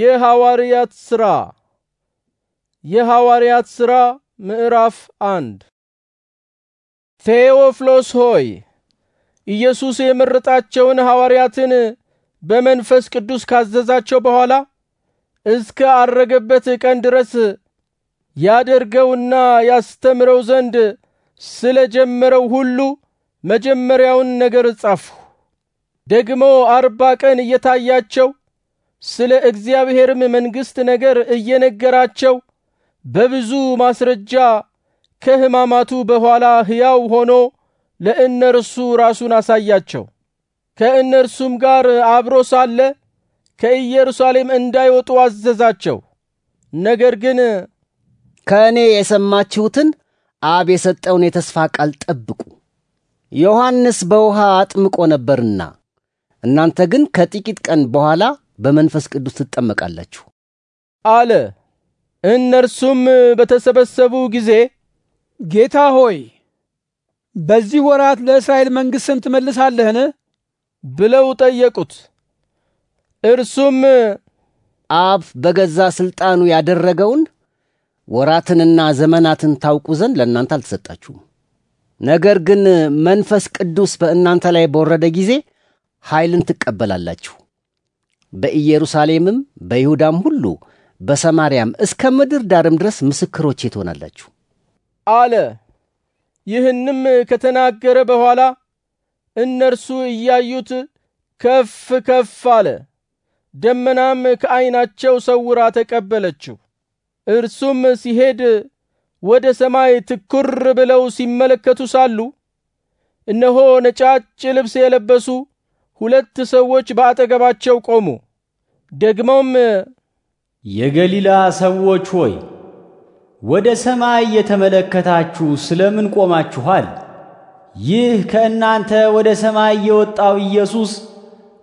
የሐዋርያት ሥራ የሐዋርያት ሥራ ምዕራፍ አንድ ቴዎፍሎስ ሆይ ኢየሱስ የመረጣቸውን ሐዋርያትን በመንፈስ ቅዱስ ካዘዛቸው በኋላ እስከ አረገበት ቀን ድረስ ያደርገውና ያስተምረው ዘንድ ስለ ጀመረው ሁሉ መጀመሪያውን ነገር ጻፍሁ። ደግሞ አርባ ቀን እየታያቸው ስለ እግዚአብሔርም መንግሥት ነገር እየነገራቸው በብዙ ማስረጃ ከሕማማቱ በኋላ ሕያው ሆኖ ለእነርሱ ራሱን አሳያቸው። ከእነርሱም ጋር አብሮ ሳለ ከኢየሩሳሌም እንዳይወጡ አዘዛቸው። ነገር ግን ከእኔ የሰማችሁትን አብ የሰጠውን የተስፋ ቃል ጠብቁ። ዮሐንስ በውሃ አጥምቆ ነበርና እናንተ ግን ከጥቂት ቀን በኋላ በመንፈስ ቅዱስ ትጠመቃላችሁ አለ። እነርሱም በተሰበሰቡ ጊዜ ጌታ ሆይ በዚህ ወራት ለእስራኤል መንግሥት ስም ትመልሳለህን? ብለው ጠየቁት። እርሱም አብ በገዛ ሥልጣኑ ያደረገውን ወራትንና ዘመናትን ታውቁ ዘንድ ለእናንተ አልተሰጣችሁም። ነገር ግን መንፈስ ቅዱስ በእናንተ ላይ በወረደ ጊዜ ኃይልን ትቀበላላችሁ በኢየሩሳሌምም በይሁዳም ሁሉ በሰማርያም እስከ ምድር ዳርም ድረስ ምስክሮቼ ትሆናላችሁ አለ። ይህንም ከተናገረ በኋላ እነርሱ እያዩት ከፍ ከፍ አለ። ደመናም ከዐይናቸው ሰውራ ተቀበለችው። እርሱም ሲሄድ ወደ ሰማይ ትኩር ብለው ሲመለከቱ ሳሉ እነሆ ነጫጭ ልብስ የለበሱ ሁለት ሰዎች በአጠገባቸው ቆሙ። ደግሞም የገሊላ ሰዎች ሆይ ወደ ሰማይ የተመለከታችሁ ስለምን ቆማችኋል? ይህ ከእናንተ ወደ ሰማይ የወጣው ኢየሱስ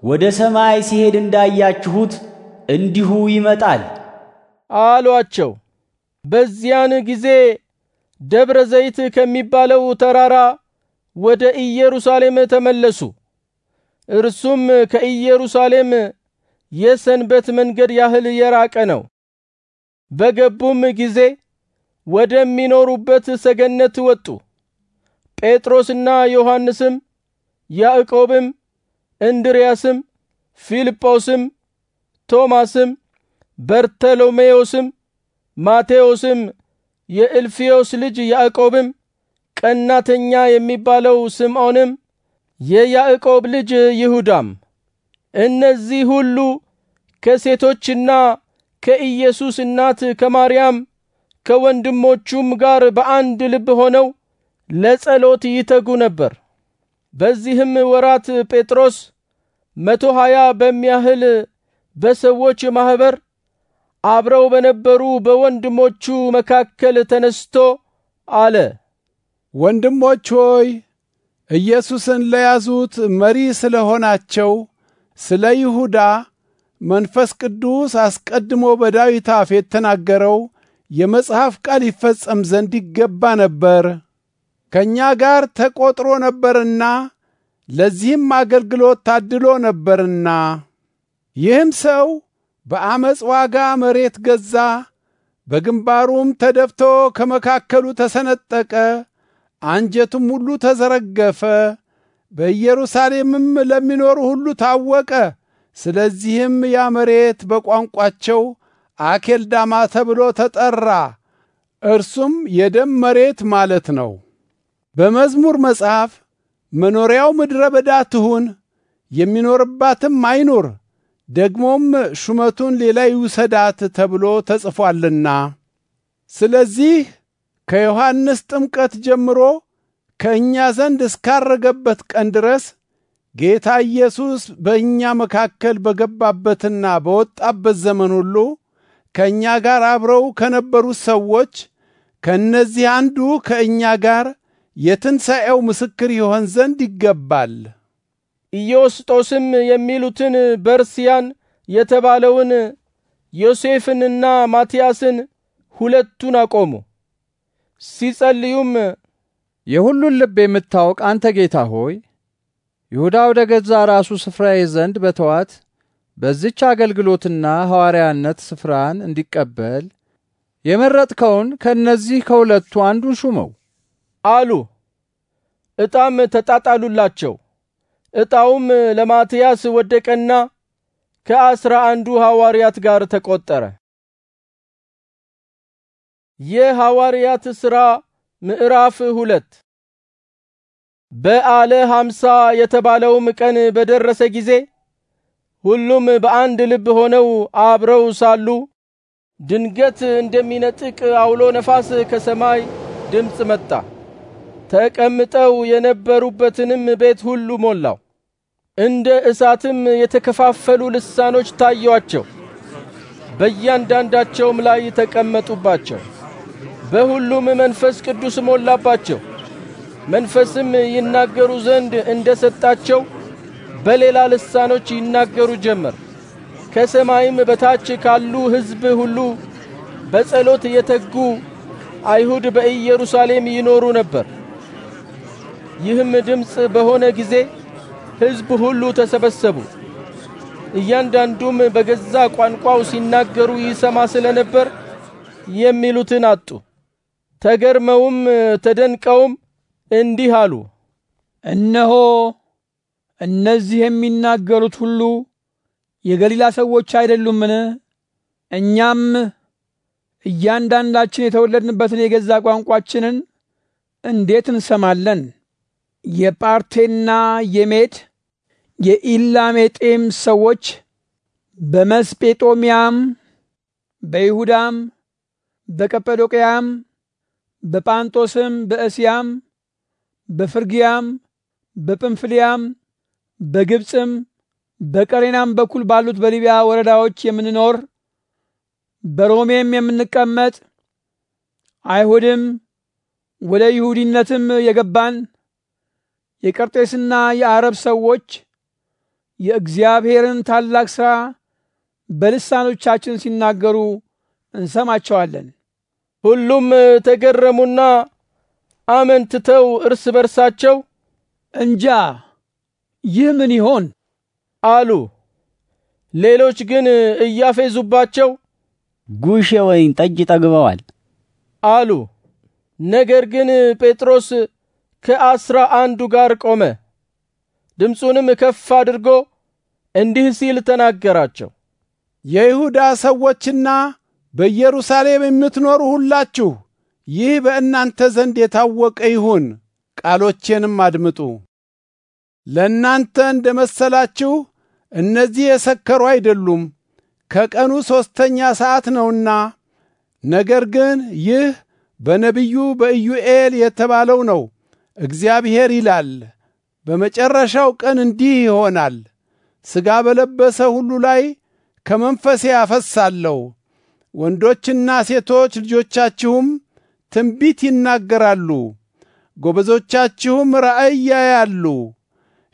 ወደ ሰማይ ሲሄድ እንዳያችሁት እንዲሁ ይመጣል አሏቸው። በዚያን ጊዜ ደብረ ዘይት ከሚባለው ተራራ ወደ ኢየሩሳሌም ተመለሱ። እርሱም ከኢየሩሳሌም የሰንበት መንገድ ያህል የራቀ ነው። በገቡም ጊዜ ወደሚኖሩበት ሰገነት ወጡ። ጴጥሮስና ዮሐንስም፣ ያዕቆብም፣ እንድርያስም፣ ፊልጶስም፣ ቶማስም፣ በርተሎሜዎስም፣ ማቴዎስም፣ የእልፍዮስ ልጅ ያዕቆብም፣ ቀናተኛ የሚባለው ስምዖንም የያዕቆብ ልጅ ይሁዳም እነዚህ ሁሉ ከሴቶችና ከኢየሱስ እናት ከማርያም ከወንድሞቹም ጋር በአንድ ልብ ሆነው ለጸሎት ይተጉ ነበር። በዚህም ወራት ጴጥሮስ መቶ ሀያ በሚያህል በሰዎች ማኅበር አብረው በነበሩ በወንድሞቹ መካከል ተነስቶ አለ፣ ወንድሞች ሆይ ኢየሱስን ለያዙት መሪ ስለሆናቸው ስለ ይሁዳ መንፈስ ቅዱስ አስቀድሞ በዳዊት አፍ የተናገረው የመጽሐፍ ቃል ይፈጸም ዘንድ ይገባ ነበር። ከእኛ ጋር ተቈጥሮ ነበርና ለዚህም አገልግሎት ታድሎ ነበርና ይህም ሰው በአመፅ ዋጋ መሬት ገዛ፣ በግንባሩም ተደፍቶ ከመካከሉ ተሰነጠቀ። አንጀቱም ሁሉ ተዘረገፈ፣ በኢየሩሳሌምም ለሚኖሩ ሁሉ ታወቀ። ስለዚህም ያ መሬት በቋንቋቸው አኬልዳማ ተብሎ ተጠራ። እርሱም የደም መሬት ማለት ነው። በመዝሙር መጽሐፍ መኖሪያው ምድረ በዳ ትሁን፣ የሚኖርባትም አይኑር፣ ደግሞም ሹመቱን ሌላ ይውሰዳት ተብሎ ተጽፏልና ስለዚህ ከዮሐንስ ጥምቀት ጀምሮ ከእኛ ዘንድ እስካረገበት ቀን ድረስ ጌታ ኢየሱስ በእኛ መካከል በገባበትና በወጣበት ዘመን ሁሉ ከእኛ ጋር አብረው ከነበሩት ሰዎች ከእነዚህ አንዱ ከእኛ ጋር የትንሣኤው ምስክር ይሆን ዘንድ ይገባል። ኢዮስጦስም የሚሉትን በርስያን የተባለውን ዮሴፍንና ማትያስን ሁለቱን አቆሙ። ሲጸልዩም የሁሉን ልብ የምታውቅ አንተ ጌታ ሆይ ይሁዳ ወደ ገዛ ራሱ ስፍራዬ ዘንድ በተዋት በዚች አገልግሎትና ሐዋርያነት ስፍራን እንዲቀበል የመረጥከውን ከእነዚህ ከሁለቱ አንዱን ሹመው አሉ። ዕጣም ተጣጣሉላቸው። ዕጣውም ለማትያስ ወደቀና ከአስራ አንዱ ሐዋርያት ጋር ተቆጠረ። የሐዋርያት ሥራ ምዕራፍ ሁለት በዓለ ሃምሳ የተባለውም ቀን በደረሰ ጊዜ ሁሉም በአንድ ልብ ሆነው አብረው ሳሉ ድንገት እንደሚነጥቅ አውሎ ነፋስ ከሰማይ ድምፅ መጣ። ተቀምጠው የነበሩበትንም ቤት ሁሉ ሞላው። እንደ እሳትም የተከፋፈሉ ልሳኖች ታዩአቸው፣ በእያንዳንዳቸውም ላይ ተቀመጡባቸው። በሁሉም መንፈስ ቅዱስ ሞላባቸው። መንፈስም ይናገሩ ዘንድ እንደ ሰጣቸው በሌላ ልሳኖች ይናገሩ ጀመር። ከሰማይም በታች ካሉ ሕዝብ ሁሉ በጸሎት የተጉ አይሁድ በኢየሩሳሌም ይኖሩ ነበር። ይህም ድምፅ በሆነ ጊዜ ሕዝብ ሁሉ ተሰበሰቡ። እያንዳንዱም በገዛ ቋንቋው ሲናገሩ ይሰማ ስለነበር የሚሉትን አጡ። ተገርመውም ተደንቀውም እንዲህ አሉ፣ እነሆ እነዚህ የሚናገሩት ሁሉ የገሊላ ሰዎች አይደሉምን? እኛም እያንዳንዳችን የተወለድንበትን የገዛ ቋንቋችንን እንዴት እንሰማለን? የጳርቴና የሜድ የኢላሜጤም ሰዎች በመስጴጦሚያም፣ በይሁዳም፣ በቀጰዶቅያም በጳንጦስም በእስያም በፍርግያም በጵንፍልያም በግብፅም በቀሬናም በኩል ባሉት በሊቢያ ወረዳዎች የምንኖር በሮሜም የምንቀመጥ አይሁድም ወደ ይሁዲነትም የገባን የቀርጤስና የአረብ ሰዎች የእግዚአብሔርን ታላቅ ሥራ በልሳኖቻችን ሲናገሩ እንሰማቸዋለን። ሁሉም ተገረሙና አመንትተው እርስ በርሳቸው እንጃ ይህ ምን ይሆን አሉ። ሌሎች ግን እያፌዙባቸው ጉሽ የወይን ጠጅ ጠግበዋል አሉ። ነገር ግን ጴጥሮስ ከአስራ አንዱ ጋር ቆመ። ድምፁንም ከፍ አድርጎ እንዲህ ሲል ተናገራቸው የይሁዳ ሰዎችና በኢየሩሳሌም የምትኖሩ ሁላችሁ ይህ በእናንተ ዘንድ የታወቀ ይሁን፣ ቃሎቼንም አድምጡ። ለእናንተ እንደ መሰላችሁ እነዚህ የሰከሩ አይደሉም፣ ከቀኑ ሦስተኛ ሰዓት ነውና። ነገር ግን ይህ በነቢዩ በኢዩኤል የተባለው ነው። እግዚአብሔር ይላል፣ በመጨረሻው ቀን እንዲህ ይሆናል፣ ሥጋ በለበሰ ሁሉ ላይ ከመንፈሴ አፈሳለሁ ወንዶችና ሴቶች ልጆቻችሁም ትንቢት ይናገራሉ፣ ጎበዞቻችሁም ራእይ ያያሉ፣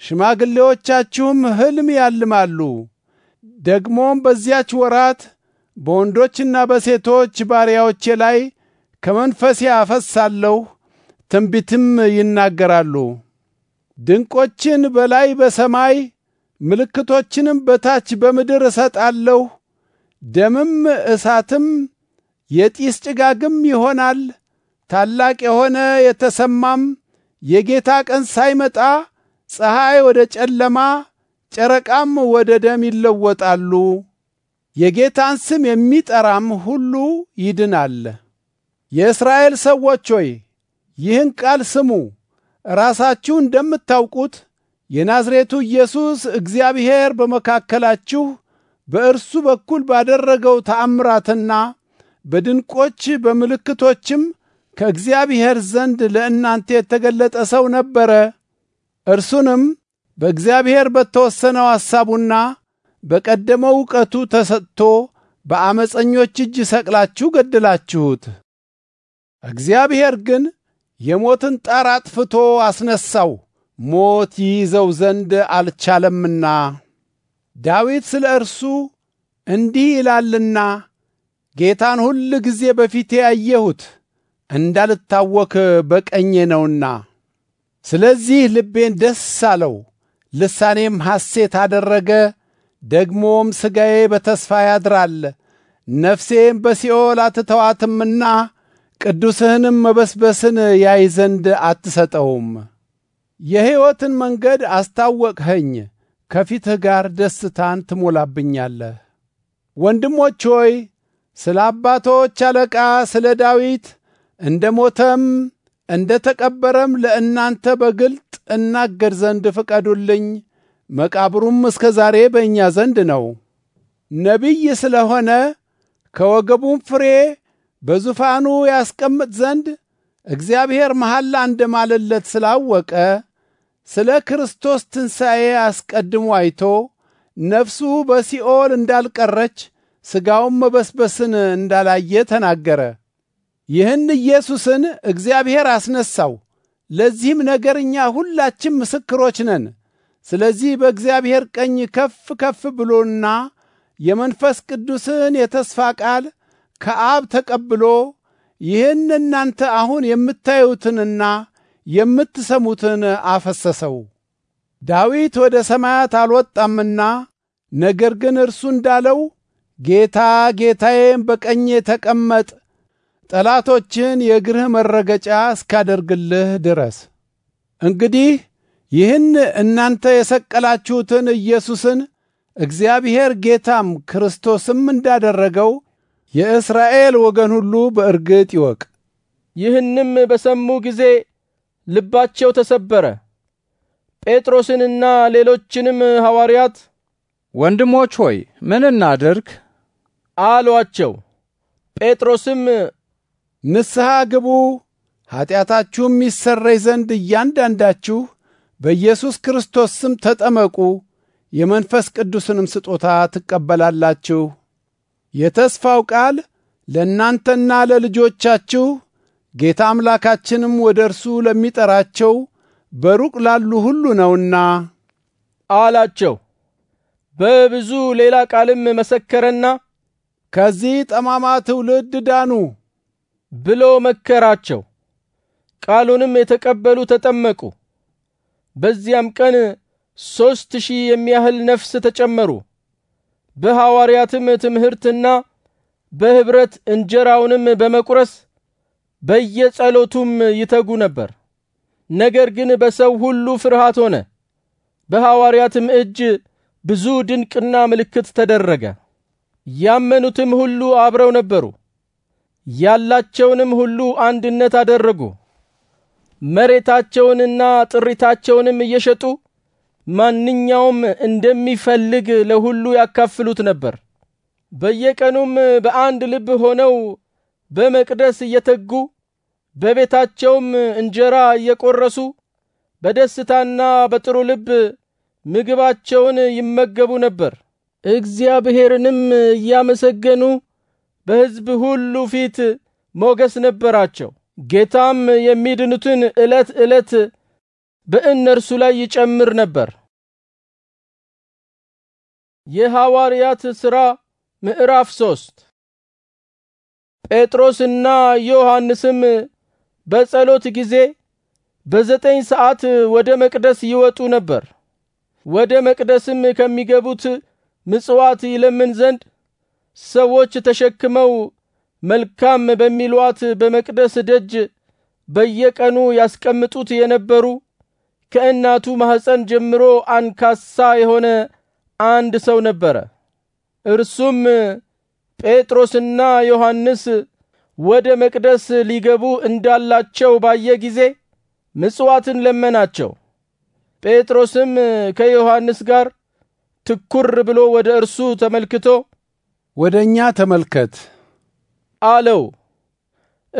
ሽማግሌዎቻችሁም ሕልም ያልማሉ። ደግሞም በዚያች ወራት በወንዶችና በሴቶች ባሪያዎቼ ላይ ከመንፈሴ አፈሳለሁ፣ ትንቢትም ይናገራሉ። ድንቆችን በላይ በሰማይ ምልክቶችንም በታች በምድር እሰጣለሁ ደምም እሳትም የጢስ ጭጋግም ይሆናል። ታላቅ የሆነ የተሰማም የጌታ ቀን ሳይመጣ ፀሐይ ወደ ጨለማ ጨረቃም ወደ ደም ይለወጣሉ። የጌታን ስም የሚጠራም ሁሉ ይድናል። የእስራኤል ሰዎች ሆይ ይህን ቃል ስሙ። ራሳችሁ እንደምታውቁት የናዝሬቱ ኢየሱስ እግዚአብሔር በመካከላችሁ በእርሱ በኩል ባደረገው ተአምራትና በድንቆች በምልክቶችም ከእግዚአብሔር ዘንድ ለእናንተ የተገለጠ ሰው ነበረ። እርሱንም በእግዚአብሔር በተወሰነው ሐሳቡና በቀደመው እውቀቱ ተሰጥቶ በአመፀኞች እጅ ሰቅላችሁ ገድላችሁት። እግዚአብሔር ግን የሞትን ጣር አጥፍቶ አስነሳው፣ ሞት ይይዘው ዘንድ አልቻለምና። ዳዊት ስለ እርሱ እንዲህ ይላልና ጌታን ሁል ጊዜ በፊቴ ያየሁት እንዳልታወክ በቀኜ ነውና። ስለዚህ ልቤን ደስ አለው፣ ልሳኔም ሐሴት አደረገ። ደግሞም ሥጋዬ በተስፋ ያድራል፣ ነፍሴም በሲኦል አትተዋትምና ቅዱስህንም መበስበስን ያይ ዘንድ አትሰጠውም። የሕይወትን መንገድ አስታወቅኸኝ ከፊትህ ጋር ደስታን ትሞላብኛለህ። ወንድሞች ሆይ ስለ አባቶች አለቃ ስለ ዳዊት እንደ ሞተም እንደ ተቀበረም ለእናንተ በግልጥ እናገር ዘንድ ፍቀዱልኝ። መቃብሩም እስከ ዛሬ በእኛ ዘንድ ነው። ነቢይ ስለሆነ ከወገቡም ፍሬ በዙፋኑ ያስቀምጥ ዘንድ እግዚአብሔር መሐላ እንደማለለት ስላወቀ ስለ ክርስቶስ ትንሣኤ አስቀድሞ አይቶ ነፍሱ በሲኦል እንዳልቀረች ሥጋውም መበስበስን እንዳላየ ተናገረ። ይህን ኢየሱስን እግዚአብሔር አስነሳው። ለዚህም ነገር እኛ ሁላችን ምስክሮች ነን። ስለዚህ በእግዚአብሔር ቀኝ ከፍ ከፍ ብሎና የመንፈስ ቅዱስን የተስፋ ቃል ከአብ ተቀብሎ ይህን እናንተ አሁን የምታዩትንና የምትሰሙትን አፈሰሰው። ዳዊት ወደ ሰማያት አልወጣምና ነገር ግን እርሱ እንዳለው ጌታ ጌታዬም በቀኜ ተቀመጥ ጠላቶችን የእግርህ መረገጫ እስካደርግልህ ድረስ። እንግዲህ ይህን እናንተ የሰቀላችሁትን ኢየሱስን እግዚአብሔር ጌታም ክርስቶስም እንዳደረገው የእስራኤል ወገን ሁሉ በእርግጥ ይወቅ። ይህንም በሰሙ ጊዜ ልባቸው ተሰበረ። ጴጥሮስንና ሌሎችንም ሐዋርያት ወንድሞች ሆይ ምን እናድርግ አሏቸው። ጴጥሮስም ንስሐ ግቡ፣ ኀጢአታችሁም ይሰረይ ዘንድ እያንዳንዳችሁ በኢየሱስ ክርስቶስ ስም ተጠመቁ፣ የመንፈስ ቅዱስንም ስጦታ ትቀበላላችሁ። የተስፋው ቃል ለእናንተና ለልጆቻችሁ ጌታ አምላካችንም ወደ እርሱ ለሚጠራቸው በሩቅ ላሉ ሁሉ ነውና አላቸው። በብዙ ሌላ ቃልም መሰከረና ከዚህ ጠማማ ትውልድ ዳኑ ብሎ መከራቸው። ቃሉንም የተቀበሉ ተጠመቁ። በዚያም ቀን ሶስት ሺህ የሚያህል ነፍስ ተጨመሩ። በሐዋርያትም ትምህርትና በኅብረት እንጀራውንም በመቁረስ በየጸሎቱም ይተጉ ነበር። ነገር ግን በሰው ሁሉ ፍርሃት ሆነ። በሐዋርያትም እጅ ብዙ ድንቅና ምልክት ተደረገ። ያመኑትም ሁሉ አብረው ነበሩ። ያላቸውንም ሁሉ አንድነት አደረጉ። መሬታቸውንና ጥሪታቸውንም እየሸጡ ማንኛውም እንደሚፈልግ ለሁሉ ያካፍሉት ነበር። በየቀኑም በአንድ ልብ ሆነው በመቅደስ እየተጉ በቤታቸውም እንጀራ እየቆረሱ በደስታና በጥሩ ልብ ምግባቸውን ይመገቡ ነበር። እግዚአብሔርንም እያመሰገኑ በሕዝብ ሁሉ ፊት ሞገስ ነበራቸው። ጌታም የሚድኑትን ዕለት ዕለት በእነርሱ ላይ ይጨምር ነበር። የሐዋርያት ሥራ ምዕራፍ ሶስት ጴጥሮስና ዮሐንስም በጸሎት ጊዜ በዘጠኝ ሰዓት ወደ መቅደስ ይወጡ ነበር። ወደ መቅደስም ከሚገቡት ምጽዋት ይለምን ዘንድ ሰዎች ተሸክመው መልካም በሚሏት በመቅደስ ደጅ በየቀኑ ያስቀምጡት የነበሩ ከእናቱ ማኅፀን ጀምሮ አንካሳ የሆነ አንድ ሰው ነበረ። እርሱም ጴጥሮስና ዮሐንስ ወደ መቅደስ ሊገቡ እንዳላቸው ባየ ጊዜ ምጽዋትን ለመናቸው። ጴጥሮስም ከዮሐንስ ጋር ትኩር ብሎ ወደ እርሱ ተመልክቶ ወደ እኛ ተመልከት አለው።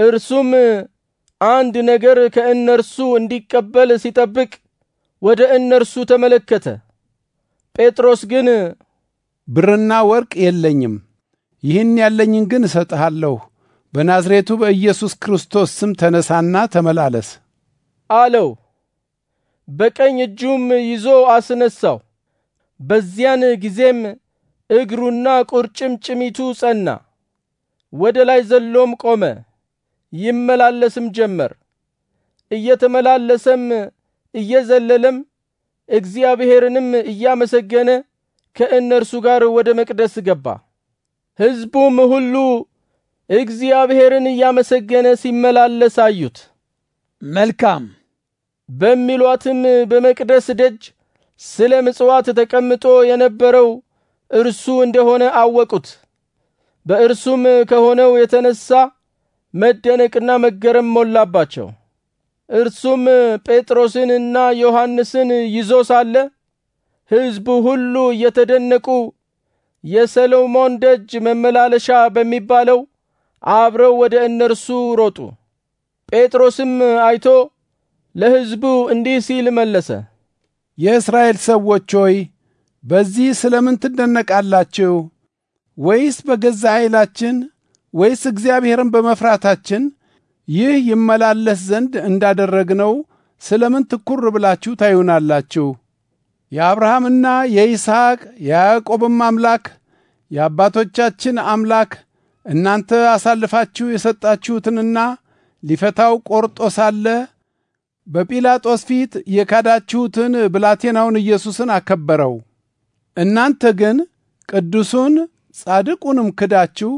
እርሱም አንድ ነገር ከእነርሱ እንዲቀበል ሲጠብቅ ወደ እነርሱ ተመለከተ። ጴጥሮስ ግን ብርና ወርቅ የለኝም ይህን ያለኝን ግን እሰጥሃለሁ፣ በናዝሬቱ በኢየሱስ ክርስቶስ ስም ተነሳና ተመላለስ አለው። በቀኝ እጁም ይዞ አስነሳው። በዚያን ጊዜም እግሩና ቁርጭምጭሚቱ ጸና። ወደ ላይ ዘሎም ቆመ፣ ይመላለስም ጀመር። እየተመላለሰም እየዘለለም እግዚአብሔርንም እያመሰገነ ከእነርሱ ጋር ወደ መቅደስ ገባ። ሕዝቡም ሁሉ እግዚአብሔርን እያመሰገነ ሲመላለስ አዩት። መልካም በሚሏትም በመቅደስ ደጅ ስለ ምጽዋት ተቀምጦ የነበረው እርሱ እንደሆነ አወቁት። በእርሱም ከሆነው የተነሳ መደነቅና መገረም ሞላባቸው። እርሱም ጴጥሮስንና ዮሐንስን ይዞ ሳለ ሕዝቡ ሁሉ እየተደነቁ የሰሎሞን ደጅ መመላለሻ በሚባለው አብረው ወደ እነርሱ ሮጡ። ጴጥሮስም አይቶ ለሕዝቡ እንዲህ ሲል መለሰ፣ የእስራኤል ሰዎች ሆይ በዚህ ስለምን ትደነቃላችሁ? ወይስ በገዛ ኃይላችን ወይስ እግዚአብሔርን በመፍራታችን ይህ ይመላለስ ዘንድ እንዳደረግነው ስለምን ትኩር ብላችሁ ታዩናላችሁ? የአብርሃምና የይስሐቅ የያዕቆብም አምላክ የአባቶቻችን አምላክ እናንተ አሳልፋችሁ የሰጣችሁትንና ሊፈታው ቆርጦ ሳለ በጲላጦስ ፊት የካዳችሁትን ብላቴናውን ኢየሱስን አከበረው። እናንተ ግን ቅዱሱን ጻድቁንም ክዳችሁ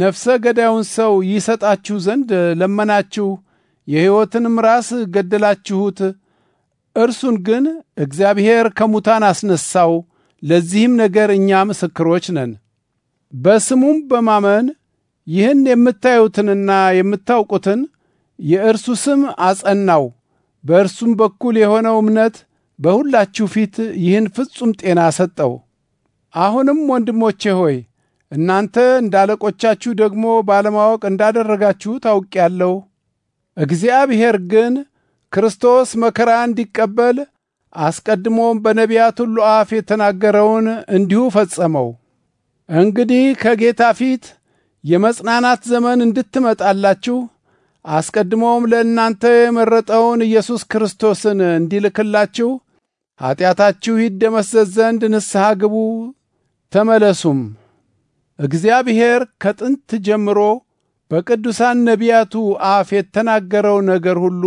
ነፍሰ ገዳዩን ሰው ይሰጣችሁ ዘንድ ለመናችሁ፣ የሕይወትንም ራስ ገደላችሁት። እርሱን ግን እግዚአብሔር ከሙታን አስነሳው። ለዚህም ነገር እኛ ምስክሮች ነን። በስሙም በማመን ይህን የምታዩትንና የምታውቁትን የእርሱ ስም አጸናው። በእርሱም በኩል የሆነው እምነት በሁላችሁ ፊት ይህን ፍጹም ጤና ሰጠው። አሁንም ወንድሞቼ ሆይ እናንተ እንዳለቆቻችሁ ደግሞ ባለማወቅ እንዳደረጋችሁ ያለው! እግዚአብሔር ግን ክርስቶስ መከራ እንዲቀበል አስቀድሞም በነቢያት ሁሉ አፍ የተናገረውን እንዲሁ ፈጸመው። እንግዲህ ከጌታ ፊት የመጽናናት ዘመን እንድትመጣላችሁ አስቀድሞም ለእናንተ የመረጠውን ኢየሱስ ክርስቶስን እንዲልክላችሁ ኀጢአታችሁ ይደመሰስ ዘንድ ንስሐ ግቡ ተመለሱም። እግዚአብሔር ከጥንት ጀምሮ በቅዱሳን ነቢያቱ አፍ የተናገረው ነገር ሁሉ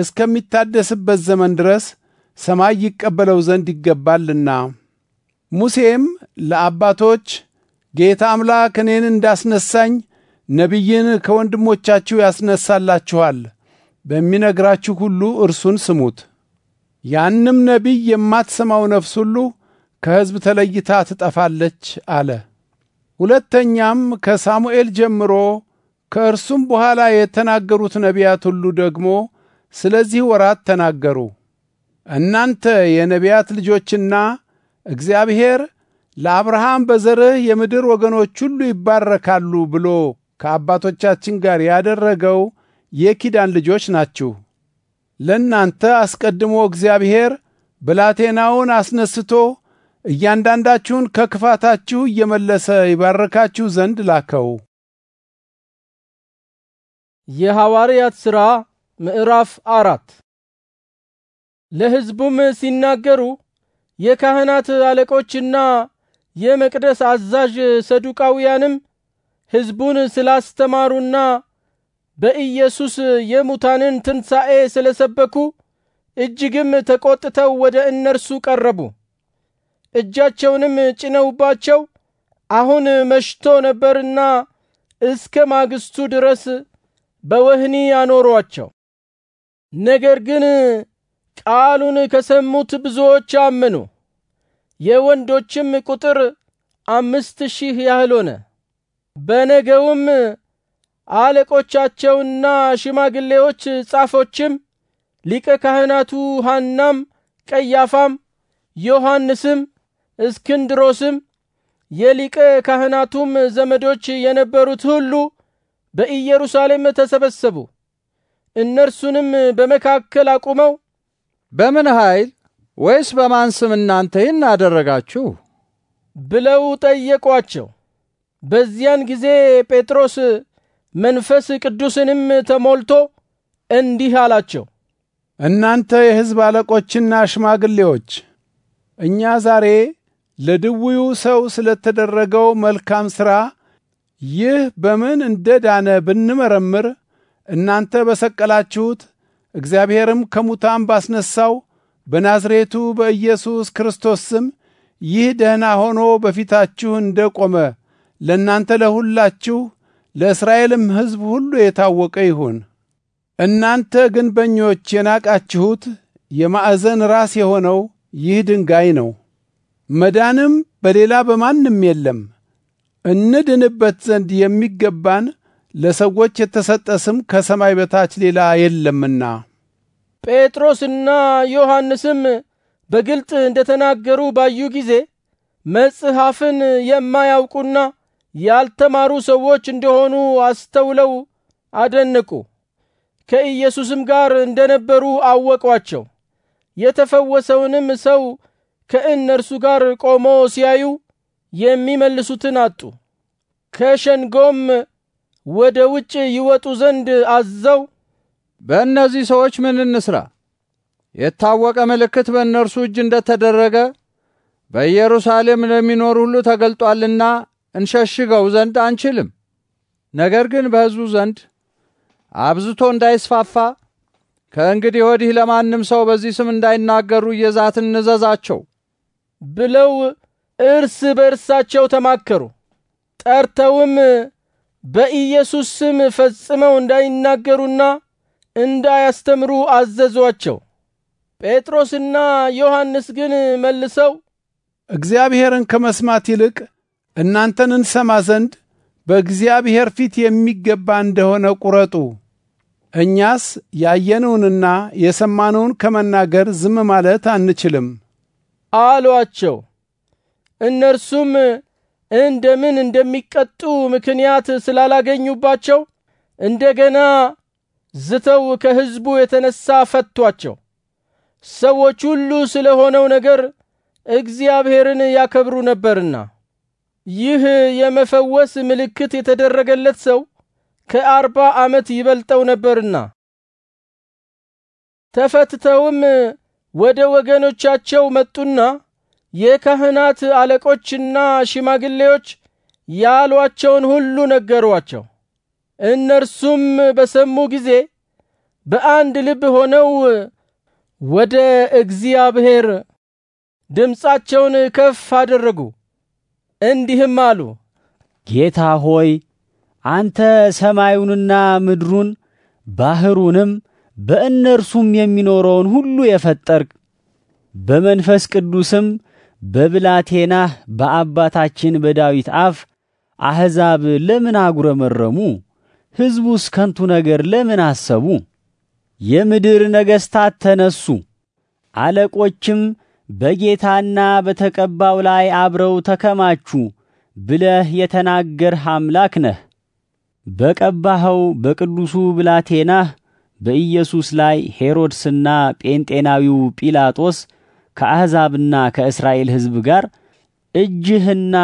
እስከሚታደስበት ዘመን ድረስ ሰማይ ይቀበለው ዘንድ ይገባልና። ሙሴም ለአባቶች ጌታ አምላክ እኔን እንዳስነሳኝ ነቢይን ከወንድሞቻችሁ ያስነሳላችኋል በሚነግራችሁ ሁሉ እርሱን ስሙት። ያንም ነቢይ የማትሰማው ነፍስ ሁሉ ከሕዝብ ተለይታ ትጠፋለች አለ። ሁለተኛም ከሳሙኤል ጀምሮ ከእርሱም በኋላ የተናገሩት ነቢያት ሁሉ ደግሞ ስለዚህ ወራት ተናገሩ። እናንተ የነቢያት ልጆችና እግዚአብሔር ለአብርሃም በዘርህ የምድር ወገኖች ሁሉ ይባረካሉ ብሎ ከአባቶቻችን ጋር ያደረገው የኪዳን ልጆች ናችሁ። ለእናንተ አስቀድሞ እግዚአብሔር ብላቴናውን አስነስቶ እያንዳንዳችሁን ከክፋታችሁ እየመለሰ ይባርካችሁ ዘንድ ላከው። የሐዋርያት ሥራ ምዕራፍ አራት ለሕዝቡም ሲናገሩ የካህናት አለቆችና የመቅደስ አዛዥ ሰዱቃውያንም ሕዝቡን ስላስተማሩና በኢየሱስ የሙታንን ትንሣኤ ስለሰበኩ እጅግም ተቆጥተው ወደ እነርሱ ቀረቡ። እጃቸውንም ጭነውባቸው አሁን መሽቶ ነበርና እስከ ማግስቱ ድረስ በወህኒ አኖሯቸው። ነገር ግን ቃሉን ከሰሙት ብዙዎች አመኑ። የወንዶችም ቁጥር አምስት ሺህ ያህል ሆነ። በነገውም አለቆቻቸውና ሽማግሌዎች፣ ጻፎችም፣ ሊቀ ካህናቱ ሐናም፣ ቀያፋም፣ ዮሐንስም፣ እስክንድሮስም የሊቀ ካህናቱም ዘመዶች የነበሩት ሁሉ በኢየሩሳሌም ተሰበሰቡ። እነርሱንም በመካከል አቁመው በምን ኃይል ወይስ በማን ስም እናንተ ይህን አደረጋችሁ ብለው ጠየቋቸው። በዚያን ጊዜ ጴጥሮስ መንፈስ ቅዱስንም ተሞልቶ እንዲህ አላቸው፣ እናንተ የሕዝብ አለቆችና ሽማግሌዎች፣ እኛ ዛሬ ለድውዩ ሰው ስለተደረገው መልካም ሥራ ይህ በምን እንደ ዳነ ብንመረምር እናንተ በሰቀላችሁት እግዚአብሔርም ከሙታን ባስነሳው በናዝሬቱ በኢየሱስ ክርስቶስ ስም ይህ ደህና ሆኖ በፊታችሁ እንደ ቆመ ለእናንተ ለሁላችሁ ለእስራኤልም ሕዝብ ሁሉ የታወቀ ይሁን። እናንተ ግንበኞች የናቃችሁት የማዕዘን ራስ የሆነው ይህ ድንጋይ ነው። መዳንም በሌላ በማንም የለም። እንድንበት ዘንድ የሚገባን ለሰዎች የተሰጠ ስም ከሰማይ በታች ሌላ የለምና። ጴጥሮስና ዮሐንስም በግልጥ እንደተናገሩ ባዩ ጊዜ መጽሐፍን የማያውቁና ያልተማሩ ሰዎች እንደሆኑ አስተውለው አደነቁ። ከኢየሱስም ጋር እንደነበሩ አወቋቸው። የተፈወሰውንም ሰው ከእነርሱ ጋር ቆሞ ሲያዩ የሚመልሱትን አጡ። ከሸንጎም ወደ ውጭ ይወጡ ዘንድ አዘው፣ በእነዚህ ሰዎች ምን እንስራ? የታወቀ ምልክት በእነርሱ እጅ እንደተደረገ በኢየሩሳሌም ለሚኖር ሁሉ ተገልጧልና እንሸሽገው ዘንድ አንችልም። ነገር ግን በሕዝቡ ዘንድ አብዝቶ እንዳይስፋፋ ከእንግዲህ ወዲህ ለማንም ሰው በዚህ ስም እንዳይናገሩ እየዛት እንዘዛቸው ብለው እርስ በእርሳቸው ተማከሩ። ጠርተውም በኢየሱስ ስም ፈጽመው እንዳይናገሩና እንዳያስተምሩ አዘዟቸው። ጴጥሮስና ዮሐንስ ግን መልሰው እግዚአብሔርን ከመስማት ይልቅ እናንተን እንሰማ ዘንድ በእግዚአብሔር ፊት የሚገባ እንደሆነ ቁረጡ፣ እኛስ ያየነውንና የሰማነውን ከመናገር ዝም ማለት አንችልም አሏቸው። እነርሱም እንደምን እንደሚቀጡ ምክንያት ስላላገኙባቸው እንደገና ዝተው ከሕዝቡ የተነሳ ፈቷቸው። ሰዎች ሁሉ ስለ ሆነው ነገር እግዚአብሔርን ያከብሩ ነበርና። ይህ የመፈወስ ምልክት የተደረገለት ሰው ከአርባ ዓመት ይበልጠው ነበርና። ተፈትተውም ወደ ወገኖቻቸው መጡና የካህናት አለቆችና ሽማግሌዎች ያሏቸውን ሁሉ ነገሯቸው። እነርሱም በሰሙ ጊዜ በአንድ ልብ ሆነው ወደ እግዚአብሔር ድምፃቸውን ከፍ አደረጉ፣ እንዲህም አሉ። ጌታ ሆይ አንተ ሰማዩንና ምድሩን ባህሩንም በእነርሱም የሚኖረውን ሁሉ የፈጠርክ በመንፈስ ቅዱስም በብላቴናህ በአባታችን በዳዊት አፍ አሕዛብ ለምን አጉረመረሙ? ሕዝቡስ ከንቱ ነገር ለምን አሰቡ? የምድር ነገሥታት ተነሱ፣ አለቆችም በጌታና በተቀባው ላይ አብረው ተከማቹ ብለህ የተናገርህ አምላክ ነህ። በቀባኸው በቅዱሱ ብላቴናህ በኢየሱስ ላይ ሄሮድስና ጴንጤናዊው ጲላጦስ ከአሕዛብና ከእስራኤል ሕዝብ ጋር እጅህና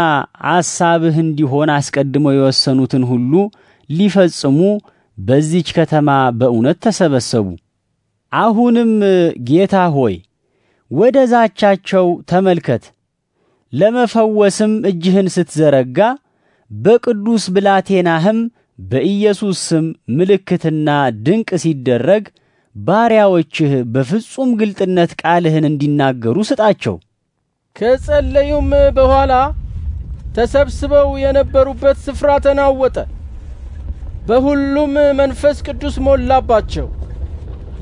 አሳብህ እንዲሆን አስቀድመው የወሰኑትን ሁሉ ሊፈጽሙ በዚች ከተማ በእውነት ተሰበሰቡ። አሁንም ጌታ ሆይ ወደ ዛቻቸው ተመልከት፣ ለመፈወስም እጅህን ስትዘረጋ በቅዱስ ብላቴናህም በኢየሱስ ስም ምልክትና ድንቅ ሲደረግ ባሪያዎችህ በፍጹም ግልጥነት ቃልህን እንዲናገሩ ስጣቸው። ከጸለዩም በኋላ ተሰብስበው የነበሩበት ስፍራ ተናወጠ፣ በሁሉም መንፈስ ቅዱስ ሞላባቸው፣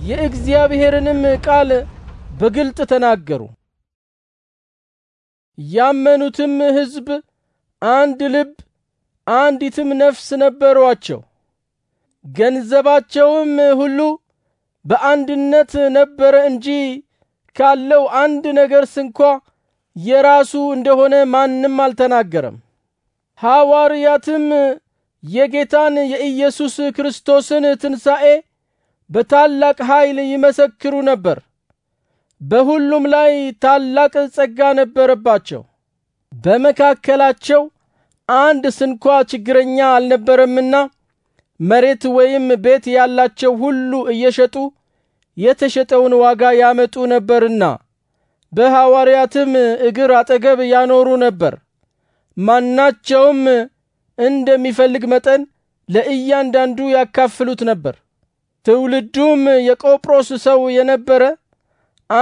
የእግዚአብሔርንም ቃል በግልጥ ተናገሩ። ያመኑትም ሕዝብ አንድ ልብ፣ አንዲትም ነፍስ ነበሯቸው። ገንዘባቸውም ሁሉ በአንድነት ነበረ እንጂ ካለው አንድ ነገር ስንኳ የራሱ እንደሆነ ማንም አልተናገረም። ሐዋርያትም የጌታን የኢየሱስ ክርስቶስን ትንሣኤ በታላቅ ኃይል ይመሰክሩ ነበር። በሁሉም ላይ ታላቅ ጸጋ ነበረባቸው። በመካከላቸው አንድ ስንኳ ችግረኛ አልነበረምና መሬት ወይም ቤት ያላቸው ሁሉ እየሸጡ የተሸጠውን ዋጋ ያመጡ ነበርና በሐዋርያትም እግር አጠገብ ያኖሩ ነበር። ማናቸውም እንደሚፈልግ መጠን ለእያንዳንዱ ያካፍሉት ነበር። ትውልዱም የቆጵሮስ ሰው የነበረ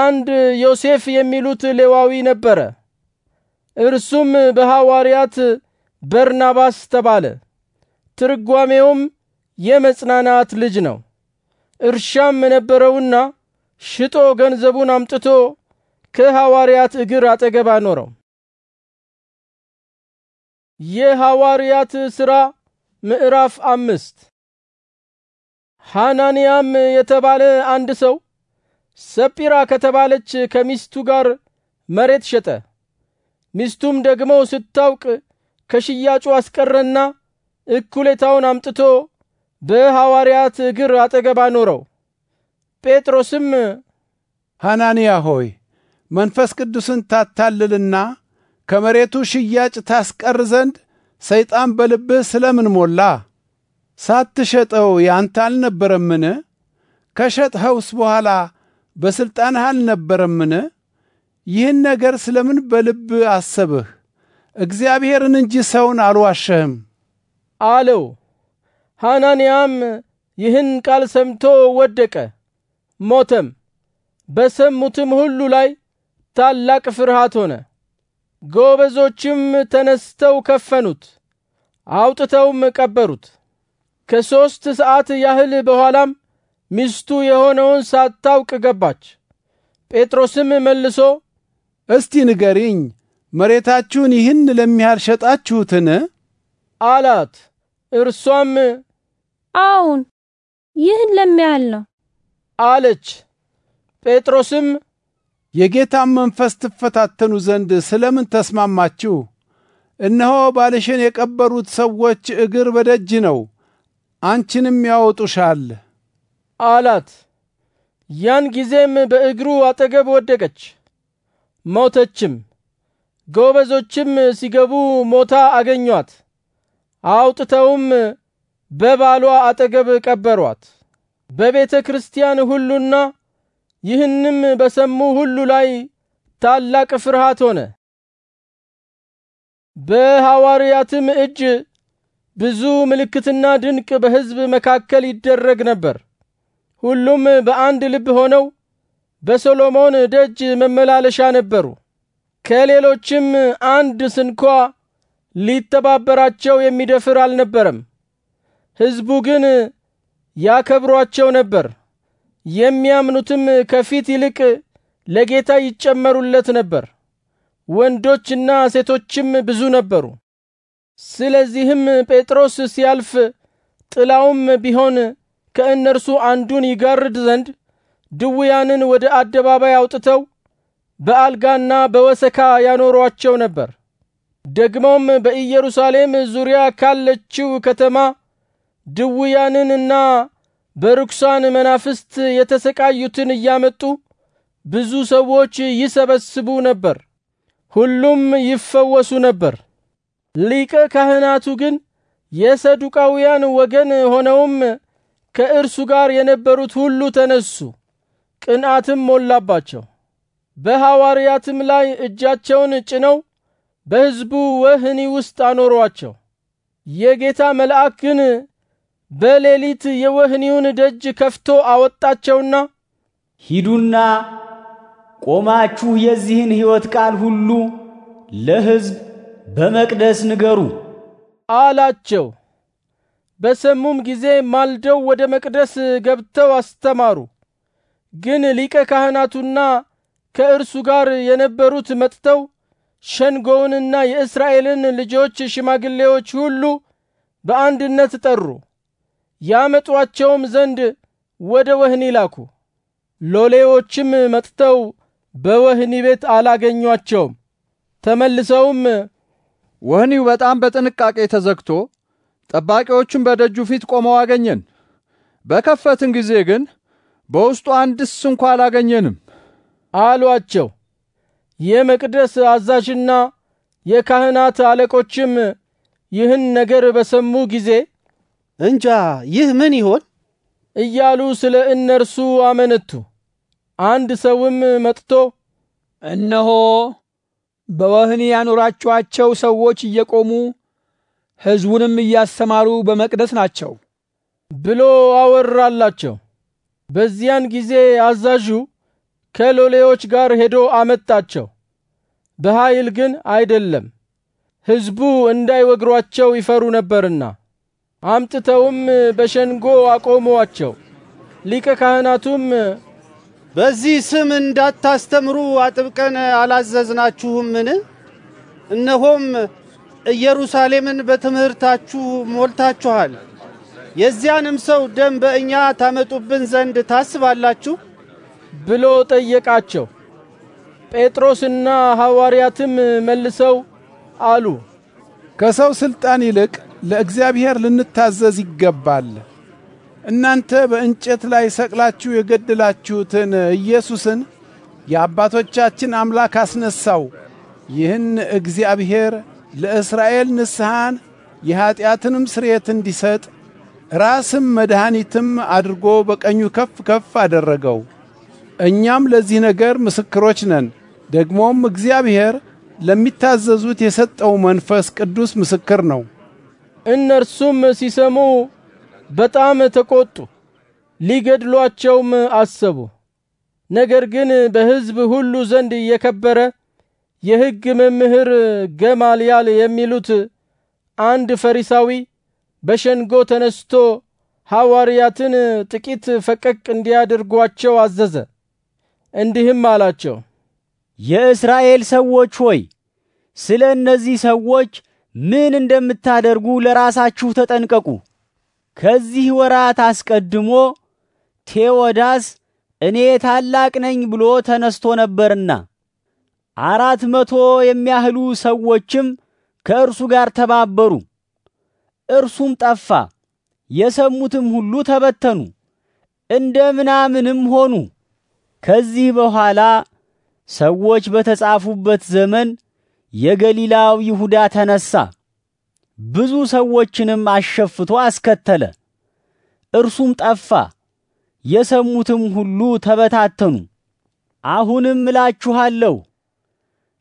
አንድ ዮሴፍ የሚሉት ሌዋዊ ነበረ። እርሱም በሐዋርያት በርናባስ ተባለ። ትርጓሜውም የመጽናናት ልጅ ነው። እርሻም ነበረውና ሽጦ ገንዘቡን አምጥቶ ከሐዋርያት እግር አጠገብ አኖረው። የሐዋርያት ሥራ ምዕራፍ አምስት ሐናንያም የተባለ አንድ ሰው ሰጲራ ከተባለች ከሚስቱ ጋር መሬት ሸጠ። ሚስቱም ደግሞ ስታውቅ ከሽያጩ አስቀረና እኩሌታውን አምጥቶ በሐዋርያት እግር አጠገብ አኖረው። ጴጥሮስም ሐናንያ ሆይ መንፈስ ቅዱስን ታታልልና ከመሬቱ ሽያጭ ታስቀር ዘንድ ሰይጣን በልብህ ስለምን ሞላ? ሳትሸጠው ያንተ አልነበረምን? ከሸጥኸውስ በኋላ በሥልጣንህ አልነበረምን? ይህን ነገር ስለምን በልብ አሰብህ? እግዚአብሔርን እንጂ ሰውን አልዋሸህም አለው። ሐናንያም ይህን ቃል ሰምቶ ወደቀ፣ ሞተም። በሰሙትም ሁሉ ላይ ታላቅ ፍርሃት ሆነ። ጎበዞችም ተነስተው ከፈኑት፣ አውጥተውም ቀበሩት። ከሶስት ሰዓት ያህል በኋላም ሚስቱ የሆነውን ሳታውቅ ገባች። ጴጥሮስም መልሶ እስቲ ንገሪኝ፣ መሬታችሁን ይህን ለሚያህል ሸጣችሁትን? አላት። እርሷም አዎን ይህን ነው አለች። ጴጥሮስም የጌታን መንፈስ ትፈታተኑ ዘንድ ስለምን ተስማማችሁ? እነሆ ባልሽን የቀበሩት ሰዎች እግር በደጅ ነው፣ አንቺንም ያወጡሻል አላት። ያን ጊዜም በእግሩ አጠገብ ወደቀች፣ ሞተችም። ጎበዞችም ሲገቡ ሞታ አገኟት። አውጥተውም በባሏ አጠገብ ቀበሯት። በቤተ ክርስቲያን ሁሉና ይህንም በሰሙ ሁሉ ላይ ታላቅ ፍርሃት ሆነ። በሐዋርያትም እጅ ብዙ ምልክትና ድንቅ በሕዝብ መካከል ይደረግ ነበር። ሁሉም በአንድ ልብ ሆነው በሶሎሞን ደጅ መመላለሻ ነበሩ። ከሌሎችም አንድ ስንኳ ሊተባበራቸው የሚደፍር አልነበረም። ሕዝቡ ግን ያከብሯቸው ነበር። የሚያምኑትም ከፊት ይልቅ ለጌታ ይጨመሩለት ነበር። ወንዶችና ሴቶችም ብዙ ነበሩ። ስለዚህም ጴጥሮስ ሲያልፍ ጥላውም ቢሆን ከእነርሱ አንዱን ይጋርድ ዘንድ ድውያንን ወደ አደባባይ አውጥተው በአልጋና በወሰካ ያኖሯቸው ነበር። ደግሞም በኢየሩሳሌም ዙሪያ ካለችው ከተማ ድውያንንና በርኩሳን መናፍስት የተሰቃዩትን እያመጡ ብዙ ሰዎች ይሰበስቡ ነበር። ሁሉም ይፈወሱ ነበር። ሊቀ ካህናቱ ግን የሰዱቃውያን ወገን ሆነውም ከእርሱ ጋር የነበሩት ሁሉ ተነሱ፣ ቅንዓትም ሞላባቸው። በሐዋርያትም ላይ እጃቸውን ጭነው በሕዝቡ ወህኒ ውስጥ አኖሯቸው። የጌታ መልአክ ግን በሌሊት የወህኒውን ደጅ ከፍቶ አወጣቸውና ሂዱና ቆማችሁ የዚህን ሕይወት ቃል ሁሉ ለሕዝብ በመቅደስ ንገሩ አላቸው። በሰሙም ጊዜ ማልደው ወደ መቅደስ ገብተው አስተማሩ። ግን ሊቀ ካህናቱና ከእርሱ ጋር የነበሩት መጥተው ሸንጎውንና የእስራኤልን ልጆች ሽማግሌዎች ሁሉ በአንድነት ጠሩ። ያመጧቸውም ዘንድ ወደ ወህኒ ላኩ። ሎሌዎችም መጥተው በወህኒ ቤት አላገኟቸውም። ተመልሰውም ወህኒው በጣም በጥንቃቄ ተዘግቶ ጠባቂዎቹም በደጁ ፊት ቆመው አገኘን። በከፈትን ጊዜ ግን በውስጡ አንድስ እንኳ አላገኘንም አሏቸው። የመቅደስ አዛዥና የካህናት አለቆችም ይህን ነገር በሰሙ ጊዜ እንጃ ይህ ምን ይሆን እያሉ ስለ እነርሱ አመነቱ። አንድ ሰውም መጥቶ እነሆ በወህኒ ያኖራችኋቸው ሰዎች እየቆሙ ሕዝቡንም እያስተማሩ በመቅደስ ናቸው ብሎ አወራላቸው። በዚያን ጊዜ አዛዡ ከሎሌዎች ጋር ሄዶ አመጣቸው። በኃይል ግን አይደለም፣ ሕዝቡ እንዳይወግሯቸው ይፈሩ ነበርና። አምጥተውም በሸንጎ አቆሟቸው። ሊቀ ካህናቱም በዚህ ስም እንዳታስተምሩ አጥብቀን አላዘዝናችሁምን? እነሆም ኢየሩሳሌምን በትምህርታችሁ ሞልታችኋል። የዚያንም ሰው ደም በእኛ ታመጡብን ዘንድ ታስባላችሁ ብሎ ጠየቃቸው። ጴጥሮስና ሐዋርያትም መልሰው አሉ ከሰው ስልጣን ይልቅ ለእግዚአብሔር ልንታዘዝ ይገባል። እናንተ በእንጨት ላይ ሰቅላችሁ የገደላችሁትን ኢየሱስን የአባቶቻችን አምላክ አስነሳው። ይህን እግዚአብሔር ለእስራኤል ንስሐን የኀጢአትንም ስርየት እንዲሰጥ ራስም መድኃኒትም አድርጎ በቀኙ ከፍ ከፍ አደረገው። እኛም ለዚህ ነገር ምስክሮች ነን። ደግሞም እግዚአብሔር ለሚታዘዙት የሰጠው መንፈስ ቅዱስ ምስክር ነው። እነርሱም ሲሰሙ በጣም ተቆጡ፣ ሊገድሏቸውም አሰቡ። ነገር ግን በሕዝብ ሁሉ ዘንድ እየከበረ የሕግ መምህር ገማልያል የሚሉት አንድ ፈሪሳዊ በሸንጎ ተነስቶ ሐዋርያትን ጥቂት ፈቀቅ እንዲያደርጓቸው አዘዘ። እንዲህም አላቸው፦ የእስራኤል ሰዎች ሆይ ስለ እነዚህ ሰዎች ምን እንደምታደርጉ ለራሳችሁ ተጠንቀቁ። ከዚህ ወራት አስቀድሞ ቴዎዳስ እኔ ታላቅ ነኝ ብሎ ተነስቶ ነበርና አራት መቶ የሚያህሉ ሰዎችም ከእርሱ ጋር ተባበሩ። እርሱም ጠፋ፣ የሰሙትም ሁሉ ተበተኑ፣ እንደ ምናምንም ሆኑ። ከዚህ በኋላ ሰዎች በተጻፉበት ዘመን የገሊላው ይሁዳ ተነሳ፣ ብዙ ሰዎችንም አሸፍቶ አስከተለ። እርሱም ጠፋ፣ የሰሙትም ሁሉ ተበታተኑ። አሁንም እላችኋለሁ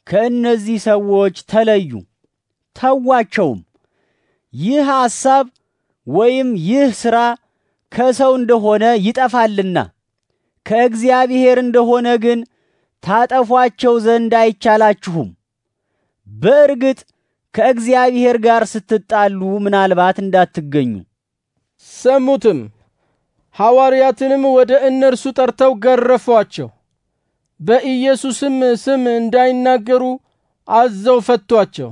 ከእነዚህ ሰዎች ተለዩ፣ ተዋቸውም። ይህ ሐሳብ ወይም ይህ ሥራ ከሰው እንደሆነ ይጠፋልና ከእግዚአብሔር እንደሆነ ግን ታጠፏቸው ዘንድ አይቻላችሁም። በእርግጥ ከእግዚአብሔር ጋር ስትጣሉ ምናልባት እንዳትገኙ። ሰሙትም፣ ሐዋርያትንም ወደ እነርሱ ጠርተው ገረፏቸው። በኢየሱስም ስም እንዳይናገሩ አዘው ፈቷቸው።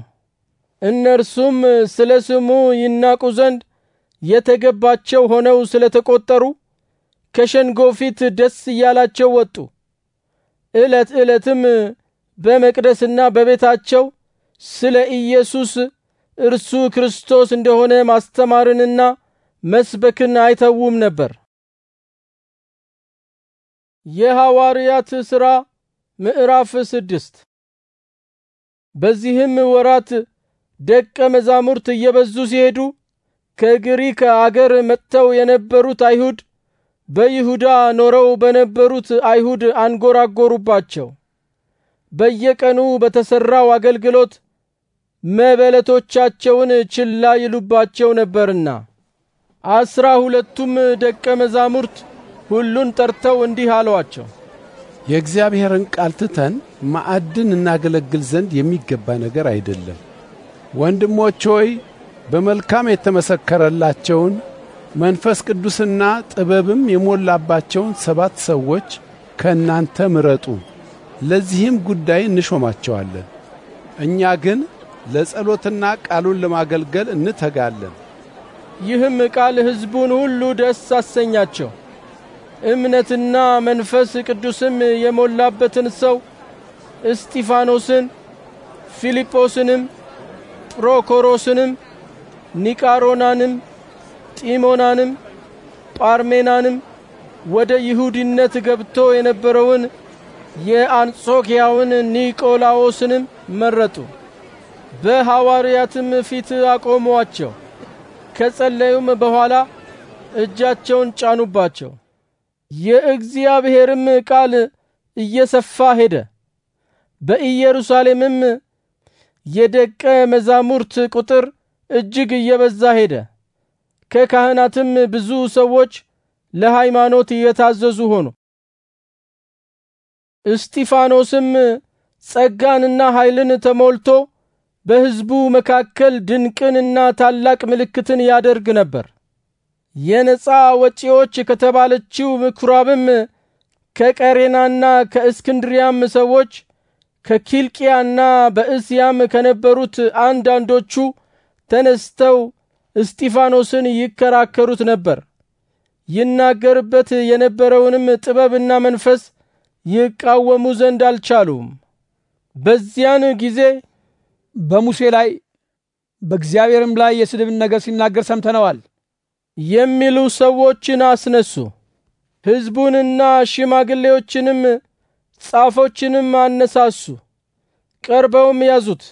እነርሱም ስለ ስሙ ይናቁ ዘንድ የተገባቸው ሆነው ስለ ተቈጠሩ ከሸንጎ ፊት ደስ እያላቸው ወጡ። ዕለት ዕለትም በመቅደስና በቤታቸው ስለ ኢየሱስ እርሱ ክርስቶስ እንደሆነ ማስተማርንና መስበክን አይተውም ነበር። የሐዋርያት ሥራ ምዕራፍ ስድስት በዚህም ወራት ደቀ መዛሙርት እየበዙ ሲሄዱ ከግሪክ አገር መጥተው የነበሩት አይሁድ በይሁዳ ኖረው በነበሩት አይሁድ አንጎራጎሩባቸው። በየቀኑ በተሰራው አገልግሎት መበለቶቻቸውን ችላ ይሉባቸው ነበርና። አስራ ሁለቱም ደቀ መዛሙርት ሁሉን ጠርተው እንዲህ አሏቸው፣ የእግዚአብሔርን ቃል ትተን ማዕድን እናገለግል ዘንድ የሚገባ ነገር አይደለም። ወንድሞች ሆይ በመልካም የተመሰከረላቸውን መንፈስ ቅዱስና ጥበብም የሞላባቸውን ሰባት ሰዎች ከእናንተ ምረጡ፣ ለዚህም ጉዳይ እንሾማቸዋለን። እኛ ግን ለጸሎትና ቃሉን ለማገልገል እንተጋለን። ይህም ቃል ሕዝቡን ሁሉ ደስ አሰኛቸው። እምነትና መንፈስ ቅዱስም የሞላበትን ሰው እስጢፋኖስን፣ ፊልጶስንም፣ ጵሮኮሮስንም፣ ኒቃሮናንም፣ ጢሞናንም፣ ጳርሜናንም ወደ ይሁዲነት ገብቶ የነበረውን የአንጾኪያውን ኒቆላዎስንም መረጡ። በሐዋርያትም ፊት አቆሟቸው። ከጸለዩም በኋላ እጃቸውን ጫኑባቸው። የእግዚአብሔርም ቃል እየሰፋ ሄደ። በኢየሩሳሌምም የደቀ መዛሙርት ቁጥር እጅግ እየበዛ ሄደ። ከካህናትም ብዙ ሰዎች ለሃይማኖት እየታዘዙ ሆኑ። እስጢፋኖስም ጸጋንና ኃይልን ተሞልቶ በሕዝቡ መካከል ድንቅንና ታላቅ ምልክትን ያደርግ ነበር። የነፃ ወጪዎች ከተባለችው ምኩራብም ከቀሬናና ከእስክንድሪያም ሰዎች ከኪልቅያና በእስያም ከነበሩት አንዳንዶቹ ተነስተው እስጢፋኖስን ይከራከሩት ነበር። ይናገርበት የነበረውንም ጥበብና መንፈስ ይቃወሙ ዘንድ አልቻሉም። በዚያን ጊዜ በሙሴ ላይ በእግዚአብሔርም ላይ የስድብን ነገር ሲናገር ሰምተነዋል የሚሉ ሰዎችን አስነሱ። ሕዝቡንና ሽማግሌዎችንም ጻፎችንም አነሳሱ። ቀርበውም ያዙት፣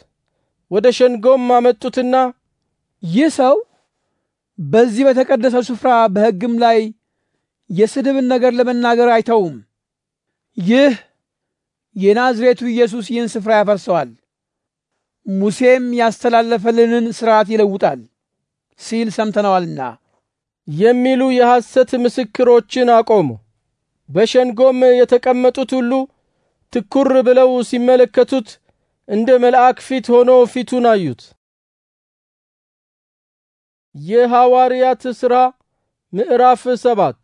ወደ ሸንጎም አመጡትና ይህ ሰው በዚህ በተቀደሰው ስፍራ በሕግም ላይ የስድብን ነገር ለመናገር አይተውም። ይህ የናዝሬቱ ኢየሱስ ይህን ስፍራ ያፈርሰዋል ሙሴም ያስተላለፈልንን ሥርዓት ይለውጣል ሲል ሰምተነዋልና የሚሉ የሐሰት ምስክሮችን አቆሙ። በሸንጎም የተቀመጡት ሁሉ ትኩር ብለው ሲመለከቱት እንደ መልአክ ፊት ሆኖ ፊቱን አዩት። የሐዋርያት ሥራ ምዕራፍ ሰባት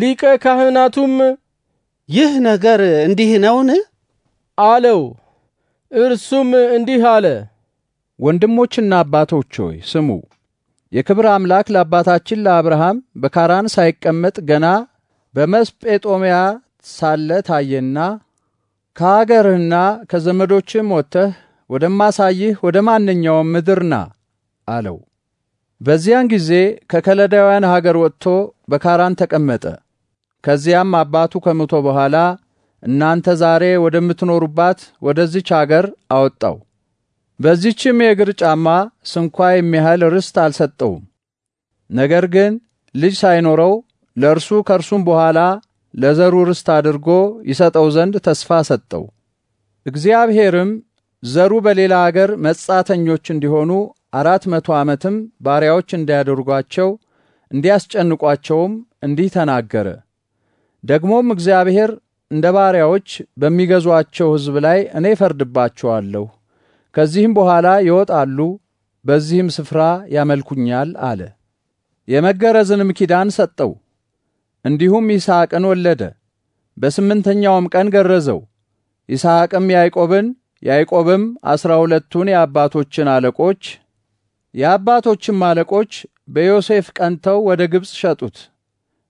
ሊቀ ካህናቱም ይህ ነገር እንዲህ ነውን? አለው። እርሱም እንዲህ አለ፣ ወንድሞችና አባቶች ሆይ ስሙ። የክብር አምላክ ለአባታችን ለአብርሃም በካራን ሳይቀመጥ ገና በመስጴጦሚያ ሳለ ታየና ከአገርህና ከዘመዶችም ወጥተህ ወደማሳይህ ወደ ማንኛውም ምድር ና አለው። በዚያን ጊዜ ከከለዳውያን ሀገር ወጥቶ በካራን ተቀመጠ። ከዚያም አባቱ ከሞተ በኋላ እናንተ ዛሬ ወደምትኖሩባት ወደዚች አገር አወጣው። በዚችም የእግር ጫማ ስንኳ የሚያህል ርስት አልሰጠውም። ነገር ግን ልጅ ሳይኖረው ለእርሱ ከእርሱም በኋላ ለዘሩ ርስት አድርጎ ይሰጠው ዘንድ ተስፋ ሰጠው። እግዚአብሔርም ዘሩ በሌላ አገር መጻተኞች እንዲሆኑ አራት መቶ ዓመትም ባሪያዎች እንዲያደርጓቸው እንዲያስጨንቋቸውም እንዲህ ተናገረ። ደግሞም እግዚአብሔር እንደ ባሪያዎች በሚገዟቸው ሕዝብ ላይ እኔ ፈርድባቸዋለሁ ከዚህም በኋላ ይወጣሉ፣ በዚህም ስፍራ ያመልኩኛል አለ። የመገረዝንም ኪዳን ሰጠው። እንዲሁም ይስሐቅን ወለደ። በስምንተኛውም ቀን ገረዘው። ይስሐቅም ያዕቆብን፣ ያዕቆብም አስራ ሁለቱን የአባቶችን አለቆች፣ የአባቶችም አለቆች በዮሴፍ ቀንተው ወደ ግብፅ ሸጡት።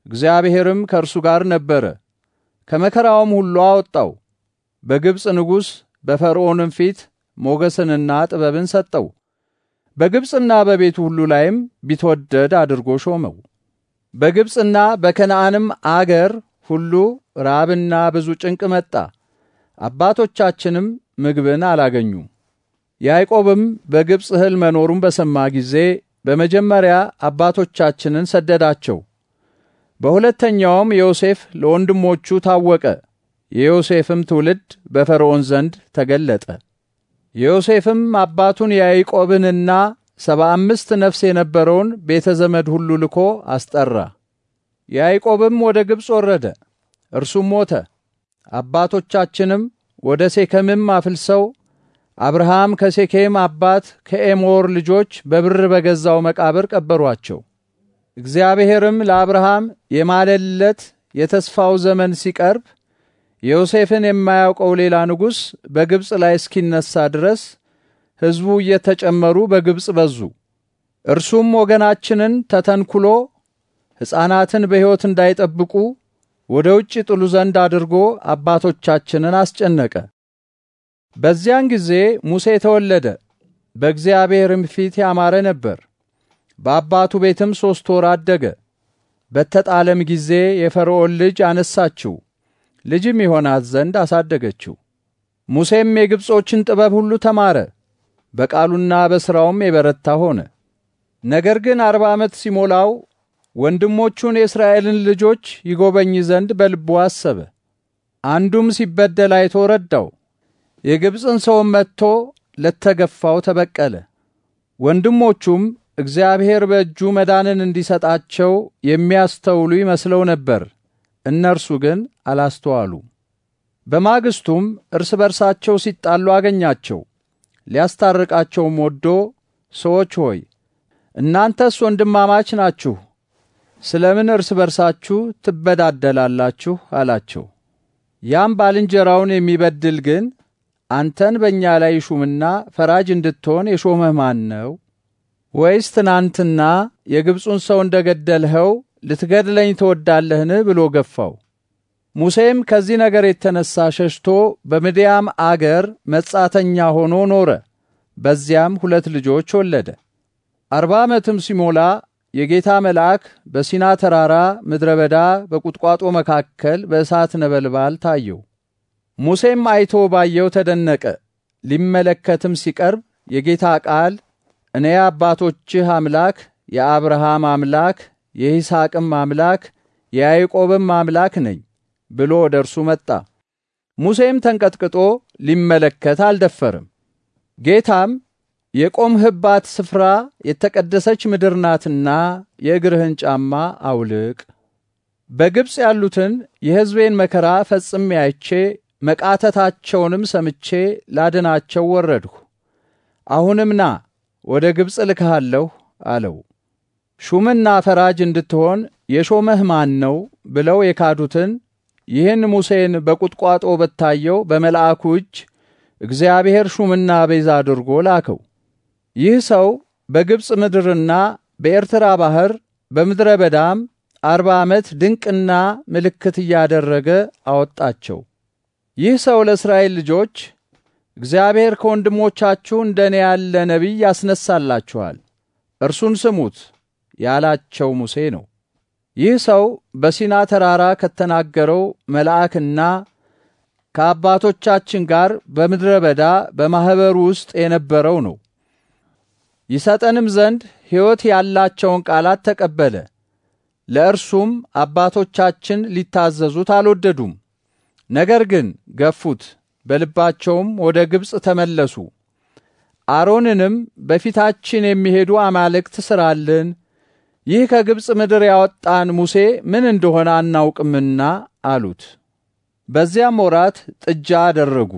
እግዚአብሔርም ከእርሱ ጋር ነበረ። ከመከራውም ሁሉ አወጣው። በግብፅ ንጉሥ በፈርዖንም ፊት ሞገስንና ጥበብን ሰጠው። በግብፅና በቤቱ ሁሉ ላይም ቢትወደድ አድርጎ ሾመው። በግብፅና በከነዓንም አገር ሁሉ ራብና ብዙ ጭንቅ መጣ። አባቶቻችንም ምግብን አላገኙም። ያዕቆብም በግብፅ እህል መኖሩን በሰማ ጊዜ በመጀመሪያ አባቶቻችንን ሰደዳቸው። በሁለተኛውም ዮሴፍ ለወንድሞቹ ታወቀ፣ የዮሴፍም ትውልድ በፈርዖን ዘንድ ተገለጠ። ዮሴፍም አባቱን ያዕቆብንና ሰባ አምስት ነፍስ የነበረውን ቤተ ዘመድ ሁሉ ልኮ አስጠራ። ያዕቆብም ወደ ግብፅ ወረደ፣ እርሱም ሞተ። አባቶቻችንም ወደ ሴኬምም አፍልሰው አብርሃም ከሴኬም አባት ከኤሞር ልጆች በብር በገዛው መቃብር ቀበሯቸው። እግዚአብሔርም ለአብርሃም የማለለት የተስፋው ዘመን ሲቀርብ ዮሴፍን የማያውቀው ሌላ ንጉሥ በግብፅ ላይ እስኪነሳ ድረስ ሕዝቡ እየተጨመሩ በግብፅ በዙ። እርሱም ወገናችንን ተተንኩሎ ሕፃናትን በሕይወት እንዳይጠብቁ ወደ ውጭ ጥሉ ዘንድ አድርጎ አባቶቻችንን አስጨነቀ። በዚያን ጊዜ ሙሴ ተወለደ፣ በእግዚአብሔርም ፊት ያማረ ነበር። በአባቱ ቤትም ሦስት ወር አደገ። በተጣለም ጊዜ የፈርዖን ልጅ አነሳችው፣ ልጅም ይሆናት ዘንድ አሳደገችው። ሙሴም የግብጾችን ጥበብ ሁሉ ተማረ፣ በቃሉና በስራውም የበረታ ሆነ። ነገር ግን አርባ ዓመት ሲሞላው ወንድሞቹን የእስራኤልን ልጆች ይጎበኝ ዘንድ በልቡ አሰበ። አንዱም ሲበደል አይቶ ረዳው፣ የግብፅን ሰውም መጥቶ ለተገፋው ተበቀለ። ወንድሞቹም እግዚአብሔር በእጁ መዳንን እንዲሰጣቸው የሚያስተውሉ ይመስለው ነበር። እነርሱ ግን አላስተዋሉ። በማግስቱም እርስ በርሳቸው ሲጣሉ አገኛቸው። ሊያስታርቃቸውም ወዶ ሰዎች ሆይ እናንተስ ወንድማማች ናችሁ፣ ስለምን እርስ በርሳችሁ ትበዳደላላችሁ? አላቸው። ያም ባልንጀራውን የሚበድል ግን አንተን በእኛ ላይ ይሹምና ፈራጅ እንድትሆን የሾመህ ማን ነው ወይስ ትናንትና የግብፁን ሰው እንደ ገደልኸው ልትገድለኝ ትወዳለህን? ብሎ ገፋው። ሙሴም ከዚህ ነገር የተነሳ ሸሽቶ በምድያም አገር መጻተኛ ሆኖ ኖረ። በዚያም ሁለት ልጆች ወለደ። አርባ ዓመትም ሲሞላ የጌታ መልአክ በሲና ተራራ ምድረ በዳ በቁጥቋጦ መካከል በእሳት ነበልባል ታየው። ሙሴም አይቶ ባየው ተደነቀ። ሊመለከትም ሲቀርብ የጌታ ቃል እኔ አባቶችህ አምላክ የአብርሃም አምላክ የይስሐቅም አምላክ የያዕቆብም አምላክ ነኝ ብሎ ወደ እርሱ መጣ። ሙሴም ተንቀጥቅጦ ሊመለከት አልደፈርም። ጌታም የቆምህባት ስፍራ የተቀደሰች ምድር ናትና የእግርህን ጫማ አውልቅ፣ በግብፅ ያሉትን የሕዝቤን መከራ ፈጽሜ አይቼ መቃተታቸውንም ሰምቼ ላድናቸው ወረድሁ። አሁንም ና ወደ ግብፅ ልክሃለሁ አለው። ሹምና ፈራጅ እንድትሆን የሾመህ ማን ነው ብለው የካዱትን ይህን ሙሴን በቁጥቋጦ በታየው በመልአኩ እጅ እግዚአብሔር ሹምና ቤዛ አድርጎ ላከው። ይህ ሰው በግብፅ ምድርና በኤርትራ ባህር በምድረ በዳም አርባ ዓመት ድንቅና ምልክት እያደረገ አወጣቸው። ይህ ሰው ለእስራኤል ልጆች እግዚአብሔር ከወንድሞቻችሁ እንደ እኔ ያለ ነቢይ ያስነሳላችኋል፣ እርሱን ስሙት ያላቸው ሙሴ ነው። ይህ ሰው በሲና ተራራ ከተናገረው መልአክና ከአባቶቻችን ጋር በምድረ በዳ በማኅበሩ ውስጥ የነበረው ነው። ይሰጠንም ዘንድ ሕይወት ያላቸውን ቃላት ተቀበለ። ለእርሱም አባቶቻችን ሊታዘዙት አልወደዱም፣ ነገር ግን ገፉት። በልባቸውም ወደ ግብፅ ተመለሱ። አሮንንም በፊታችን የሚሄዱ አማልክት ስራልን፣ ይህ ከግብፅ ምድር ያወጣን ሙሴ ምን እንደሆነ አናውቅምና አሉት። በዚያም ወራት ጥጃ አደረጉ፣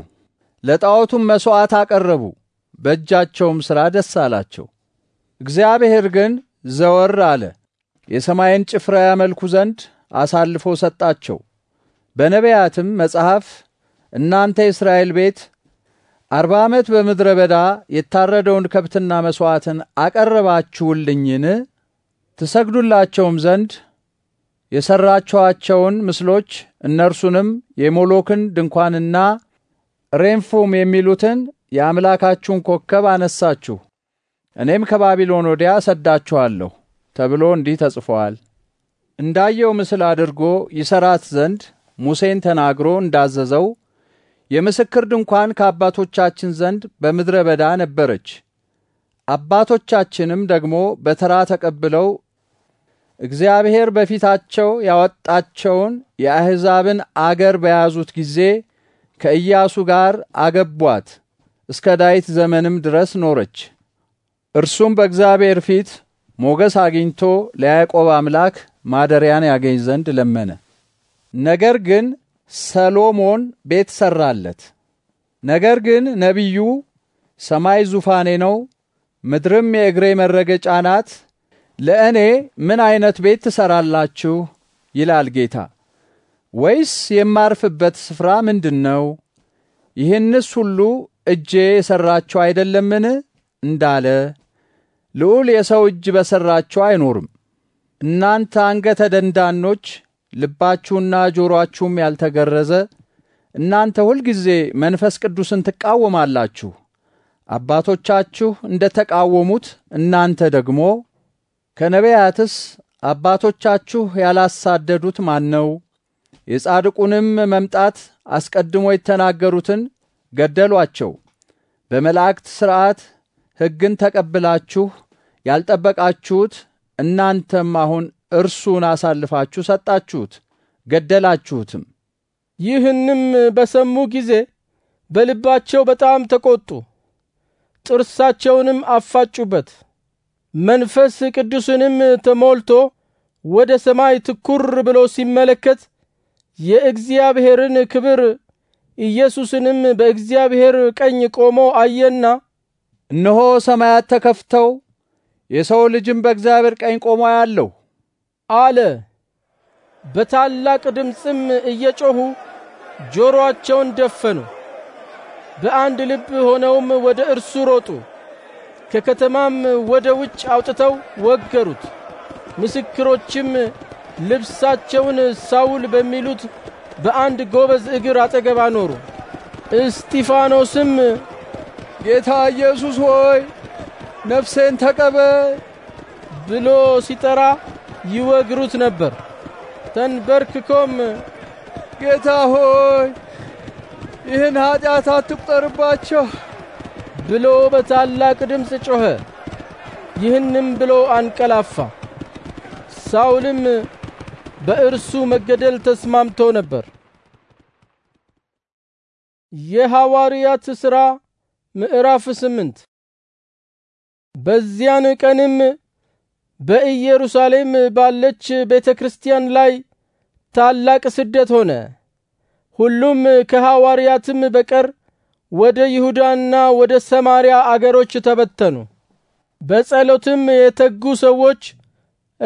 ለጣዖቱም መሥዋዕት አቀረቡ። በእጃቸውም ሥራ ደስ አላቸው። እግዚአብሔር ግን ዘወር አለ፣ የሰማይን ጭፍራ ያመልኩ ዘንድ አሳልፎ ሰጣቸው። በነቢያትም መጽሐፍ እናንተ የእስራኤል ቤት አርባ ዓመት በምድረ በዳ የታረደውን ከብትና መሥዋዕትን አቀረባችሁልኝን? ትሰግዱላቸውም ዘንድ የሠራችኋቸውን ምስሎች እነርሱንም የሞሎክን ድንኳንና ሬንፎም የሚሉትን የአምላካችሁን ኮከብ አነሳችሁ፣ እኔም ከባቢሎን ወዲያ ሰዳችኋለሁ ተብሎ እንዲህ ተጽፏል። እንዳየው ምስል አድርጎ ይሰራት ዘንድ ሙሴን ተናግሮ እንዳዘዘው የምስክር ድንኳን ከአባቶቻችን ዘንድ በምድረ በዳ ነበረች። አባቶቻችንም ደግሞ በተራ ተቀብለው እግዚአብሔር በፊታቸው ያወጣቸውን የአሕዛብን አገር በያዙት ጊዜ ከኢያሱ ጋር አገቧት። እስከ ዳዊት ዘመንም ድረስ ኖረች። እርሱም በእግዚአብሔር ፊት ሞገስ አግኝቶ ለያዕቆብ አምላክ ማደሪያን ያገኝ ዘንድ ለመነ። ነገር ግን ሰሎሞን ቤት ሰራለት። ነገር ግን ነቢዩ ሰማይ ዙፋኔ ነው፣ ምድርም የእግሬ መረገጫ ናት፣ ለእኔ ምን አይነት ቤት ትሰራላችሁ? ይላል ጌታ። ወይስ የማርፍበት ስፍራ ምንድን ነው? ይህንስ ሁሉ እጄ የሰራቸው አይደለምን? እንዳለ ልዑል የሰው እጅ በሰራቸው አይኖርም። እናንተ አንገተ ደንዳኖች ልባችሁና ጆሮአችሁም ያልተገረዘ እናንተ ሁልጊዜ መንፈስ ቅዱስን ትቃወማላችሁ። አባቶቻችሁ እንደ ተቃወሙት እናንተ ደግሞ ከነቢያትስ አባቶቻችሁ ያላሳደዱት ማን ነው? የጻድቁንም መምጣት አስቀድሞ የተናገሩትን ገደሏቸው። በመላእክት ሥርዓት ሕግን ተቀብላችሁ ያልጠበቃችሁት እናንተም አሁን እርሱን አሳልፋችሁ ሰጣችሁት፣ ገደላችሁትም። ይህንም በሰሙ ጊዜ በልባቸው በጣም ተቆጡ፣ ጥርሳቸውንም አፋጩበት። መንፈስ ቅዱስንም ተሞልቶ ወደ ሰማይ ትኩር ብሎ ሲመለከት የእግዚአብሔርን ክብር ኢየሱስንም በእግዚአብሔር ቀኝ ቆሞ አየና፣ እነሆ ሰማያት ተከፍተው የሰው ልጅም በእግዚአብሔር ቀኝ ቆሞ ያለው አለ። በታላቅ ድምፅም እየጮኹ ጆሮአቸውን ደፈኑ። በአንድ ልብ ሆነውም ወደ እርሱ ሮጡ። ከከተማም ወደ ውጭ አውጥተው ወገሩት። ምስክሮችም ልብሳቸውን ሳውል በሚሉት በአንድ ጎበዝ እግር አጠገብ አኖሩ። እስጢፋኖስም ጌታ ኢየሱስ ሆይ ነፍሴን ተቀበል ብሎ ሲጠራ ይወግሩት ነበር። ተንበርክኮም ጌታ ሆይ ይህን ኃጢአት አትቁጠርባቸው ብሎ በታላቅ ድምፅ ጮኸ። ይህንም ብሎ አንቀላፋ። ሳውልም በእርሱ መገደል ተስማምቶ ነበር። የሐዋርያት ሥራ ምዕራፍ ስምንት በዚያን ቀንም በኢየሩሳሌም ባለች ቤተ ክርስቲያን ላይ ታላቅ ስደት ሆነ። ሁሉም ከሐዋርያትም በቀር ወደ ይሁዳና ወደ ሰማርያ አገሮች ተበተኑ። በጸሎትም የተጉ ሰዎች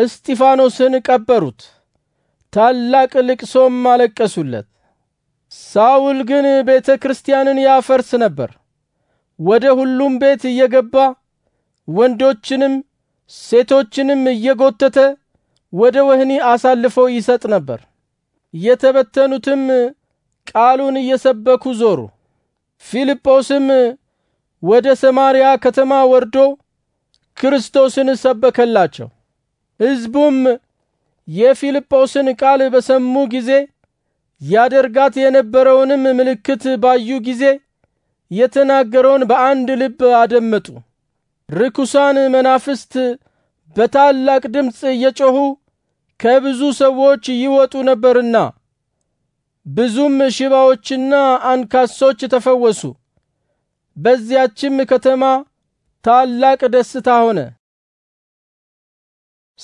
እስጢፋኖስን ቀበሩት፣ ታላቅ ልቅሶም አለቀሱለት። ሳውል ግን ቤተ ክርስቲያንን ያፈርስ ነበር። ወደ ሁሉም ቤት እየገባ ወንዶችንም ሴቶችንም እየጎተተ ወደ ወህኒ አሳልፎ ይሰጥ ነበር። የተበተኑትም ቃሉን እየሰበኩ ዞሩ። ፊልጶስም ወደ ሰማርያ ከተማ ወርዶ ክርስቶስን ሰበከላቸው። ሕዝቡም የፊልጶስን ቃል በሰሙ ጊዜ ያደርጋት የነበረውንም ምልክት ባዩ ጊዜ የተናገረውን በአንድ ልብ አደመጡ። ርኩሳን መናፍስት በታላቅ ድምፅ እየጮኹ ከብዙ ሰዎች ይወጡ ነበርና ብዙም ሽባዎችና አንካሶች ተፈወሱ። በዚያችም ከተማ ታላቅ ደስታ ሆነ።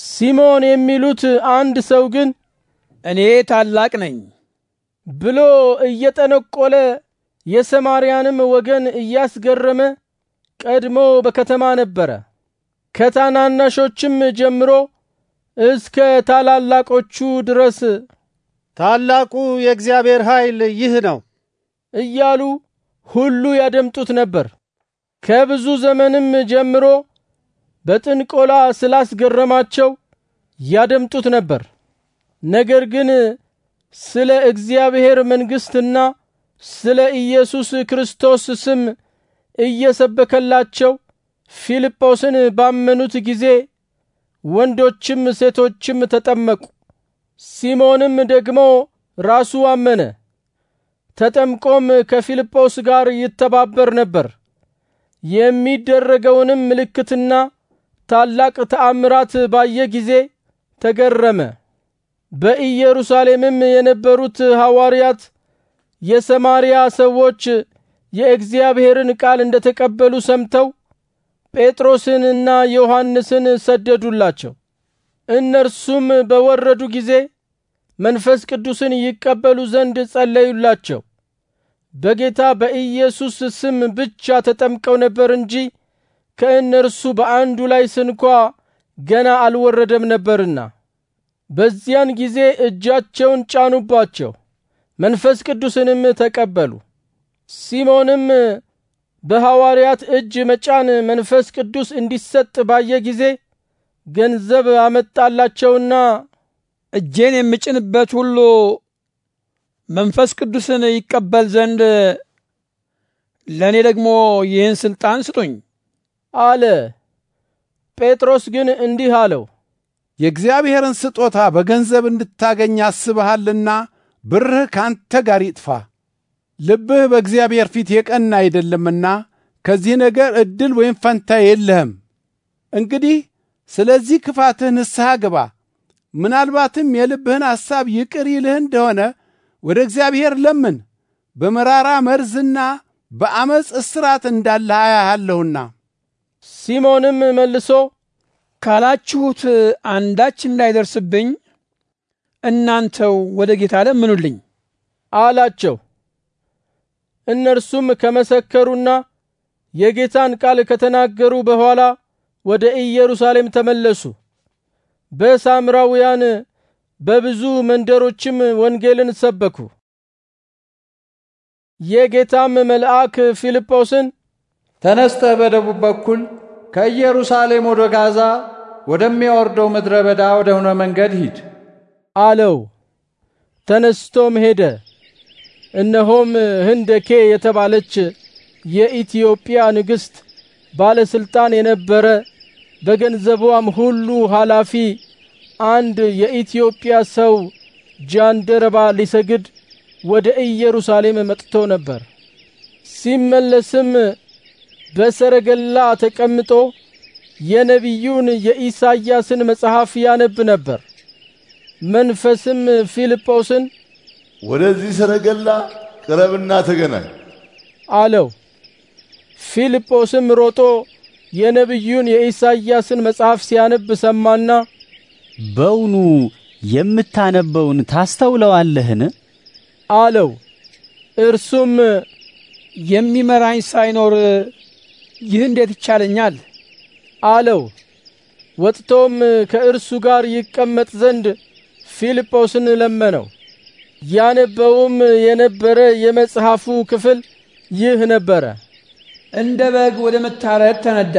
ሲሞን የሚሉት አንድ ሰው ግን እኔ ታላቅ ነኝ ብሎ እየጠነቆለ የሰማርያንም ወገን እያስገረመ ቀድሞ በከተማ ነበረ። ከታናናሾችም ጀምሮ እስከ ታላላቆቹ ድረስ ታላቁ የእግዚአብሔር ኃይል ይህ ነው እያሉ ሁሉ ያደምጡት ነበር። ከብዙ ዘመንም ጀምሮ በጥንቆላ ስላስገረማቸው ያደምጡት ነበር። ነገር ግን ስለ እግዚአብሔር መንግሥትና ስለ ኢየሱስ ክርስቶስ ስም እየሰበከላቸው ፊልጶስን ባመኑት ጊዜ ወንዶችም ሴቶችም ተጠመቁ። ሲሞንም ደግሞ ራሱ አመነ። ተጠምቆም ከፊልጶስ ጋር ይተባበር ነበር። የሚደረገውንም ምልክትና ታላቅ ተአምራት ባየ ጊዜ ተገረመ። በኢየሩሳሌምም የነበሩት ሐዋርያት የሰማርያ ሰዎች የእግዚአብሔርን ቃል እንደ ተቀበሉ ሰምተው ጴጥሮስንና ዮሐንስን ሰደዱላቸው። እነርሱም በወረዱ ጊዜ መንፈስ ቅዱስን ይቀበሉ ዘንድ ጸለዩላቸው። በጌታ በኢየሱስ ስም ብቻ ተጠምቀው ነበር እንጂ ከእነርሱ በአንዱ ላይ ስንኳ ገና አልወረደም ነበርና፣ በዚያን ጊዜ እጃቸውን ጫኑባቸው፣ መንፈስ ቅዱስንም ተቀበሉ። ሲሞንም በሐዋርያት እጅ መጫን መንፈስ ቅዱስ እንዲሰጥ ባየ ጊዜ ገንዘብ አመጣላቸውና እጄን የምጭንበት ሁሉ መንፈስ ቅዱስን ይቀበል ዘንድ ለእኔ ደግሞ ይህን ስልጣን ስጡኝ አለ። ጴጥሮስ ግን እንዲህ አለው፣ የእግዚአብሔርን ስጦታ በገንዘብ እንድታገኝ አስበሃልና ብርህ ካንተ ጋር ይጥፋ። ልብህ በእግዚአብሔር ፊት የቀና አይደለምና ከዚህ ነገር እድል ወይም ፈንታ የለህም። እንግዲህ ስለዚህ ክፋትህ ንስሐ ግባ፣ ምናልባትም የልብህን ሐሳብ ይቅር ይልህ እንደሆነ ወደ እግዚአብሔር ለምን። በመራራ መርዝና በአመፅ እስራት እንዳለ አያሃለሁና። ሲሞንም መልሶ ካላችሁት አንዳች እንዳይደርስብኝ እናንተው ወደ ጌታ ለምኑልኝ አላቸው። እነርሱም ከመሰከሩና የጌታን ቃል ከተናገሩ በኋላ ወደ ኢየሩሳሌም ተመለሱ። በሳምራውያን በብዙ መንደሮችም ወንጌልን ሰበኩ። የጌታም መልአክ ፊልጶስን ተነስተ በደቡብ በኩል ከኢየሩሳሌም ወደ ጋዛ ወደሚያወርደው ምድረ በዳ ወደ ሆነ መንገድ ሂድ አለው። ተነስቶም ሄደ። እነሆም ህንደኬ የተባለች የኢትዮጵያ ንግሥት ባለስልጣን የነበረ በገንዘቧም ሁሉ ኃላፊ አንድ የኢትዮጵያ ሰው ጃንደረባ ሊሰግድ ወደ ኢየሩሳሌም መጥቶ ነበር። ሲመለስም በሰረገላ ተቀምጦ የነቢዩን የኢሳያስን መጽሐፍ ያነብ ነበር። መንፈስም ፊልጶስን ወደዚህ ሰረገላ ቅረብና ተገናኝ አለው። ፊልጶስም ሮጦ የነቢዩን የኢሳይያስን መጽሐፍ ሲያነብ ሰማና በውኑ የምታነበውን ታስተውለዋለህን? አለው። እርሱም የሚመራኝ ሳይኖር ይህ እንዴት ይቻለኛል? አለው። ወጥቶም ከእርሱ ጋር ይቀመጥ ዘንድ ፊልጶስን ለመነው። ያነበውም የነበረ የመጽሐፉ ክፍል ይህ ነበረ። እንደ በግ ወደ መታረድ ተነዳ።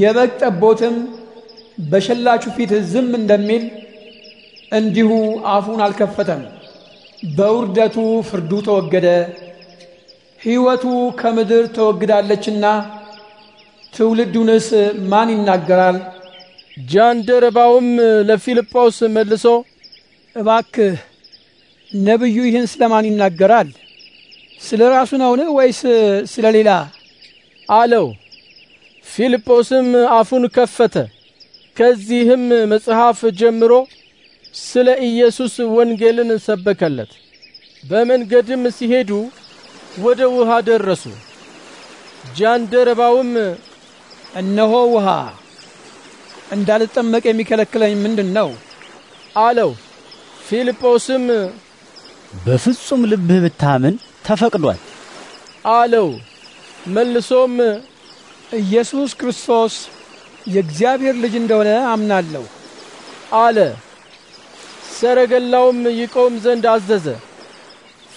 የበግ ጠቦትም በሸላቹ ፊት ዝም እንደሚል እንዲሁ አፉን አልከፈተም። በውርደቱ ፍርዱ ተወገደ። ሕይወቱ ከምድር ተወግዳለችና ትውልዱንስ ማን ይናገራል? ጃንደረባውም ለፊልጶስ መልሶ እባክህ ነብዩ ይህን ስለማን ይናገራል? ስለ ራሱ ነውን ወይስ ስለ ሌላ አለው። ፊልጶስም አፉን ከፈተ። ከዚህም መጽሐፍ ጀምሮ ስለ ኢየሱስ ወንጌልን ሰበከለት። በመንገድም ሲሄዱ ወደ ውሃ ደረሱ። ጃንደረባውም እነሆ ውሃ፣ እንዳልጠመቅ የሚከለክለኝ ምንድን ነው አለው። ፊልጶስም በፍጹም ልብህ ብታምን ተፈቅዷል አለው። መልሶም ኢየሱስ ክርስቶስ የእግዚአብሔር ልጅ እንደሆነ አምናለሁ አለ። ሰረገላውም ይቆም ዘንድ አዘዘ።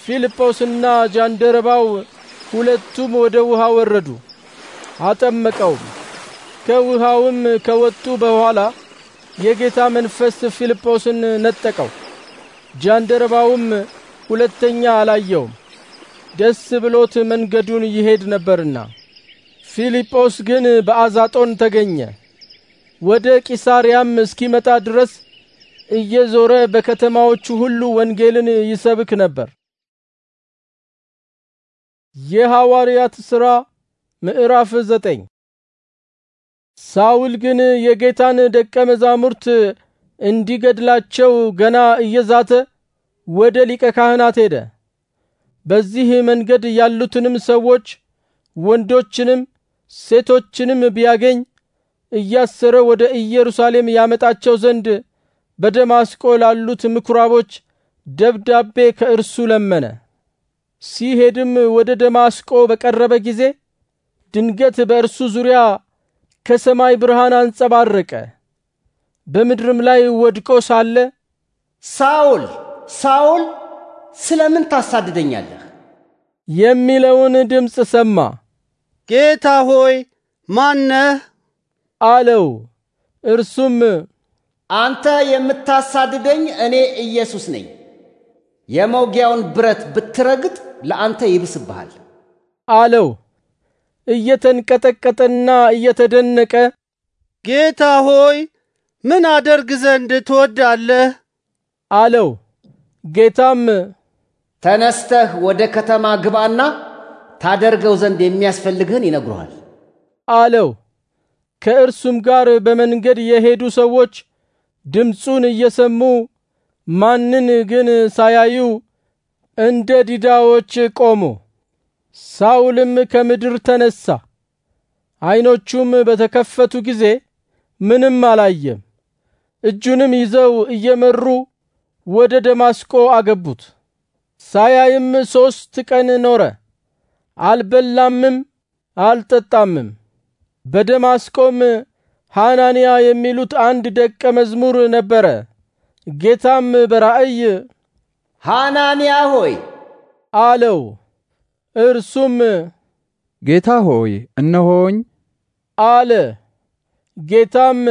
ፊልጶስና ጃንደረባው ሁለቱም ወደ ውሃ ወረዱ፣ አጠመቀውም። ከውሃውም ከወጡ በኋላ የጌታ መንፈስ ፊልጶስን ነጠቀው። ጃንደረባውም ሁለተኛ አላየውም፣ ደስ ብሎት መንገዱን ይሄድ ነበርና። ፊልጶስ ግን በአዛጦን ተገኘ። ወደ ቂሳርያም እስኪመጣ ድረስ እየዞረ በከተማዎቹ ሁሉ ወንጌልን ይሰብክ ነበር። የሐዋርያት ሥራ ምዕራፍ ዘጠኝ ሳውል ግን የጌታን ደቀ መዛሙርት እንዲገድላቸው ገና እየዛተ ወደ ሊቀ ካህናት ሄደ። በዚህ መንገድ ያሉትንም ሰዎች ወንዶችንም ሴቶችንም ቢያገኝ እያሰረ ወደ ኢየሩሳሌም ያመጣቸው ዘንድ በደማስቆ ላሉት ምኩራቦች ደብዳቤ ከእርሱ ለመነ። ሲሄድም ወደ ደማስቆ በቀረበ ጊዜ ድንገት በእርሱ ዙሪያ ከሰማይ ብርሃን አንጸባረቀ። በምድርም ላይ ወድቆ ሳለ ሳውል ሳኦል ስለምን ታሳድደኛለህ? የሚለውን ድምፅ ሰማ። ጌታ ሆይ ማነህ? አለው። እርሱም አንተ የምታሳድደኝ እኔ ኢየሱስ ነኝ። የመውጊያውን ብረት ብትረግጥ ለአንተ ይብስብሃል አለው። እየተንቀጠቀጠና እየተደነቀ ጌታ ሆይ ምን አደርግ ዘንድ ትወዳለህ? አለው። ጌታም ተነስተህ ወደ ከተማ ግባና ታደርገው ዘንድ የሚያስፈልግህን ይነግሯል። አለው። ከእርሱም ጋር በመንገድ የሄዱ ሰዎች ድምፁን እየሰሙ ማንን ግን ሳያዩ እንደ ዲዳዎች ቆሙ። ሳውልም ከምድር ተነሳ፣ ዓይኖቹም በተከፈቱ ጊዜ ምንም አላየም። እጁንም ይዘው እየመሩ ወደ ደማስቆ አገቡት። ሳያይም ሶስት ቀን ኖረ። አልበላምም አልጠጣምም። በደማስቆም ሃናንያ የሚሉት አንድ ደቀ መዝሙር ነበረ። ጌታም በራእይ ሐናንያ ሆይ አለው። እርሱም ጌታ ሆይ እነሆኝ አለ። ጌታም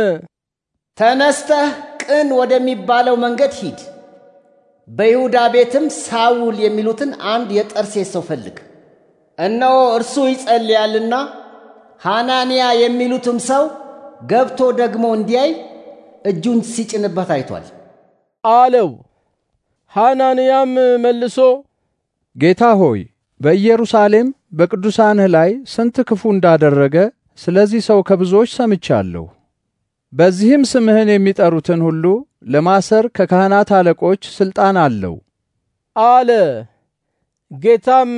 ተነስተህ ቅን ወደሚባለው መንገድ ሂድ በይሁዳ ቤትም ሳውል የሚሉትን አንድ የጠርሴስ ሰው ፈልግ፣ እነሆ እርሱ ይጸልያልና ሐናንያ የሚሉትም ሰው ገብቶ ደግሞ እንዲያይ እጁን ሲጭንበት አይቷል አለው። ሐናንያም መልሶ ጌታ ሆይ በኢየሩሳሌም በቅዱሳንህ ላይ ስንት ክፉ እንዳደረገ ስለዚህ ሰው ከብዙዎች ሰምቻለሁ። በዚህም ስምህን የሚጠሩትን ሁሉ ለማሰር ከካህናት አለቆች ስልጣን አለው አለ። ጌታም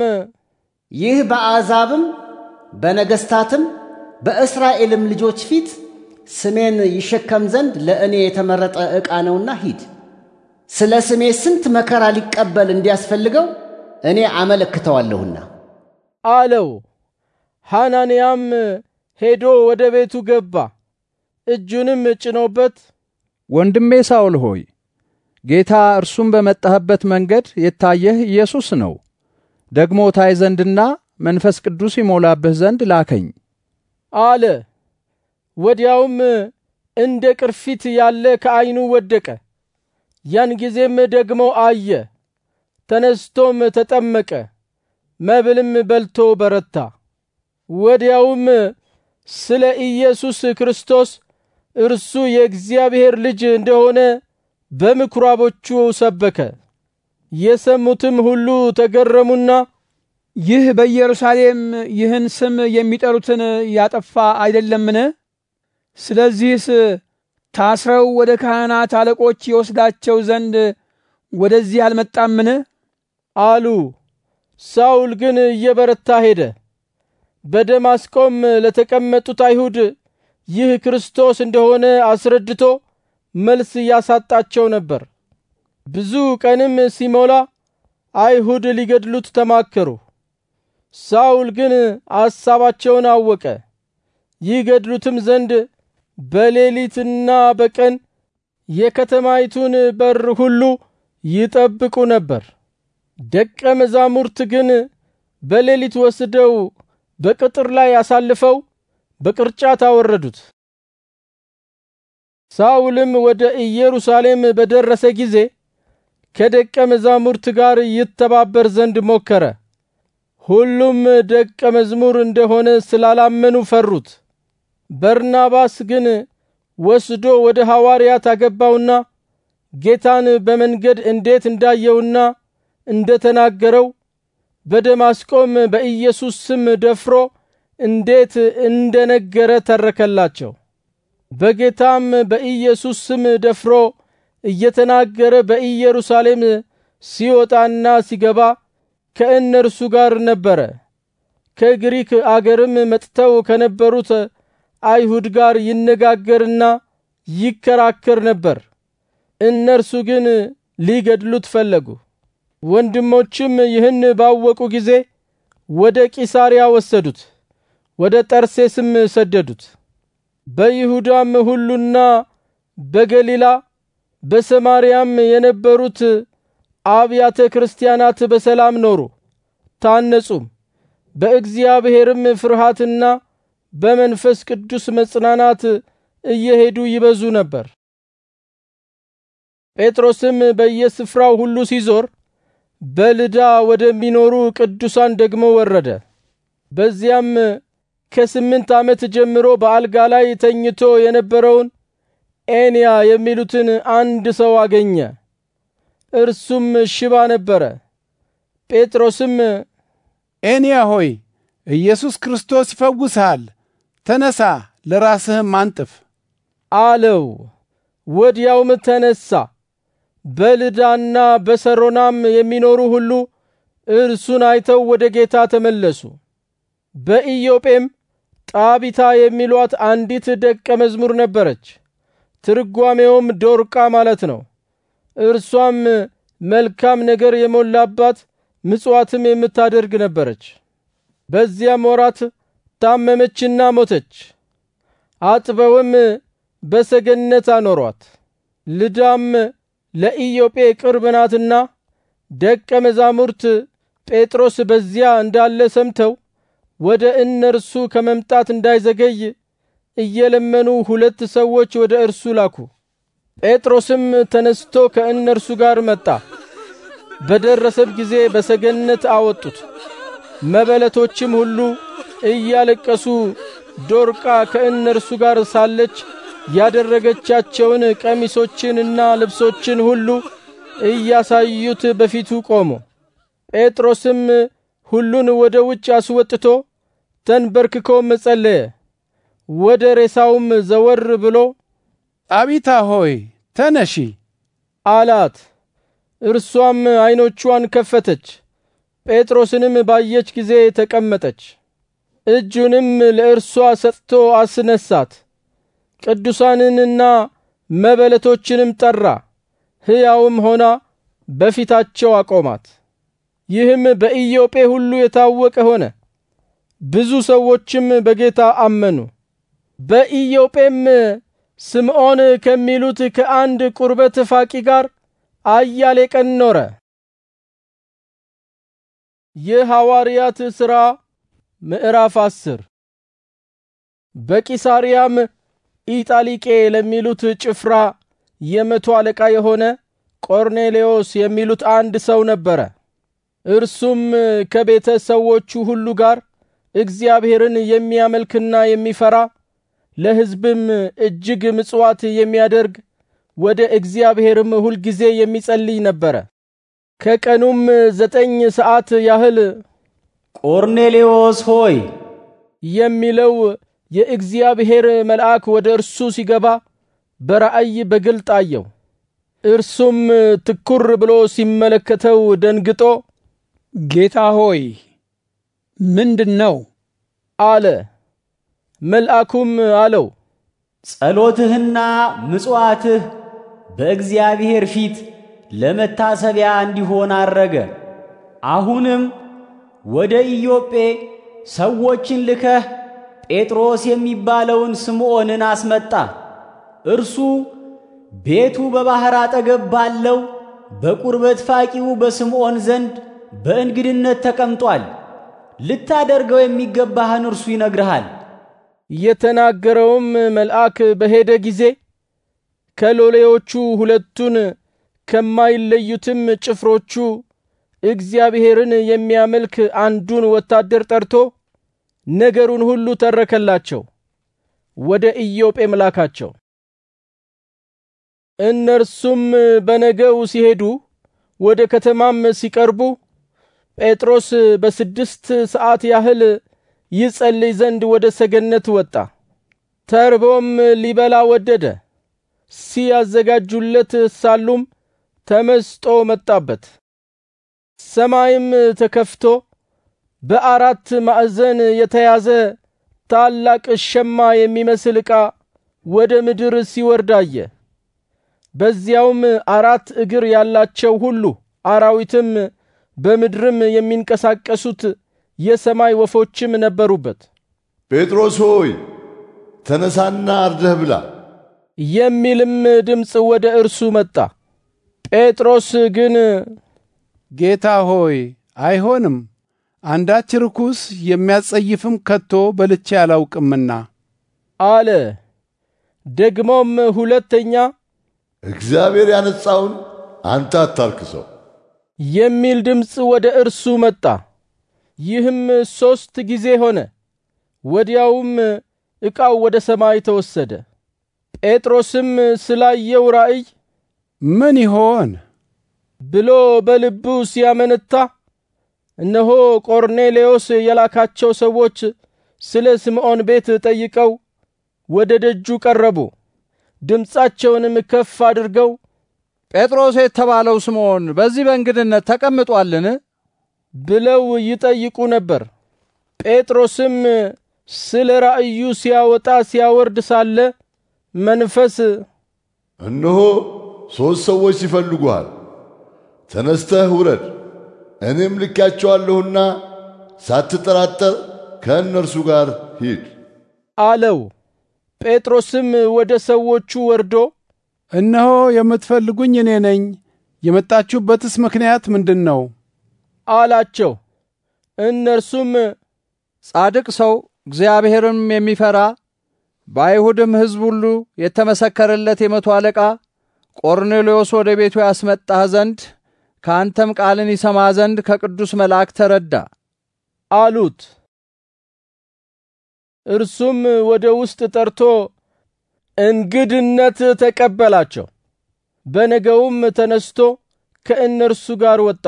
ይህ በአሕዛብም በነገሥታትም በእስራኤልም ልጆች ፊት ስሜን ይሸከም ዘንድ ለእኔ የተመረጠ ዕቃ ነውና ሂድ፣ ስለ ስሜ ስንት መከራ ሊቀበል እንዲያስፈልገው እኔ አመለክተዋለሁና አለው። ሐናንያም ሄዶ ወደ ቤቱ ገባ። እጁንም ጭኖበት ወንድሜ ሳውል ሆይ ጌታ እርሱም በመጣህበት መንገድ የታየህ ኢየሱስ ነው፣ ደግሞ ታይ ዘንድና መንፈስ ቅዱስ ይሞላብህ ዘንድ ላከኝ አለ። ወዲያውም እንደ ቅርፊት ያለ ከዓይኑ ወደቀ። ያን ጊዜም ደግሞ አየ፣ ተነስቶም ተጠመቀ፣ መብልም በልቶ በረታ። ወዲያውም ስለ ኢየሱስ ክርስቶስ እርሱ የእግዚአብሔር ልጅ እንደሆነ በምኵራቦቹ ሰበከ። የሰሙትም ሁሉ ተገረሙና ይህ በኢየሩሳሌም ይህን ስም የሚጠሩትን ያጠፋ አይደለምን? ስለዚህስ ታስረው ወደ ካህናት አለቆች ይወስዳቸው ዘንድ ወደዚህ አልመጣምን? አሉ። ሳውል ግን እየበረታ ሄደ። በደማስቆም ለተቀመጡት አይሁድ ይህ ክርስቶስ እንደሆነ አስረድቶ መልስ እያሳጣቸው ነበር። ብዙ ቀንም ሲሞላ አይሁድ ሊገድሉት ተማከሩ። ሳውል ግን አሳባቸውን አወቀ። ይገድሉትም ዘንድ በሌሊትና በቀን የከተማይቱን በር ሁሉ ይጠብቁ ነበር። ደቀ መዛሙርት ግን በሌሊት ወስደው በቅጥር ላይ አሳልፈው በቅርጫት አወረዱት። ሳውልም ወደ ኢየሩሳሌም በደረሰ ጊዜ ከደቀ መዛሙርት ጋር ይተባበር ዘንድ ሞከረ። ሁሉም ደቀ መዝሙር እንደሆነ ስላላመኑ ፈሩት። በርናባስ ግን ወስዶ ወደ ሐዋርያት አገባውና ጌታን በመንገድ እንዴት እንዳየውና እንደተናገረው በደማስቆም በኢየሱስ ስም ደፍሮ እንዴት እንደነገረ ተረከላቸው። በጌታም በኢየሱስ ስም ደፍሮ እየተናገረ በኢየሩሳሌም ሲወጣና ሲገባ ከእነርሱ ጋር ነበረ። ከግሪክ አገርም መጥተው ከነበሩት አይሁድ ጋር ይነጋገርና ይከራከር ነበር። እነርሱ ግን ሊገድሉት ፈለጉ። ወንድሞችም ይህን ባወቁ ጊዜ ወደ ቂሳርያ ወሰዱት። ወደ ጠርሴስም ሰደዱት። በይሁዳም ሁሉና በገሊላ በሰማርያም የነበሩት አብያተ ክርስቲያናት በሰላም ኖሩ፣ ታነጹም። በእግዚአብሔርም ፍርሃትና በመንፈስ ቅዱስ መጽናናት እየሄዱ ይበዙ ነበር። ጴጥሮስም በየስፍራው ሁሉ ሲዞር በልዳ ወደሚኖሩ ቅዱሳን ደግሞ ወረደ። በዚያም ከስምንት ዓመት ጀምሮ በአልጋ ላይ ተኝቶ የነበረውን ኤንያ የሚሉትን አንድ ሰው አገኘ። እርሱም ሽባ ነበረ። ጴጥሮስም ኤንያ ሆይ ኢየሱስ ክርስቶስ ይፈውስሃል፣ ተነሳ፣ ለራስህም አንጥፍ አለው። ወዲያውም ተነሳ። በልዳና በሰሮናም የሚኖሩ ሁሉ እርሱን አይተው ወደ ጌታ ተመለሱ። በኢዮጴም ጣቢታ የሚሏት አንዲት ደቀ መዝሙር ነበረች። ትርጓሜውም ዶርቃ ማለት ነው። እርሷም መልካም ነገር የሞላባት ምጽዋትም የምታደርግ ነበረች። በዚያም ወራት ታመመችና ሞተች። አጥበውም በሰገነት አኖሯት። ልዳም ለኢዮጴ ቅርብ ናትና ደቀ መዛሙርት ጴጥሮስ በዚያ እንዳለ ሰምተው ወደ እነርሱ ከመምጣት እንዳይዘገይ እየለመኑ ሁለት ሰዎች ወደ እርሱ ላኩ። ጴጥሮስም ተነስቶ ከእነርሱ ጋር መጣ። በደረሰብ ጊዜ በሰገነት አወጡት። መበለቶችም ሁሉ እያለቀሱ ዶርቃ ከእነርሱ ጋር ሳለች ያደረገቻቸውን ቀሚሶችንና ልብሶችን ሁሉ እያሳዩት በፊቱ ቆሞ ጴጥሮስም ሁሉን ወደ ውጭ አስወጥቶ ተንበርክኮ መጸለየ። ወደ ሬሳውም ዘወር ብሎ አቢታ ሆይ ተነሺ አላት። እርሷም ዐይኖቿን ከፈተች፣ ጴጥሮስንም ባየች ጊዜ ተቀመጠች። እጁንም ለእርሷ ሰጥቶ አስነሳት። ቅዱሳንንና መበለቶችንም ጠራ፣ ሕያውም ሆና በፊታቸው አቆማት። ይህም በኢዮጴ ሁሉ የታወቀ ሆነ። ብዙ ሰዎችም በጌታ አመኑ። በኢዮጴም ስምዖን ከሚሉት ከአንድ ቁርበት ፋቂ ጋር አያሌ ቀን ኖረ። የሐዋርያት ሥራ ምዕራፍ አስር በቂሳርያም ኢጣሊቄ ለሚሉት ጭፍራ የመቶ አለቃ የሆነ ቆርኔሌዎስ የሚሉት አንድ ሰው ነበረ። እርሱም ከቤተ ሰዎቹ ሁሉ ጋር እግዚአብሔርን የሚያመልክና የሚፈራ ለሕዝብም እጅግ ምጽዋት የሚያደርግ ወደ እግዚአብሔርም ሁልጊዜ የሚጸልይ ነበረ። ከቀኑም ዘጠኝ ሰዓት ያህል ቆርኔሌዎስ ሆይ የሚለው የእግዚአብሔር መልአክ ወደ እርሱ ሲገባ በራእይ በግልጥ አየው። እርሱም ትኩር ብሎ ሲመለከተው ደንግጦ ጌታ ሆይ ምንድን ነው አለ። መልአኩም አለው ጸሎትህና ምጽዋትህ በእግዚአብሔር ፊት ለመታሰቢያ እንዲሆን አረገ። አሁንም ወደ ኢዮጴ ሰዎችን ልከህ ጴጥሮስ የሚባለውን ስምዖንን አስመጣ። እርሱ ቤቱ በባህር አጠገብ ባለው በቁርበት ፋቂው በስምዖን ዘንድ በእንግድነት ተቀምጧል። ልታደርገው የሚገባህን እርሱ ይነግርሃል። የተናገረውም መልአክ በሄደ ጊዜ ከሎሌዎቹ ሁለቱን ከማይለዩትም ጭፍሮቹ እግዚአብሔርን የሚያመልክ አንዱን ወታደር ጠርቶ ነገሩን ሁሉ ተረከላቸው፣ ወደ ኢዮጴ መላካቸው እነርሱም በነገው ሲሄዱ ወደ ከተማም ሲቀርቡ ጴጥሮስ በስድስት ሰዓት ያህል ይጸልይ ዘንድ ወደ ሰገነት ወጣ። ተርቦም ሊበላ ወደደ። ሲያዘጋጁለት ሳሉም ተመስጦ መጣበት። ሰማይም ተከፍቶ በአራት ማዕዘን የተያዘ ታላቅ ሸማ የሚመስል ዕቃ ወደ ምድር ሲወርድ አየ። በዚያውም አራት እግር ያላቸው ሁሉ አራዊትም በምድርም የሚንቀሳቀሱት የሰማይ ወፎችም ነበሩበት። ጴጥሮስ ሆይ ተነሳና አርደህ ብላ የሚልም ድምፅ ወደ እርሱ መጣ። ጴጥሮስ ግን ጌታ ሆይ አይሆንም፣ አንዳች ርኩስ የሚያጸይፍም ከቶ በልቼ አላውቅምና አለ። ደግሞም ሁለተኛ እግዚአብሔር ያነጻውን አንተ አታርክሰው የሚል ድምፅ ወደ እርሱ መጣ። ይህም ሶስት ጊዜ ሆነ። ወዲያውም ዕቃው ወደ ሰማይ ተወሰደ። ጴጥሮስም ስላየው ራእይ ምን ይሆን ብሎ በልቡ ሲያመነታ እነሆ ቆርኔሌዎስ የላካቸው ሰዎች ስለ ስምዖን ቤት ጠይቀው ወደ ደጁ ቀረቡ። ድምፃቸውንም ከፍ አድርገው ጴጥሮስ የተባለው ስምዖን በዚህ በእንግድነት ተቀምጧልን? ብለው ይጠይቁ ነበር። ጴጥሮስም ስለ ራእዩ ሲያወጣ ሲያወርድ ሳለ መንፈስ እነሆ ሦስት ሰዎች ይፈልጉሃል፣ ተነስተህ ውረድ፣ እኔም ልኪያቸዋለሁና ሳትጠራጠር ከእነርሱ ጋር ሂድ አለው። ጴጥሮስም ወደ ሰዎቹ ወርዶ እነሆ የምትፈልጉኝ እኔ ነኝ፣ የመጣችሁበትስ ምክንያት ምንድን ነው አላቸው። እነርሱም ጻድቅ ሰው እግዚአብሔርም የሚፈራ በአይሁድም ሕዝብ ሁሉ የተመሰከረለት የመቶ አለቃ ቆርኔሌዎስ ወደ ቤቱ ያስመጣህ ዘንድ ከአንተም ቃልን ይሰማ ዘንድ ከቅዱስ መልአክ ተረዳ አሉት። እርሱም ወደ ውስጥ ጠርቶ እንግድነት ተቀበላቸው። በነገውም ተነስቶ ከእነርሱ ጋር ወጣ።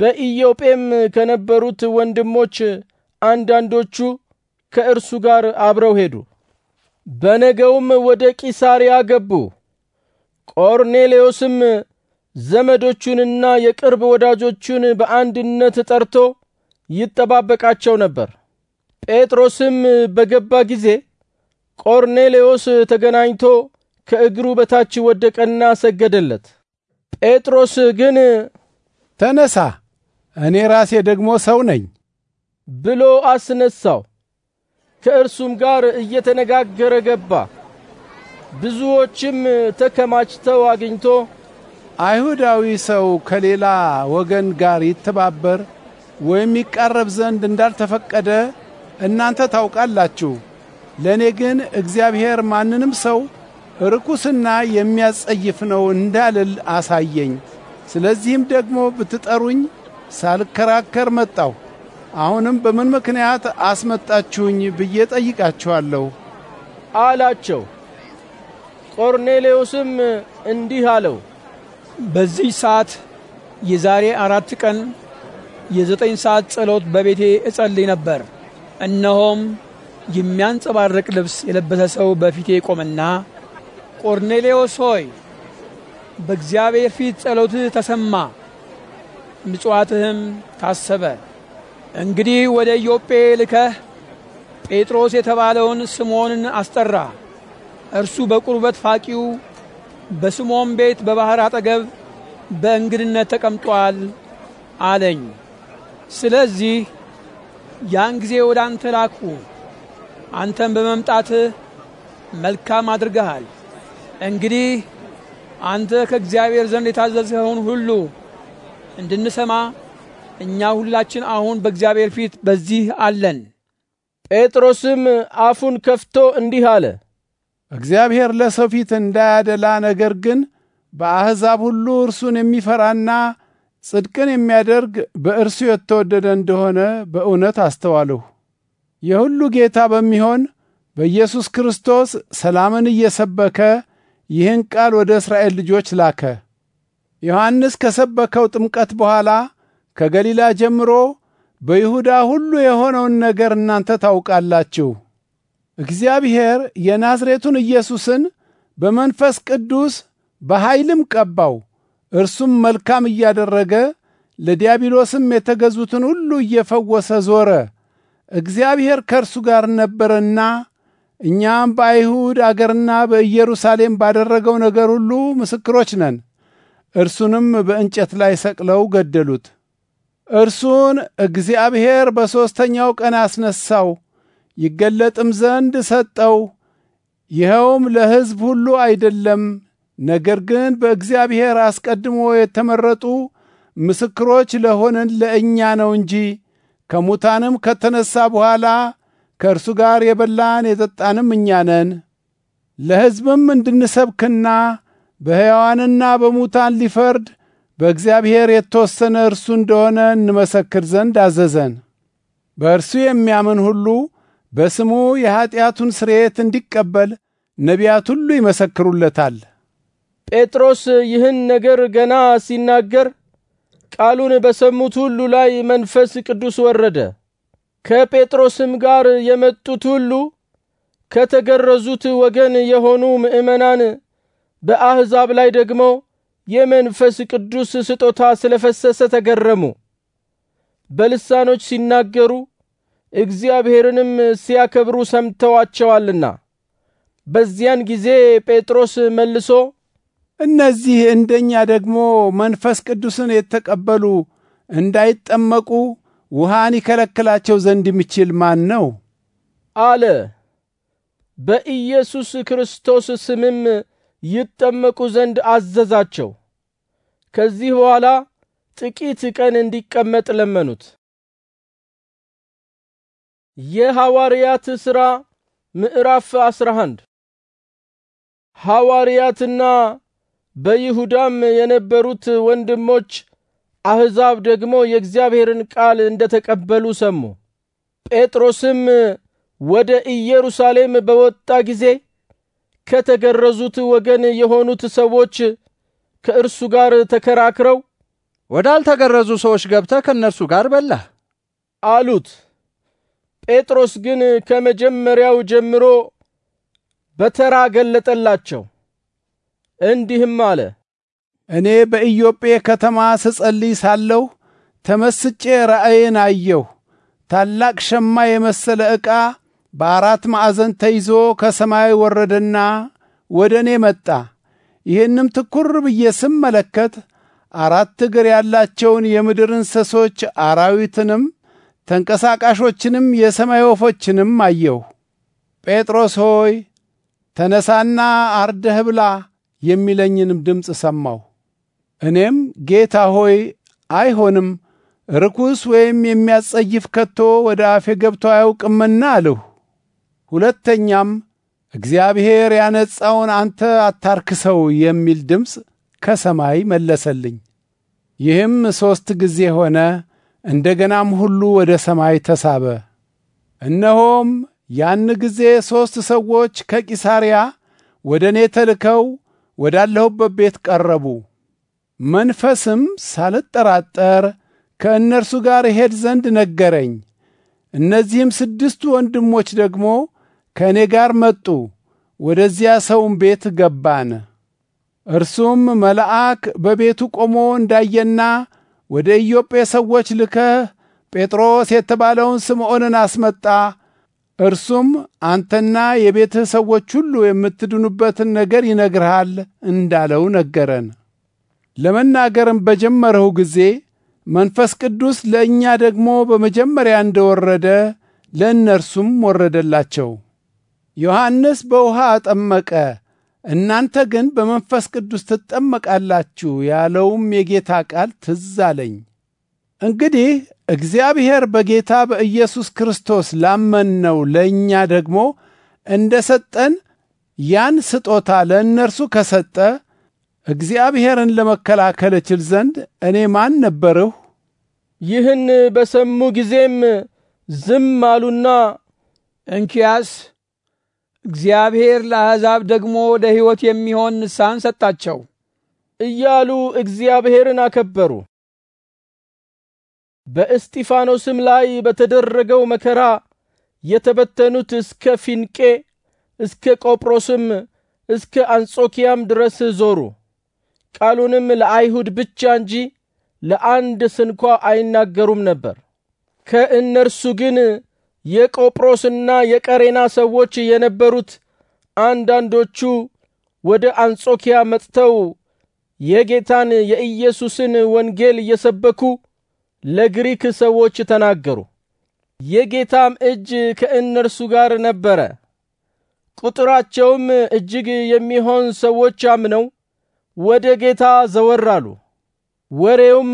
በኢዮጴም ከነበሩት ወንድሞች አንዳንዶቹ ከእርሱ ጋር አብረው ሄዱ። በነገውም ወደ ቂሳርያ ገቡ። ቆርኔሌዎስም ዘመዶቹንና የቅርብ ወዳጆቹን በአንድነት ጠርቶ ይጠባበቃቸው ነበር። ጴጥሮስም በገባ ጊዜ ቆርኔሌዎስ ተገናኝቶ ከእግሩ በታች ወደቀና ሰገደለት። ጴጥሮስ ግን ተነሳ፣ እኔ ራሴ ደግሞ ሰው ነኝ ብሎ አስነሳው። ከእርሱም ጋር እየተነጋገረ ገባ። ብዙዎችም ተከማችተው አግኝቶ አይሁዳዊ ሰው ከሌላ ወገን ጋር ይተባበር ወይም ይቃረብ ዘንድ እንዳልተፈቀደ እናንተ ታውቃላችሁ ለእኔ ግን እግዚአብሔር ማንንም ሰው ርኩስና የሚያጸይፍ ነው እንዳልል አሳየኝ። ስለዚህም ደግሞ ብትጠሩኝ ሳልከራከር መጣሁ። አሁንም በምን ምክንያት አስመጣችሁኝ ብዬ ጠይቃችኋለሁ አላቸው። ቆርኔሌዎስም እንዲህ አለው፣ በዚህ ሰዓት የዛሬ አራት ቀን የዘጠኝ ሰዓት ጸሎት በቤቴ እጸልይ ነበር። እነሆም የሚያንጸባርቅ ልብስ የለበሰ ሰው በፊቴ ቆመና ቆርኔሌዎስ ሆይ በእግዚአብሔር ፊት ጸሎትህ ተሰማ፣ ምጽዋትህም ታሰበ። እንግዲህ ወደ ኢዮጴ ልከህ ጴጥሮስ የተባለውን ስምዖንን አስጠራ። እርሱ በቁርበት ፋቂው በስምዖን ቤት በባሕር አጠገብ በእንግድነት ተቀምጧል አለኝ። ስለዚህ ያን ጊዜ ወደ አንተ ላኩ። አንተም በመምጣትህ መልካም አድርገሃል። እንግዲህ አንተ ከእግዚአብሔር ዘንድ የታዘዝኸውን ሁሉ እንድንሰማ እኛ ሁላችን አሁን በእግዚአብሔር ፊት በዚህ አለን። ጴጥሮስም አፉን ከፍቶ እንዲህ አለ፣ እግዚአብሔር ለሰው ፊት እንዳያደላ ነገር ግን በአሕዛብ ሁሉ እርሱን የሚፈራና ጽድቅን የሚያደርግ በእርሱ የተወደደ እንደሆነ በእውነት አስተዋልሁ። የሁሉ ጌታ በሚሆን በኢየሱስ ክርስቶስ ሰላምን እየሰበከ ይህን ቃል ወደ እስራኤል ልጆች ላከ። ዮሐንስ ከሰበከው ጥምቀት በኋላ ከገሊላ ጀምሮ በይሁዳ ሁሉ የሆነውን ነገር እናንተ ታውቃላችሁ። እግዚአብሔር የናዝሬቱን ኢየሱስን በመንፈስ ቅዱስ በኃይልም ቀባው። እርሱም መልካም እያደረገ ለዲያብሎስም የተገዙትን ሁሉ እየፈወሰ ዞረ። እግዚአብሔር ከእርሱ ጋር ነበረና እኛም በአይሁድ አገርና በኢየሩሳሌም ባደረገው ነገር ሁሉ ምስክሮች ነን። እርሱንም በእንጨት ላይ ሰቅለው ገደሉት። እርሱን እግዚአብሔር በሦስተኛው ቀን አስነሳው ይገለጥም ዘንድ ሰጠው። ይኸውም ለሕዝብ ሁሉ አይደለም፣ ነገር ግን በእግዚአብሔር አስቀድሞ የተመረጡ ምስክሮች ለሆነን ለእኛ ነው እንጂ ከሙታንም ከተነሳ በኋላ ከእርሱ ጋር የበላን የጠጣንም እኛ ነን። ለሕዝብም እንድንሰብክና በሕያዋንና በሙታን ሊፈርድ በእግዚአብሔር የተወሰነ እርሱ እንደሆነ እንመሰክር ዘንድ አዘዘን። በእርሱ የሚያምን ሁሉ በስሙ የኀጢአቱን ስርየት እንዲቀበል ነቢያት ሁሉ ይመሰክሩለታል። ጴጥሮስ ይህን ነገር ገና ሲናገር ቃሉን በሰሙት ሁሉ ላይ መንፈስ ቅዱስ ወረደ። ከጴጥሮስም ጋር የመጡት ሁሉ ከተገረዙት ወገን የሆኑ ምእመናን በአሕዛብ ላይ ደግሞ የመንፈስ ቅዱስ ስጦታ ስለፈሰሰ ተገረሙ። በልሳኖች ሲናገሩ እግዚአብሔርንም ሲያከብሩ ሰምተዋቸዋልና። በዚያን ጊዜ ጴጥሮስ መልሶ እነዚህ እንደኛ ደግሞ መንፈስ ቅዱስን የተቀበሉ እንዳይጠመቁ ውሃን ይከለክላቸው ዘንድ የሚችል ማን ነው? አለ። በኢየሱስ ክርስቶስ ስምም ይጠመቁ ዘንድ አዘዛቸው። ከዚህ በኋላ ጥቂት ቀን እንዲቀመጥ ለመኑት። የሐዋርያት ሥራ ምዕራፍ አስራ አንድ ሐዋርያትና በይሁዳም የነበሩት ወንድሞች አሕዛብ ደግሞ የእግዚአብሔርን ቃል እንደ ተቀበሉ ሰሙ። ጴጥሮስም ወደ ኢየሩሳሌም በወጣ ጊዜ ከተገረዙት ወገን የሆኑት ሰዎች ከእርሱ ጋር ተከራክረው ወዳልተገረዙ ሰዎች ገብተ ከእነርሱ ጋር በላህ አሉት። ጴጥሮስ ግን ከመጀመሪያው ጀምሮ በተራ ገለጠላቸው። እንዲህም አለ። እኔ በኢዮጴ ከተማ ስጸልይ ሳለሁ ተመስጬ ራእይን አየሁ። ታላቅ ሸማ የመሰለ ዕቃ በአራት ማዕዘን ተይዞ ከሰማይ ወረደና ወደ እኔ መጣ። ይህንም ትኩር ብዬ ስመለከት አራት እግር ያላቸውን የምድር እንስሶች አራዊትንም ተንቀሳቃሾችንም የሰማይ ወፎችንም አየሁ። ጴጥሮስ ሆይ ተነሳና አርደህ ብላ የሚለኝንም ድምፅ ሰማሁ። እኔም ጌታ ሆይ አይሆንም፣ ርኩስ ወይም የሚያጸይፍ ከቶ ወደ አፌ ገብቶ አያውቅምና አልሁ። ሁለተኛም እግዚአብሔር ያነጻውን አንተ አታርክሰው የሚል ድምፅ ከሰማይ መለሰልኝ። ይህም ሦስት ጊዜ ሆነ። እንደገናም ሁሉ ወደ ሰማይ ተሳበ። እነሆም ያን ጊዜ ሦስት ሰዎች ከቂሳርያ ወደ እኔ ተልከው ወዳለሁበት ቤት ቀረቡ። መንፈስም ሳልጠራጠር ከእነርሱ ጋር እሄድ ዘንድ ነገረኝ። እነዚህም ስድስቱ ወንድሞች ደግሞ ከእኔ ጋር መጡ። ወደዚያ ሰውም ቤት ገባን። እርሱም መልአክ በቤቱ ቆሞ እንዳየና ወደ ኢዮጴ ሰዎች ልከህ ጴጥሮስ የተባለውን ስምዖንን አስመጣ እርሱም አንተና የቤትህ ሰዎች ሁሉ የምትድኑበትን ነገር ይነግርሃል እንዳለው ነገረን። ለመናገርም በጀመረው ጊዜ መንፈስ ቅዱስ ለእኛ ደግሞ በመጀመሪያ እንደወረደ ለእነርሱም ወረደላቸው። ዮሐንስ በውሃ አጠመቀ፣ እናንተ ግን በመንፈስ ቅዱስ ትጠመቃላችሁ ያለውም የጌታ ቃል ትዝ አለኝ። እንግዲህ እግዚአብሔር በጌታ በኢየሱስ ክርስቶስ ላመንነው ለእኛ ደግሞ እንደ ሰጠን ያን ስጦታ ለእነርሱ ከሰጠ እግዚአብሔርን ለመከላከል እችል ዘንድ እኔ ማን ነበርሁ? ይህን በሰሙ ጊዜም ዝም አሉና እንኪያስ እግዚአብሔር ለአሕዛብ ደግሞ ለሕይወት የሚሆን ንስሐን ሰጣቸው እያሉ እግዚአብሔርን አከበሩ። በእስጢፋኖስም ላይ በተደረገው መከራ የተበተኑት እስከ ፊንቄ እስከ ቆጵሮስም እስከ አንጾኪያም ድረስ ዞሩ። ቃሉንም ለአይሁድ ብቻ እንጂ ለአንድ ስንኳ አይናገሩም ነበር። ከእነርሱ ግን የቆጵሮስና የቀሬና ሰዎች የነበሩት አንዳንዶቹ ወደ አንጾኪያ መጥተው የጌታን የኢየሱስን ወንጌል እየሰበኩ ለግሪክ ሰዎች ተናገሩ። የጌታም እጅ ከእነርሱ ጋር ነበረ። ቁጥራቸውም እጅግ የሚሆን ሰዎች አምነው ወደ ጌታ ዘወር አሉ። ወሬውም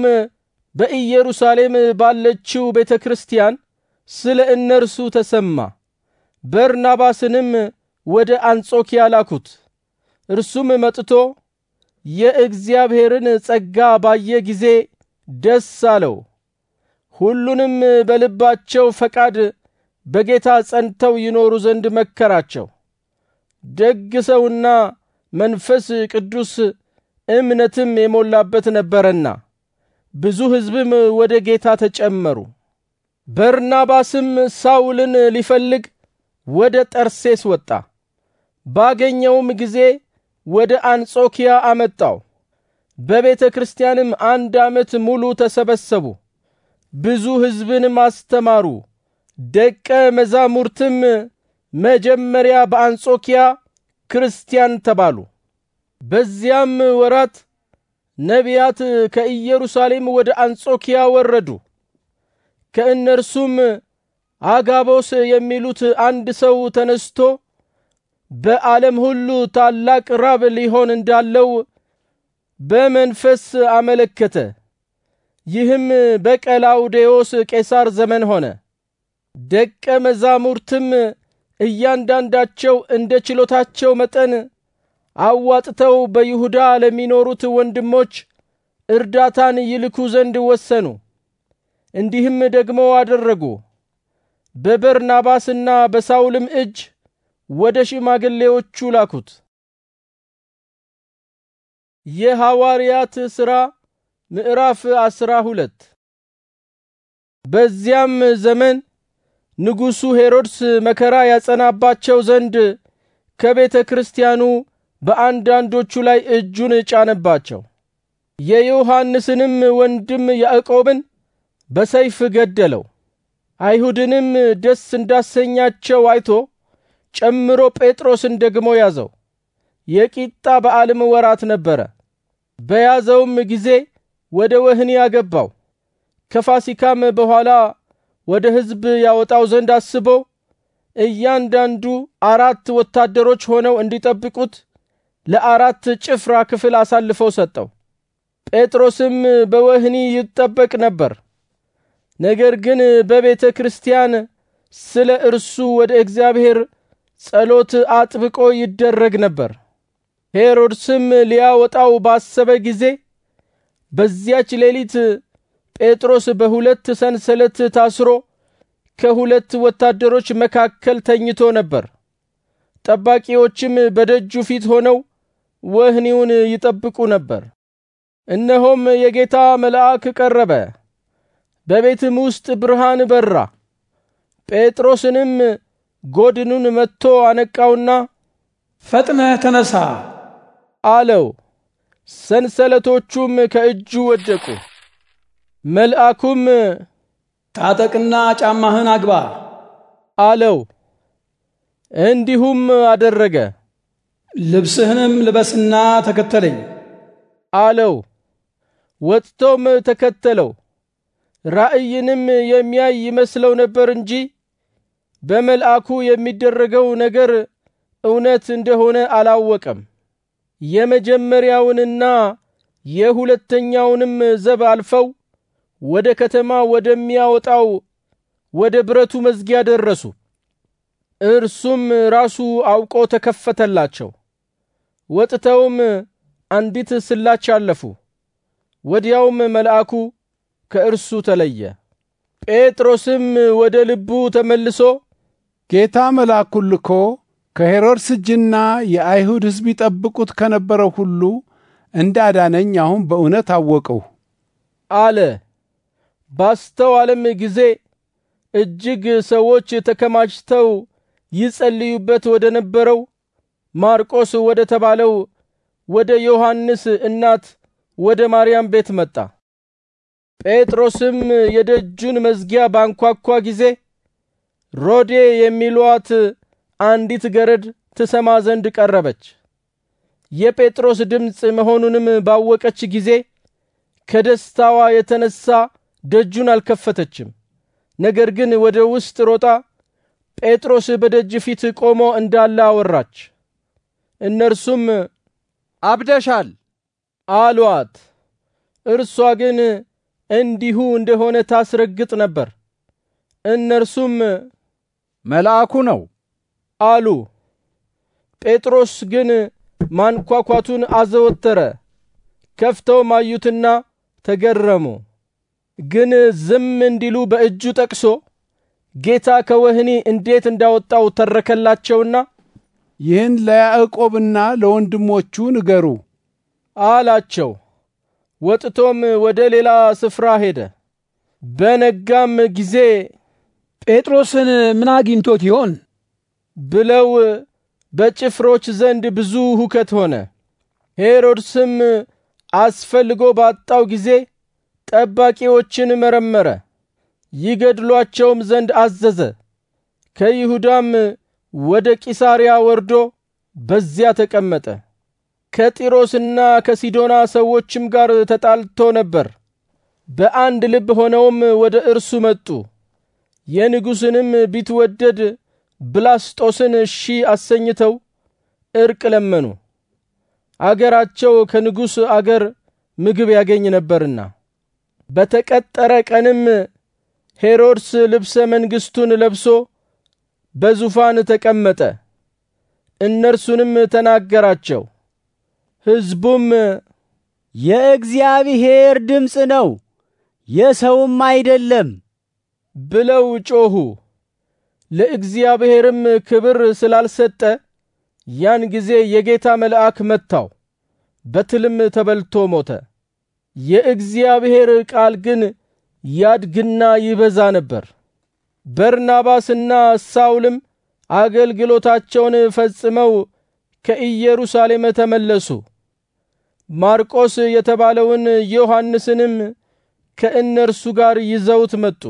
በኢየሩሳሌም ባለችው ቤተ ክርስቲያን ስለ እነርሱ ተሰማ። በርናባስንም ወደ አንጾኪያ ላኩት። እርሱም መጥቶ የእግዚአብሔርን ጸጋ ባየ ጊዜ ደስ አለው። ሁሉንም በልባቸው ፈቃድ በጌታ ጸንተው ይኖሩ ዘንድ መከራቸው። ደግ ሰውና መንፈስ ቅዱስ እምነትም የሞላበት ነበረና ብዙ ሕዝብም ወደ ጌታ ተጨመሩ። በርናባስም ሳውልን ሊፈልግ ወደ ጠርሴስ ወጣ። ባገኘውም ጊዜ ወደ አንጾኪያ አመጣው። በቤተ ክርስቲያንም አንድ ዓመት ሙሉ ተሰበሰቡ። ብዙ ሕዝብንም አስተማሩ። ደቀ መዛሙርትም መጀመሪያ በአንጾኪያ ክርስቲያን ተባሉ። በዚያም ወራት ነቢያት ከኢየሩሳሌም ወደ አንጾኪያ ወረዱ። ከእነርሱም አጋቦስ የሚሉት አንድ ሰው ተነስቶ በዓለም ሁሉ ታላቅ ራብ ሊሆን እንዳለው በመንፈስ አመለከተ። ይህም በቀላውዴዎስ ቄሳር ዘመን ሆነ። ደቀ መዛሙርትም እያንዳንዳቸው እንደ ችሎታቸው መጠን አዋጥተው በይሁዳ ለሚኖሩት ወንድሞች እርዳታን ይልኩ ዘንድ ወሰኑ። እንዲህም ደግሞ አደረጉ። በበርናባስና በሳውልም እጅ ወደ ሽማግሌዎቹ ላኩት። የሐዋርያት ሥራ ምዕራፍ አስራ ሁለት በዚያም ዘመን ንጉሡ ሄሮድስ መከራ ያጸናባቸው ዘንድ ከቤተ ክርስቲያኑ በአንዳንዶቹ ላይ እጁን ጫነባቸው። የዮሐንስንም ወንድም ያዕቆብን በሰይፍ ገደለው። አይሁድንም ደስ እንዳሰኛቸው አይቶ ጨምሮ ጴጥሮስን ደግሞ ያዘው። የቂጣ በዓልም ወራት ነበረ። በያዘውም ጊዜ ወደ ወህኒ ያገባው። ከፋሲካም በኋላ ወደ ሕዝብ ያወጣው ዘንድ አስበው እያንዳንዱ አራት ወታደሮች ሆነው እንዲጠብቁት ለአራት ጭፍራ ክፍል አሳልፈው ሰጠው። ጴጥሮስም በወህኒ ይጠበቅ ነበር። ነገር ግን በቤተ ክርስቲያን ስለ እርሱ ወደ እግዚአብሔር ጸሎት አጥብቆ ይደረግ ነበር። ሄሮድስም ሊያወጣው ባሰበ ጊዜ በዚያች ሌሊት ጴጥሮስ በሁለት ሰንሰለት ታስሮ ከሁለት ወታደሮች መካከል ተኝቶ ነበር። ጠባቂዎችም በደጁ ፊት ሆነው ወህኒውን ይጠብቁ ነበር። እነሆም የጌታ መልአክ ቀረበ፣ በቤትም ውስጥ ብርሃን በራ። ጴጥሮስንም ጎድኑን መትቶ አነቃውና ፈጥነ ተነሳ አለው። ሰንሰለቶቹም ከእጁ ወደቁ። መልአኩም ታጠቅና ጫማህን አግባ አለው። እንዲሁም አደረገ። ልብስህንም ልበስና ተከተለኝ አለው። ወጥቶም ተከተለው። ራእይንም የሚያይ ይመስለው ነበር እንጂ በመልአኩ የሚደረገው ነገር እውነት እንደሆነ አላወቀም። የመጀመሪያውንና የሁለተኛውንም ዘብ አልፈው ወደ ከተማ ወደሚያወጣው ወደ ብረቱ መዝጊያ ደረሱ። እርሱም ራሱ አውቆ ተከፈተላቸው። ወጥተውም አንዲት ስላች አለፉ። ወዲያውም መልአኩ ከእርሱ ተለየ። ጴጥሮስም ወደ ልቡ ተመልሶ ጌታ መልአኩን ልኮ ከሄሮድስ እጅና የአይሁድ ሕዝብ ይጠብቁት ከነበረው ሁሉ እንዳዳነኝ አሁን በእውነት አወቅሁ አለ። ባስተዋለም ጊዜ እጅግ ሰዎች ተከማችተው ይጸልዩበት ወደ ነበረው ማርቆስ ወደ ተባለው ወደ ዮሐንስ እናት ወደ ማርያም ቤት መጣ። ጴጥሮስም የደጁን መዝጊያ ባንኳኳ ጊዜ ሮዴ የሚሏት አንዲት ገረድ ትሰማ ዘንድ ቀረበች። የጴጥሮስ ድምፅ መሆኑንም ባወቀች ጊዜ ከደስታዋ የተነሳ ደጁን አልከፈተችም። ነገር ግን ወደ ውስጥ ሮጣ ጴጥሮስ በደጅ ፊት ቆሞ እንዳለ አወራች። እነርሱም አብደሻል አሏት። እርሷ ግን እንዲሁ እንደሆነ ታስረግጥ ነበር። እነርሱም መልአኩ ነው አሉ። ጴጥሮስ ግን ማንኳኳቱን አዘወተረ። ከፍተው ማዩትና ተገረሙ። ግን ዝም እንዲሉ በእጁ ጠቅሶ ጌታ ከወህኒ እንዴት እንዳወጣው ተረከላቸውና ይህን ለያዕቆብና ለወንድሞቹ ንገሩ አላቸው። ወጥቶም ወደ ሌላ ስፍራ ሄደ። በነጋም ጊዜ ጴጥሮስን ምን አግኝቶት ይሆን ብለው በጭፍሮች ዘንድ ብዙ ሁከት ሆነ። ሄሮድስም አስፈልጎ ባጣው ጊዜ ጠባቂዎችን መረመረ፣ ይገድሏቸውም ዘንድ አዘዘ። ከይሁዳም ወደ ቂሳሪያ ወርዶ በዚያ ተቀመጠ። ከጢሮስና ከሲዶና ሰዎችም ጋር ተጣልቶ ነበር። በአንድ ልብ ሆነውም ወደ እርሱ መጡ። የንጉሥንም ቢትወደድ ብላስጦስን እሺ አሰኝተው እርቅ ለመኑ። አገራቸው ከንጉሥ አገር ምግብ ያገኝ ነበርና። በተቀጠረ ቀንም ሄሮድስ ልብሰ መንግሥቱን ለብሶ በዙፋን ተቀመጠ። እነርሱንም ተናገራቸው። ሕዝቡም የእግዚአብሔር ድምፅ ነው፣ የሰውም አይደለም ብለው ጮኹ። ለእግዚአብሔርም ክብር ስላልሰጠ ያን ጊዜ የጌታ መልአክ መታው፣ በትልም ተበልቶ ሞተ። የእግዚአብሔር ቃል ግን ያድግና ይበዛ ነበር። በርናባስና ሳውልም አገልግሎታቸውን ፈጽመው ከኢየሩሳሌም ተመለሱ። ማርቆስ የተባለውን ዮሐንስንም ከእነርሱ ጋር ይዘውት መጡ።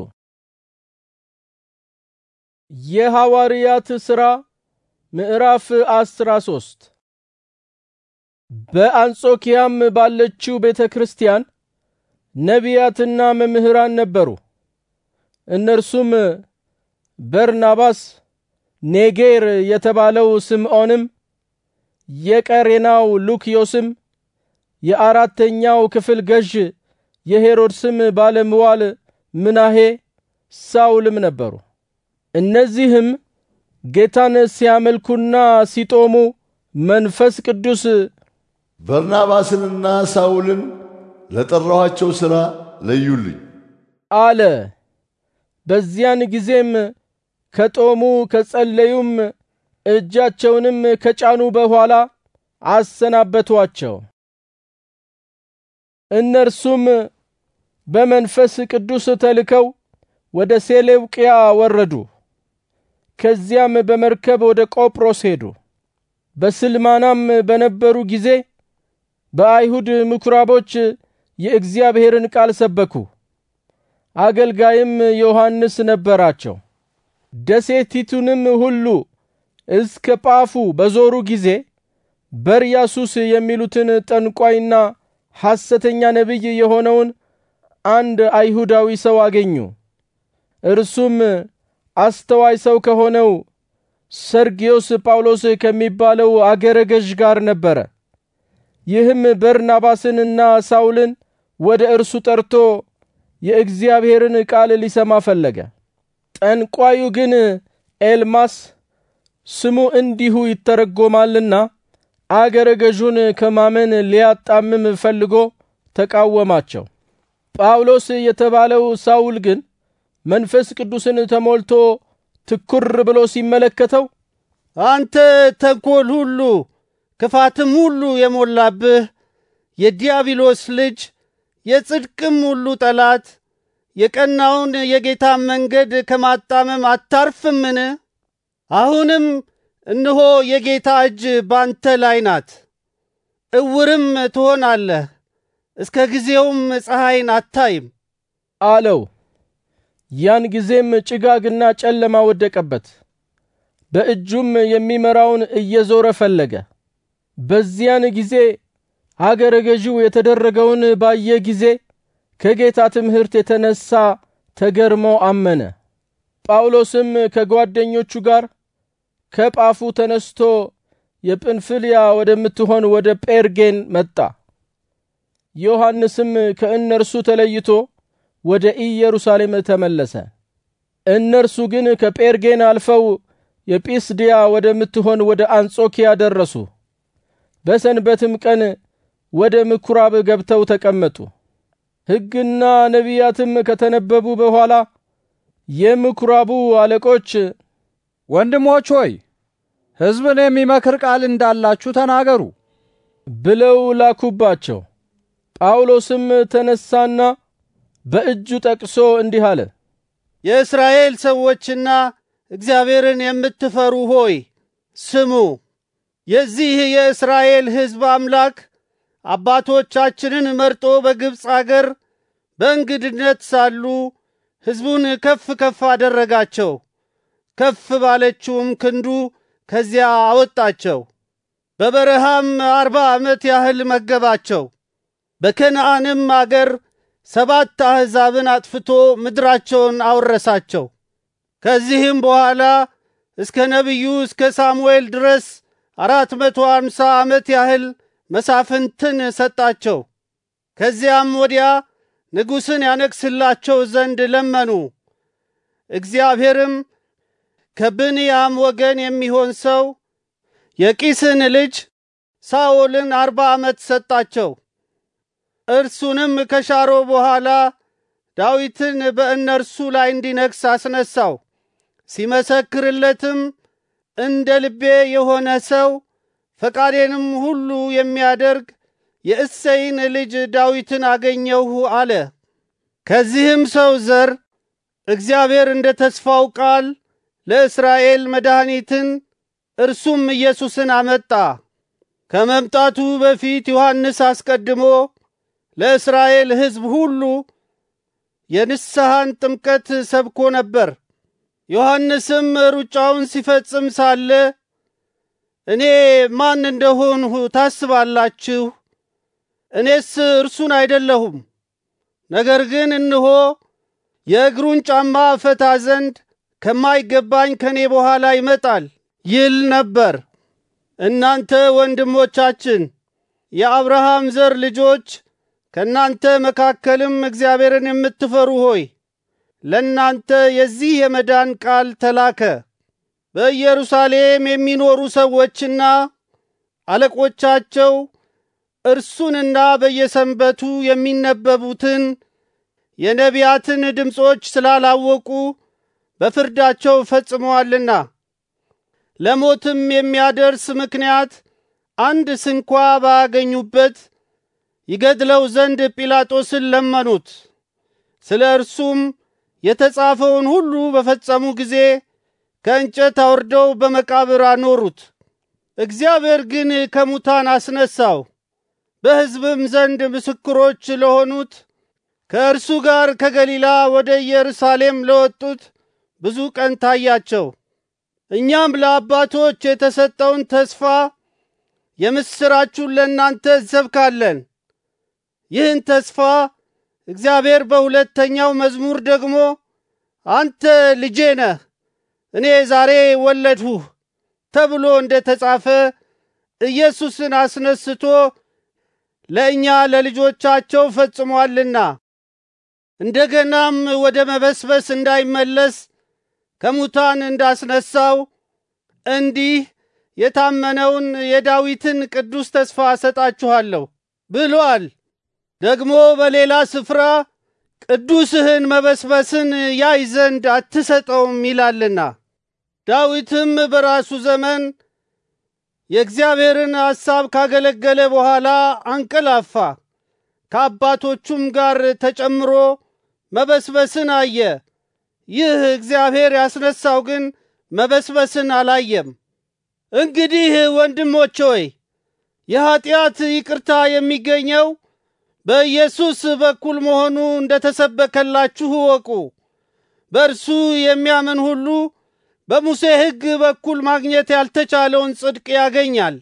የሐዋርያት ሥራ ምዕራፍ አስራ ሶስት በአንጾኪያም ባለችው ቤተ ክርስቲያን ነቢያትና መምህራን ነበሩ። እነርሱም በርናባስ፣ ኔጌር የተባለው ስምዖንም፣ የቀሬናው ሉክዮስም፣ የአራተኛው ክፍል ገዥ የሄሮድስም ባለምዋል ምናሄ ሳውልም ነበሩ። እነዚህም ጌታን ሲያመልኩና ሲጦሙ መንፈስ ቅዱስ በርናባስንና ሳውልን ለጠራኋቸው ሥራ ለዩልኝ አለ። በዚያን ጊዜም ከጦሙ ከጸለዩም እጃቸውንም ከጫኑ በኋላ አሰናበቷቸው። እነርሱም በመንፈስ ቅዱስ ተልከው ወደ ሴሌውቅያ ወረዱ። ከዚያም በመርከብ ወደ ቆጵሮስ ሄዱ። በስልማናም በነበሩ ጊዜ በአይሁድ ምኩራቦች የእግዚአብሔርን ቃል ሰበኩ። አገልጋይም ዮሐንስ ነበራቸው። ደሴቲቱንም ሁሉ እስከ ጳፉ በዞሩ ጊዜ በርያሱስ የሚሉትን ጠንቋይና ሐሰተኛ ነቢይ የሆነውን አንድ አይሁዳዊ ሰው አገኙ። እርሱም አስተዋይ ሰው ከሆነው ሰርጊዮስ ጳውሎስ ከሚባለው አገረ ገዥ ጋር ነበረ። ይህም በርናባስንና ሳውልን ወደ እርሱ ጠርቶ የእግዚአብሔርን ቃል ሊሰማ ፈለገ። ጠንቋዩ ግን ኤልማስ ስሙ እንዲሁ ይተረጎማልና አገረ ገዡን ከማመን ሊያጣምም ፈልጎ ተቃወማቸው። ጳውሎስ የተባለው ሳውል ግን መንፈስ ቅዱስን ተሞልቶ ትኩር ብሎ ሲመለከተው አንተ ተንኰል ሁሉ ክፋትም ሁሉ የሞላብህ የዲያብሎስ ልጅ የጽድቅም ሁሉ ጠላት የቀናውን የጌታ መንገድ ከማጣመም አታርፍምን? አሁንም እነሆ የጌታ እጅ ባንተ ላይ ናት። እውርም ትሆናለህ፣ እስከ ጊዜውም ፀሐይን አታይም አለው። ያን ጊዜም ጭጋግና ጨለማ ወደቀበት። በእጁም የሚመራውን እየዞረ ፈለገ። በዚያን ጊዜ አገረ ገዢው የተደረገውን ባየ ጊዜ ከጌታ ትምህርት የተነሳ ተገርሞ አመነ። ጳውሎስም ከጓደኞቹ ጋር ከጳፉ ተነስቶ የጵንፍልያ ወደምትሆን ወደ ጴርጌን መጣ። ዮሐንስም ከእነርሱ ተለይቶ ወደ ኢየሩሳሌም ተመለሰ። እነርሱ ግን ከጴርጌን አልፈው የጲስድያ ወደምትሆን ወደ አንጾኪያ ደረሱ። በሰንበትም ቀን ወደ ምኩራብ ገብተው ተቀመጡ። ሕግና ነቢያትም ከተነበቡ በኋላ የምኩራቡ አለቆች ወንድሞች ሆይ ሕዝብን የሚመክር ቃል እንዳላችሁ ተናገሩ ብለው ላኩባቸው። ጳውሎስም ተነሳና በእጁ ጠቅሶ እንዲህ አለ፣ የእስራኤል ሰዎችና እግዚአብሔርን የምትፈሩ ሆይ ስሙ። የዚህ የእስራኤል ሕዝብ አምላክ አባቶቻችንን መርጦ በግብፅ አገር በእንግድነት ሳሉ ሕዝቡን ከፍ ከፍ አደረጋቸው፣ ከፍ ባለችውም ክንዱ ከዚያ አወጣቸው። በበረሃም አርባ ዓመት ያህል መገባቸው። በከነአንም አገር ሰባት አሕዛብን አጥፍቶ ምድራቸውን አወረሳቸው። ከዚህም በኋላ እስከ ነቢዩ እስከ ሳሙኤል ድረስ አራት መቶ አምሳ ዓመት ያህል መሳፍንትን ሰጣቸው። ከዚያም ወዲያ ንጉሥን ያነግስላቸው ዘንድ ለመኑ። እግዚአብሔርም ከብንያም ወገን የሚሆን ሰው የቂስን ልጅ ሳኦልን አርባ ዓመት ሰጣቸው። እርሱንም ከሻሮ በኋላ ዳዊትን በእነርሱ ላይ እንዲነግስ አስነሳው። ሲመሰክርለትም እንደ ልቤ የሆነ ሰው ፈቃዴንም ሁሉ የሚያደርግ የእሰይን ልጅ ዳዊትን አገኘሁ አለ። ከዚህም ሰው ዘር እግዚአብሔር እንደ ተስፋው ቃል ለእስራኤል መድኃኒትን እርሱም ኢየሱስን አመጣ። ከመምጣቱ በፊት ዮሐንስ አስቀድሞ ለእስራኤል ሕዝብ ሁሉ የንስሐን ጥምቀት ሰብኮ ነበር። ዮሐንስም ሩጫውን ሲፈጽም ሳለ እኔ ማን እንደሆንሁ ታስባላችሁ? እኔስ እርሱን አይደለሁም። ነገር ግን እንሆ የእግሩን ጫማ እፈታ ዘንድ ከማይገባኝ ከኔ በኋላ ይመጣል ይል ነበር። እናንተ ወንድሞቻችን የአብርሃም ዘር ልጆች ከእናንተ መካከልም እግዚአብሔርን የምትፈሩ ሆይ ለእናንተ የዚህ የመዳን ቃል ተላከ። በኢየሩሳሌም የሚኖሩ ሰዎችና አለቆቻቸው እርሱንና በየሰንበቱ የሚነበቡትን የነቢያትን ድምፆች ስላላወቁ በፍርዳቸው ፈጽመዋልና ለሞትም የሚያደርስ ምክንያት አንድ ስንኳ ባያገኙበት ይገድለው ዘንድ ጲላጦስን ለመኑት። ስለ እርሱም የተጻፈውን ሁሉ በፈጸሙ ጊዜ ከእንጨት አውርደው በመቃብር አኖሩት። እግዚአብሔር ግን ከሙታን አስነሳው። በሕዝብም ዘንድ ምስክሮች ለሆኑት ከእርሱ ጋር ከገሊላ ወደ ኢየሩሳሌም ለወጡት ብዙ ቀን ታያቸው። እኛም ለአባቶች የተሰጠውን ተስፋ የምስራችሁን ለእናንተ እንሰብካለን። ይህን ተስፋ እግዚአብሔር በሁለተኛው መዝሙር ደግሞ አንተ ልጄ ነህ እኔ ዛሬ ወለድሁህ ተብሎ እንደ ተጻፈ ኢየሱስን አስነስቶ ለእኛ ለልጆቻቸው ፈጽሟልና እንደገናም ወደ መበስበስ እንዳይመለስ ከሙታን እንዳስነሳው እንዲህ የታመነውን የዳዊትን ቅዱስ ተስፋ እሰጣችኋለሁ ብሏል። ደግሞ በሌላ ስፍራ ቅዱስህን መበስበስን ያይ ዘንድ አትሰጠውም ይላልና። ዳዊትም በራሱ ዘመን የእግዚአብሔርን ሐሳብ ካገለገለ በኋላ አንቀላፋ፣ ከአባቶቹም ጋር ተጨምሮ መበስበስን አየ። ይህ እግዚአብሔር ያስነሳው ግን መበስበስን አላየም። እንግዲህ ወንድሞች ሆይ የኀጢአት ይቅርታ የሚገኘው በኢየሱስ በኩል መሆኑ እንደተሰበከላችሁ እወቁ። በእርሱ የሚያምን ሁሉ በሙሴ ሕግ በኩል ማግኘት ያልተቻለውን ጽድቅ ያገኛል።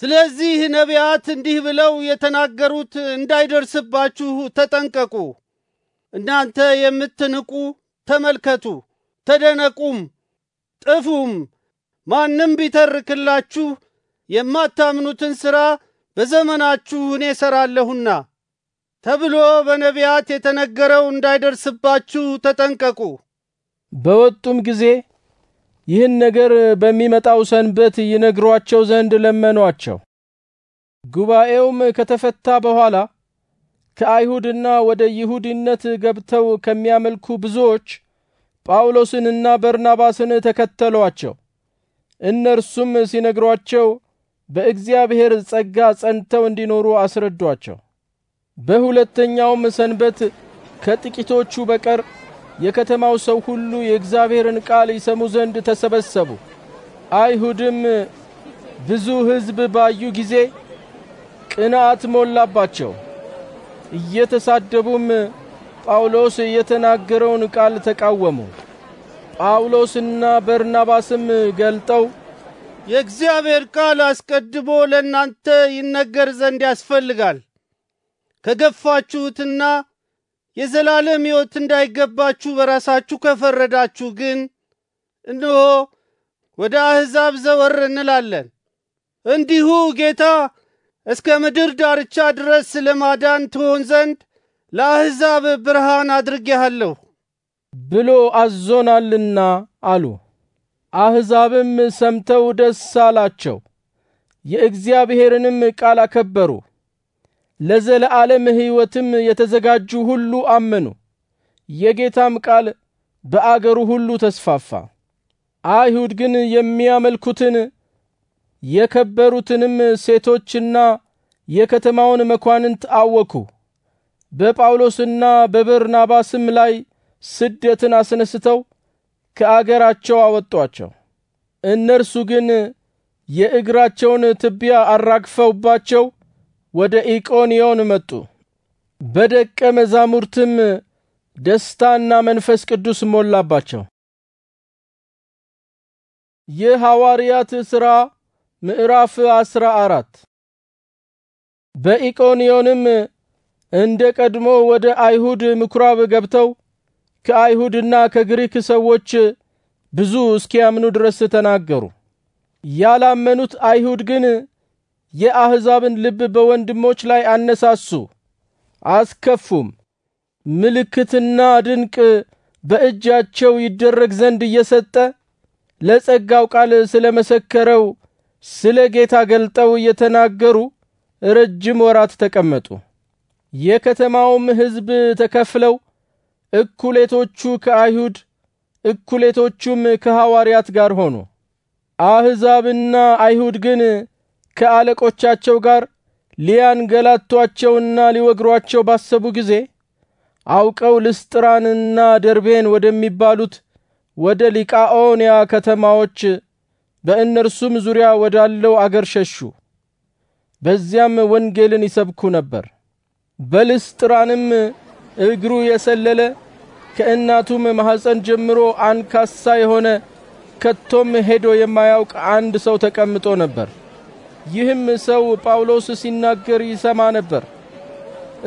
ስለዚህ ነቢያት እንዲህ ብለው የተናገሩት እንዳይደርስባችሁ ተጠንቀቁ። እናንተ የምትንቁ ተመልከቱ፣ ተደነቁም፣ ጥፉም። ማንም ቢተርክላችሁ የማታምኑትን ሥራ በዘመናችሁ እኔ እሰራለሁና ተብሎ በነቢያት የተነገረው እንዳይደርስባችሁ ተጠንቀቁ። በወጡም ጊዜ ይህን ነገር በሚመጣው ሰንበት ይነግሯቸው ዘንድ ለመኗቸው። ጉባኤውም ከተፈታ በኋላ ከአይሁድና ወደ ይሁዲነት ገብተው ከሚያመልኩ ብዙዎች ጳውሎስንና በርናባስን ተከተሏቸው። እነርሱም ሲነግሯቸው በእግዚአብሔር ጸጋ ጸንተው እንዲኖሩ አስረዷቸው። በሁለተኛውም ሰንበት ከጥቂቶቹ በቀር የከተማው ሰው ሁሉ የእግዚአብሔርን ቃል ይሰሙ ዘንድ ተሰበሰቡ። አይሁድም ብዙ ሕዝብ ባዩ ጊዜ ቅንዓት ሞላባቸው። እየተሳደቡም ጳውሎስ የተናገረውን ቃል ተቃወሙ። ጳውሎስና በርናባስም ገልጠው የእግዚአብሔር ቃል አስቀድሞ ለእናንተ ይነገር ዘንድ ያስፈልጋል ከገፋችሁትና የዘላለም ሕይወት እንዳይገባችሁ በራሳችሁ ከፈረዳችሁ ግን እነሆ ወደ አሕዛብ ዘወር እንላለን። እንዲሁ ጌታ እስከ ምድር ዳርቻ ድረስ ለማዳን ትሆን ዘንድ ለአሕዛብ ብርሃን አድርጌሃለሁ ብሎ አዞናልና አሉ። አሕዛብም ሰምተው ደስ አላቸው፣ የእግዚአብሔርንም ቃል አከበሩ። ለዘለዓለም ሕይወትም የተዘጋጁ ሁሉ አመኑ። የጌታም ቃል በአገሩ ሁሉ ተስፋፋ። አይሁድ ግን የሚያመልኩትን የከበሩትንም ሴቶችና የከተማውን መኳንንት አወኩ። በጳውሎስና በበርናባስም ላይ ስደትን አስነስተው ከአገራቸው አወጧቸው። እነርሱ ግን የእግራቸውን ትቢያ አራግፈውባቸው ወደ ኢቆንዮን መጡ። በደቀ መዛሙርትም ደስታና መንፈስ ቅዱስ ሞላባቸው። የሐዋርያት ሥራ ምዕራፍ አስራ አራት በኢቆንዮንም እንደ ቀድሞ ወደ አይሁድ ምኩራብ ገብተው ከአይሁድና ከግሪክ ሰዎች ብዙ እስኪያምኑ ድረስ ተናገሩ። ያላመኑት አይሁድ ግን የአሕዛብን ልብ በወንድሞች ላይ አነሳሱ፣ አስከፉም። ምልክትና ድንቅ በእጃቸው ይደረግ ዘንድ እየሰጠ ለጸጋው ቃል ስለ መሰከረው ስለ ጌታ ገልጠው እየተናገሩ ረጅም ወራት ተቀመጡ። የከተማውም ሕዝብ ተከፍለው እኩሌቶቹ ከአይሁድ እኩሌቶቹም ከሐዋርያት ጋር ሆኑ። አሕዛብና አይሁድ ግን ከአለቆቻቸው ጋር ሊያንገላቷቸውና ሊወግሯቸው ባሰቡ ጊዜ አውቀው ልስጥራንና ደርቤን ወደሚባሉት ወደ ሊቃኦንያ ከተማዎች በእነርሱም ዙሪያ ወዳለው አገር ሸሹ። በዚያም ወንጌልን ይሰብኩ ነበር። በልስጥራንም እግሩ የሰለለ ከእናቱም ማኅፀን ጀምሮ አንካሳ የሆነ ከቶም ሄዶ የማያውቅ አንድ ሰው ተቀምጦ ነበር። ይህም ሰው ጳውሎስ ሲናገር ይሰማ ነበር።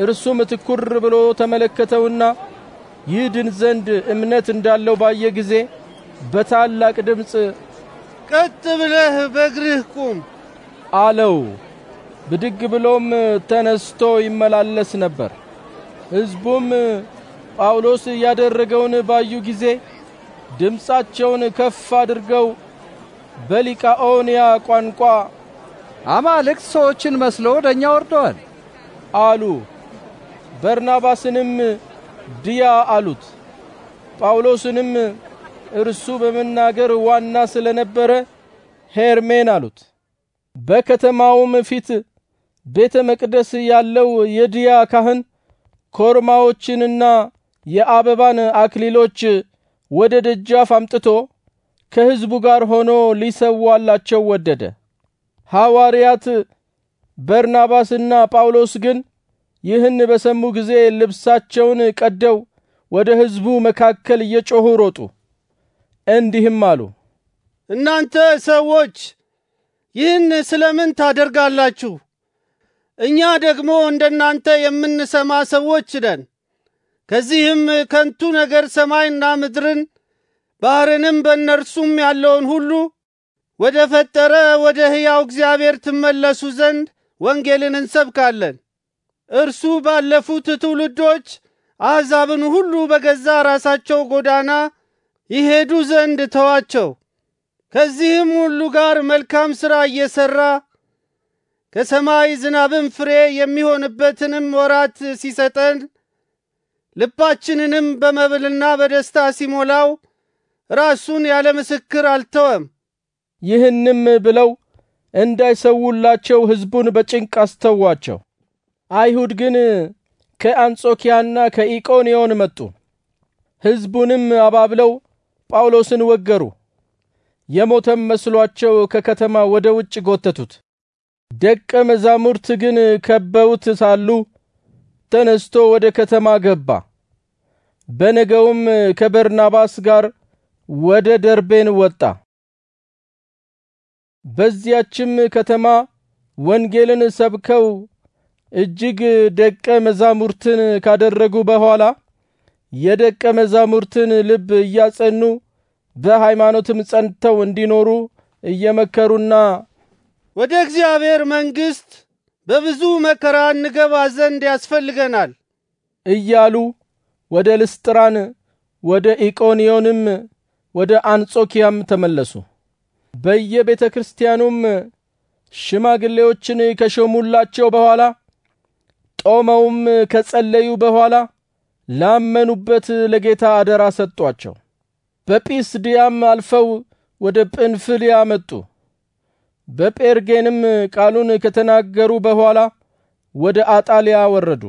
እርሱም ትኩር ብሎ ተመለከተውና ይድን ዘንድ እምነት እንዳለው ባየ ጊዜ በታላቅ ድምፅ ቀጥ ብለህ በእግርህ ቁም አለው። ብድግ ብሎም ተነስቶ ይመላለስ ነበር። ሕዝቡም ጳውሎስ ያደረገውን ባዩ ጊዜ ድምፃቸውን ከፍ አድርገው በሊቃኦንያ ቋንቋ አማልክት ሰዎችን መስለው ወደ እኛ ወርደዋል አሉ። በርናባስንም ድያ አሉት። ጳውሎስንም እርሱ በመናገር ዋና ስለነበረ ሄርሜን አሉት። በከተማውም ፊት ቤተ መቅደስ ያለው የድያ ካህን ኮርማዎችንና የአበባን አክሊሎች ወደ ደጃፍ አምጥቶ ከሕዝቡ ጋር ሆኖ ሊሰዋላቸው ወደደ። ሐዋርያት በርናባስና ጳውሎስ ግን ይህን በሰሙ ጊዜ ልብሳቸውን ቀደው ወደ ሕዝቡ መካከል እየጮኹ ሮጡ፣ እንዲህም አሉ። እናንተ ሰዎች ይህን ስለምን ታደርጋላችሁ? እኛ ደግሞ እንደናንተ የምንሰማ ሰዎች ነን። ከዚህም ከንቱ ነገር ሰማይና ምድርን፣ ባሕርንም በእነርሱም ያለውን ሁሉ ወደ ፈጠረ ወደ ሕያው እግዚአብሔር ትመለሱ ዘንድ ወንጌልን እንሰብካለን። እርሱ ባለፉት ትውልዶች አሕዛብን ሁሉ በገዛ ራሳቸው ጎዳና ይሄዱ ዘንድ ተዋቸው። ከዚህም ሁሉ ጋር መልካም ሥራ እየሠራ ከሰማይ ዝናብን ፍሬ የሚሆንበትንም ወራት ሲሰጠን ልባችንንም በመብልና በደስታ ሲሞላው ራሱን ያለ ምስክር አልተወም። ይህንም ብለው እንዳይሰውላቸው ሕዝቡን በጭንቅ አስተዋቸው። አይሁድ ግን ከአንጾኪያና ከኢቆንዮን መጡ። ሕዝቡንም አባብለው ጳውሎስን ወገሩ። የሞተም መስሏቸው ከከተማ ወደ ውጭ ጎተቱት። ደቀ መዛሙርት ግን ከበውት ሳሉ ተነስቶ ወደ ከተማ ገባ። በነገውም ከበርናባስ ጋር ወደ ደርቤን ወጣ። በዚያችም ከተማ ወንጌልን ሰብከው እጅግ ደቀ መዛሙርትን ካደረጉ በኋላ የደቀ መዛሙርትን ልብ እያጸኑ በሃይማኖትም ጸንተው እንዲኖሩ እየመከሩና ወደ እግዚአብሔር መንግሥት በብዙ መከራ እንገባ ዘንድ ያስፈልገናል እያሉ ወደ ልስጥራን፣ ወደ ኢቆንዮንም፣ ወደ አንጾኪያም ተመለሱ። በየቤተ ክርስቲያኑም ሽማግሌዎችን ከሾሙላቸው በኋላ ጦመውም ከጸለዩ በኋላ ላመኑበት ለጌታ አደራ ሰጧቸው። በጲስድያም አልፈው ወደ ጵንፍልያ መጡ። በጴርጌንም ቃሉን ከተናገሩ በኋላ ወደ አጣሊያ ወረዱ።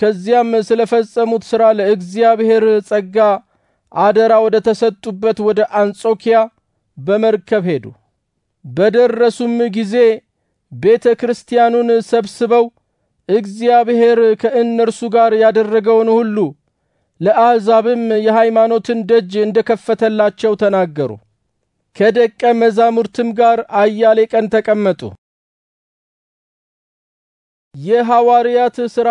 ከዚያም ስለ ፈጸሙት ሥራ ለእግዚአብሔር ጸጋ አደራ ወደ ተሰጡበት ወደ አንጾኪያ በመርከብ ሄዱ። በደረሱም ጊዜ ቤተ ክርስቲያኑን ሰብስበው እግዚአብሔር ከእነርሱ ጋር ያደረገውን ሁሉ ለአሕዛብም የሃይማኖትን ደጅ እንደ ከፈተላቸው ተናገሩ። ከደቀ መዛሙርትም ጋር አያሌ ቀን ተቀመጡ። የሐዋርያት ሥራ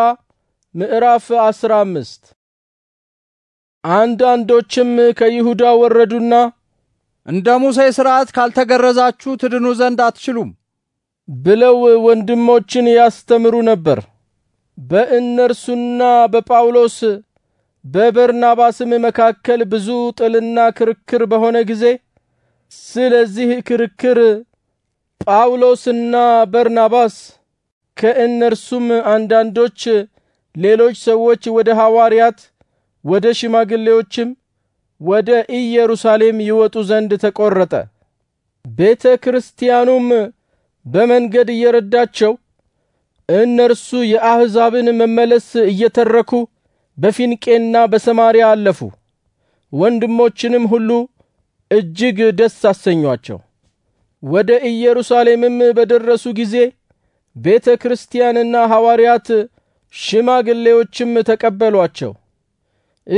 ምዕራፍ አስራ አምስት አንዳንዶችም ከይሁዳ ወረዱና እንደ ሙሴ ሥርዓት ካልተገረዛችሁ ትድኑ ዘንድ አትችሉም ብለው ወንድሞችን ያስተምሩ ነበር። በእነርሱና በጳውሎስ በበርናባስም መካከል ብዙ ጥልና ክርክር በሆነ ጊዜ ስለዚህ ክርክር ጳውሎስና በርናባስ ከእነርሱም አንዳንዶች ሌሎች ሰዎች ወደ ሐዋርያት ወደ ሽማግሌዎችም ወደ ኢየሩሳሌም ይወጡ ዘንድ ተቈረጠ። ቤተ ክርስቲያኑም በመንገድ እየረዳቸው እነርሱ የአሕዛብን መመለስ እየተረኩ በፊንቄና በሰማርያ አለፉ። ወንድሞችንም ሁሉ እጅግ ደስ አሰኟቸው። ወደ ኢየሩሳሌምም በደረሱ ጊዜ ቤተ ክርስቲያንና ሐዋርያት ሽማግሌዎችም ተቀበሏቸው።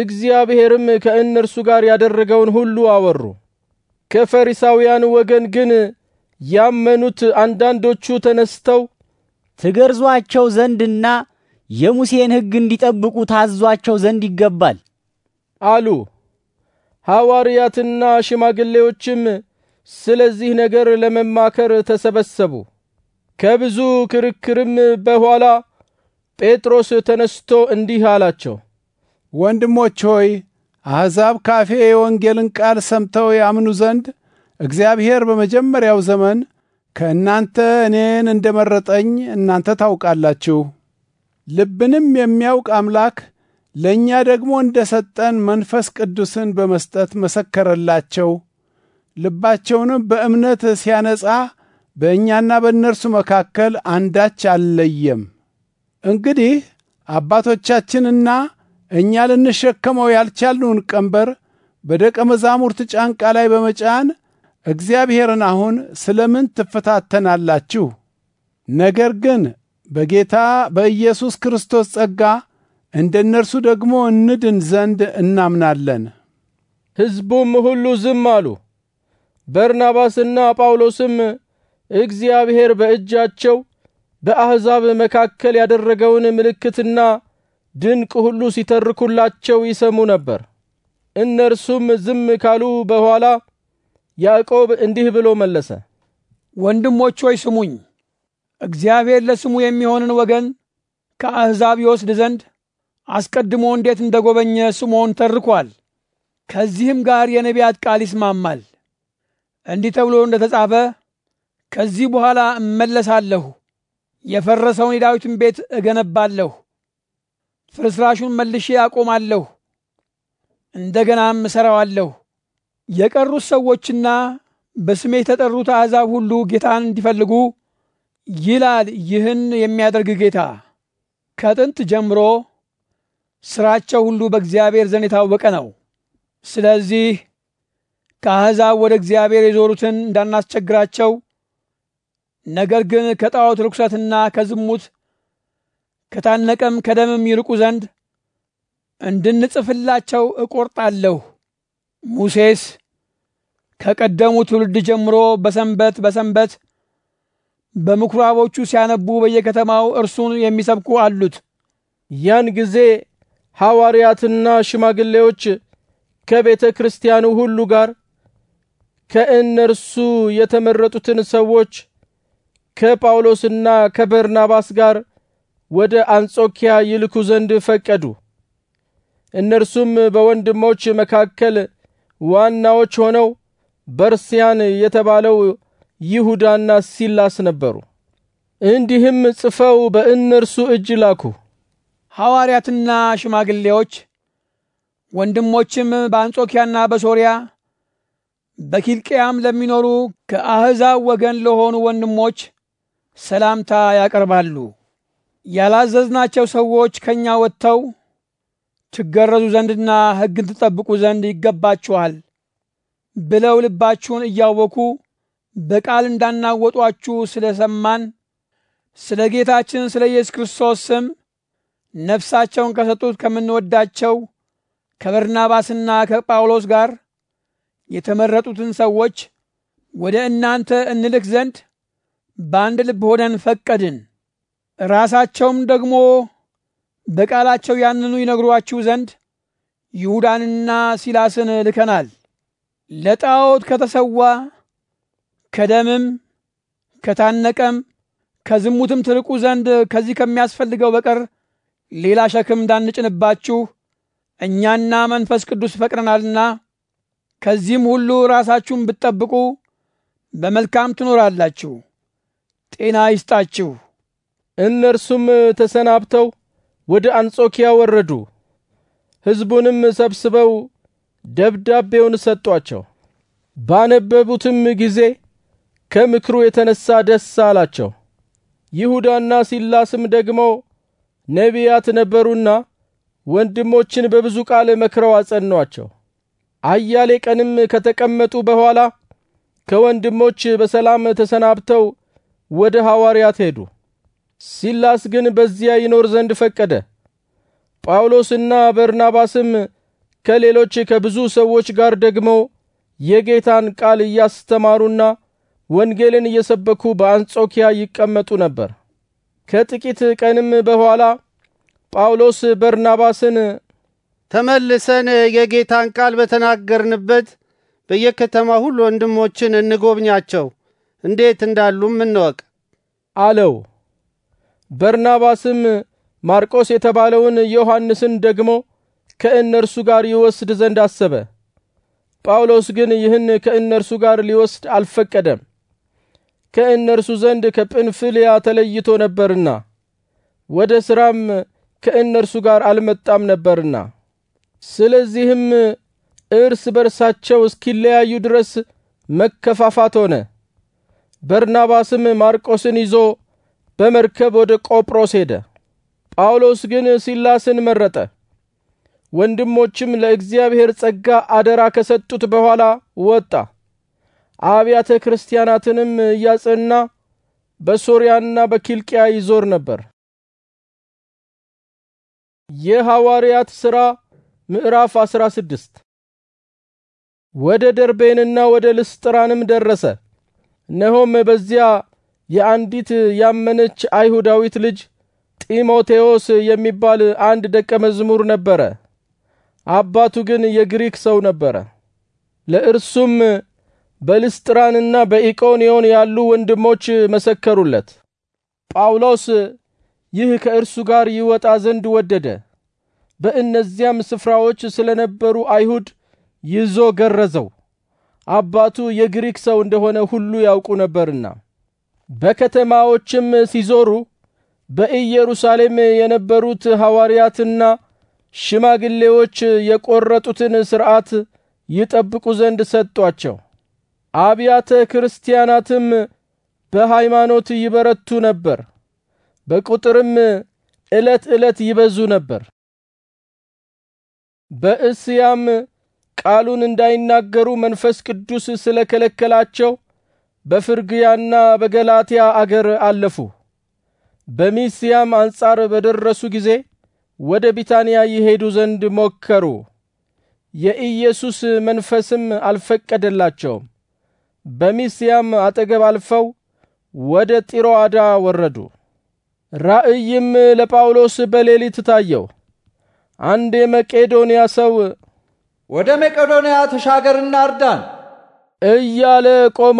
እግዚአብሔርም ከእነርሱ ጋር ያደረገውን ሁሉ አወሩ። ከፈሪሳውያን ወገን ግን ያመኑት አንዳንዶቹ ተነስተው ትገርዟቸው ዘንድና የሙሴን ሕግ እንዲጠብቁ ታዟቸው ዘንድ ይገባል አሉ። ሐዋርያትና ሽማግሌዎችም ስለዚህ ነገር ለመማከር ተሰበሰቡ። ከብዙ ክርክርም በኋላ ጴጥሮስ ተነስቶ እንዲህ አላቸው። ወንድሞች ሆይ አሕዛብ ካፌ የወንጌልን ቃል ሰምተው ያምኑ ዘንድ እግዚአብሔር በመጀመሪያው ዘመን ከእናንተ እኔን እንደ መረጠኝ እናንተ ታውቃላችሁ። ልብንም የሚያውቅ አምላክ ለእኛ ደግሞ እንደ ሰጠን መንፈስ ቅዱስን በመስጠት መሰከረላቸው። ልባቸውንም በእምነት ሲያነጻ በእኛና በእነርሱ መካከል አንዳች አልለየም። እንግዲህ አባቶቻችንና እኛ ልንሸከመው ያልቻልነውን ቀንበር በደቀ መዛሙርት ጫንቃ ላይ በመጫን እግዚአብሔርን አሁን ስለምን ትፈታተናላችሁ? ነገር ግን በጌታ በኢየሱስ ክርስቶስ ጸጋ እንደ እነርሱ ደግሞ እንድን ዘንድ እናምናለን። ሕዝቡም ሁሉ ዝም አሉ። በርናባስና ጳውሎስም እግዚአብሔር በእጃቸው በአሕዛብ መካከል ያደረገውን ምልክትና ድንቅ ሁሉ ሲተርኩላቸው ይሰሙ ነበር። እነርሱም ዝም ካሉ በኋላ ያዕቆብ እንዲህ ብሎ መለሰ፣ ወንድሞች ሆይ ስሙኝ። እግዚአብሔር ለስሙ የሚሆንን ወገን ከአሕዛብ ይወስድ ዘንድ አስቀድሞ እንዴት እንደ ጐበኘ ስምዖን ተርኳል። ከዚህም ጋር የነቢያት ቃል ይስማማል። እንዲህ ተብሎ እንደ ተጻፈ ከዚህ በኋላ እመለሳለሁ፣ የፈረሰውን የዳዊትን ቤት እገነባለሁ ፍርስራሹን መልሼ አቆማለሁ፣ እንደገናም እሠራዋለሁ። የቀሩት ሰዎችና በስሜ የተጠሩት አሕዛብ ሁሉ ጌታን እንዲፈልጉ ይላል ይህን የሚያደርግ ጌታ። ከጥንት ጀምሮ ስራቸው ሁሉ በእግዚአብሔር ዘንድ የታወቀ ነው። ስለዚህ ከአሕዛብ ወደ እግዚአብሔር የዞሩትን እንዳናስቸግራቸው፣ ነገር ግን ከጣዖት ርኩሰትና ከዝሙት ከታነቀም ከደምም ይርቁ ዘንድ እንድንጽፍላቸው እቆርጣለሁ። ሙሴስ ከቀደሙ ትውልድ ጀምሮ በሰንበት በሰንበት በምኩራቦቹ ሲያነቡ በየከተማው እርሱን የሚሰብኩ አሉት። ያን ጊዜ ሐዋርያትና ሽማግሌዎች ከቤተ ክርስቲያኑ ሁሉ ጋር ከእነርሱ የተመረጡትን ሰዎች ከጳውሎስና ከበርናባስ ጋር ወደ አንጾኪያ ይልኩ ዘንድ ፈቀዱ። እነርሱም በወንድሞች መካከል ዋናዎች ሆነው በርስያን የተባለው ይሁዳና ሲላስ ነበሩ። እንዲህም ጽፈው በእነርሱ እጅ ላኩ። ሐዋርያትና ሽማግሌዎች ወንድሞችም በአንጾኪያና በሶርያ በኪልቅያም ለሚኖሩ ከአሕዛብ ወገን ለሆኑ ወንድሞች ሰላምታ ያቀርባሉ። ያላዘዝናቸው ሰዎች ከኛ ወጥተው ትገረዙ ዘንድና ሕግን ትጠብቁ ዘንድ ይገባችኋል ብለው ልባችሁን እያወኩ በቃል እንዳናወጧችሁ ስለ ሰማን ስለ ጌታችን ስለ ኢየሱስ ክርስቶስ ስም ነፍሳቸውን ከሰጡት ከምንወዳቸው ከበርናባስና ከጳውሎስ ጋር የተመረጡትን ሰዎች ወደ እናንተ እንልክ ዘንድ በአንድ ልብ ሆነን ፈቀድን። ራሳቸውም ደግሞ በቃላቸው ያንኑ ይነግሯችሁ ዘንድ ይሁዳንና ሲላስን ልከናል። ለጣዖት ከተሰዋ ከደምም ከታነቀም ከዝሙትም ትርቁ ዘንድ ከዚህ ከሚያስፈልገው በቀር ሌላ ሸክም እንዳንጭንባችሁ እኛና መንፈስ ቅዱስ ፈቅረናልና፣ ከዚህም ሁሉ ራሳችሁን ብትጠብቁ በመልካም ትኖራላችሁ። ጤና ይስጣችሁ። እነርሱም ተሰናብተው ወደ አንጾኪያ ወረዱ። ሕዝቡንም ሰብስበው ደብዳቤውን ሰጧቸው። ባነበቡትም ጊዜ ከምክሩ የተነሳ ደስ አላቸው። ይሁዳና ሲላስም ደግሞ ነቢያት ነበሩና ወንድሞችን በብዙ ቃል መክረው አጸኗቸው። አያሌ ቀንም ከተቀመጡ በኋላ ከወንድሞች በሰላም ተሰናብተው ወደ ሐዋርያት ሄዱ። ሲላስ ግን በዚያ ይኖር ዘንድ ፈቀደ። ጳውሎስና በርናባስም ከሌሎች ከብዙ ሰዎች ጋር ደግሞ የጌታን ቃል እያስተማሩና ወንጌልን እየሰበኩ በአንጾኪያ ይቀመጡ ነበር። ከጥቂት ቀንም በኋላ ጳውሎስ በርናባስን ተመልሰን የጌታን ቃል በተናገርንበት በየከተማ ሁሉ ወንድሞችን እንጎብኛቸው፣ እንዴት እንዳሉም እንወቅ አለው። በርናባስም ማርቆስ የተባለውን ዮሐንስን ደግሞ ከእነርሱ ጋር ይወስድ ዘንድ አሰበ። ጳውሎስ ግን ይህን ከእነርሱ ጋር ሊወስድ አልፈቀደም፣ ከእነርሱ ዘንድ ከጵንፍልያ ተለይቶ ነበርና ወደ ሥራም ከእነርሱ ጋር አልመጣም ነበርና። ስለዚህም እርስ በርሳቸው እስኪለያዩ ድረስ መከፋፋት ሆነ። በርናባስም ማርቆስን ይዞ በመርከብ ወደ ቆጵሮስ ሄደ። ጳውሎስ ግን ሲላስን መረጠ። ወንድሞችም ለእግዚአብሔር ጸጋ አደራ ከሰጡት በኋላ ወጣ። አብያተ ክርስቲያናትንም እያጸና በሶርያና በኪልቅያ ይዞር ነበር። የሐዋርያት ሥራ ምዕራፍ ስድስት ወደ ደርቤንና ወደ ልስጥራንም ደረሰ። እነሆም በዚያ የአንዲት ያመነች አይሁዳዊት ልጅ ጢሞቴዎስ የሚባል አንድ ደቀ መዝሙር ነበረ። አባቱ ግን የግሪክ ሰው ነበረ። ለእርሱም በልስጥራንና በኢቆንዮን ያሉ ወንድሞች መሰከሩለት። ጳውሎስ ይህ ከእርሱ ጋር ይወጣ ዘንድ ወደደ። በእነዚያም ስፍራዎች ስለነበሩ አይሁድ ይዞ ገረዘው። አባቱ የግሪክ ሰው እንደሆነ ሁሉ ያውቁ ነበርና በከተማዎችም ሲዞሩ በኢየሩሳሌም የነበሩት ሐዋርያትና ሽማግሌዎች የቈረጡትን ሥርዓት ይጠብቁ ዘንድ ሰጧቸው። አብያተ ክርስቲያናትም በሃይማኖት ይበረቱ ነበር፣ በቁጥርም ዕለት ዕለት ይበዙ ነበር። በእስያም ቃሉን እንዳይናገሩ መንፈስ ቅዱስ ስለከለከላቸው በፍርግያና በገላትያ አገር አለፉ። በሚስያም አንጻር በደረሱ ጊዜ ወደ ቢታንያ ይሄዱ ዘንድ ሞከሩ። የኢየሱስ መንፈስም አልፈቀደላቸውም። በሚስያም አጠገብ አልፈው ወደ ጢሮአዳ ወረዱ። ራእይም ለጳውሎስ በሌሊት ታየው። አንድ የመቄዶንያ ሰው ወደ መቄዶንያ ተሻገርና እርዳን እያለ ቆሞ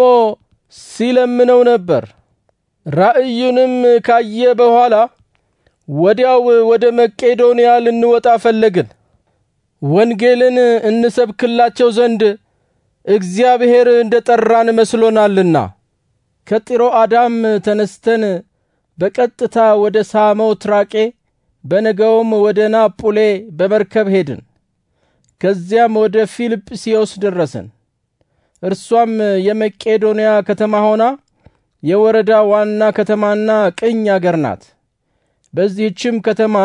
ሲለምነው ነበር። ራእዩንም ካየ በኋላ ወዲያው ወደ መቄዶንያ ልንወጣ ፈለግን። ወንጌልን እንሰብክላቸው ዘንድ እግዚአብሔር እንደ ጠራን መስሎናልና። አዳም ተነስተን በቀጥታ ወደ ሳሞትራቄ በነገውም ወደ ናጱሌ በመርከብ ሄድን። ከዚያም ወደ ፊልጵስዮስ ደረስን። እርሷም የመቄዶንያ ከተማ ሆና የወረዳ ዋና ከተማና ቅኝ አገር ናት። በዚህችም ከተማ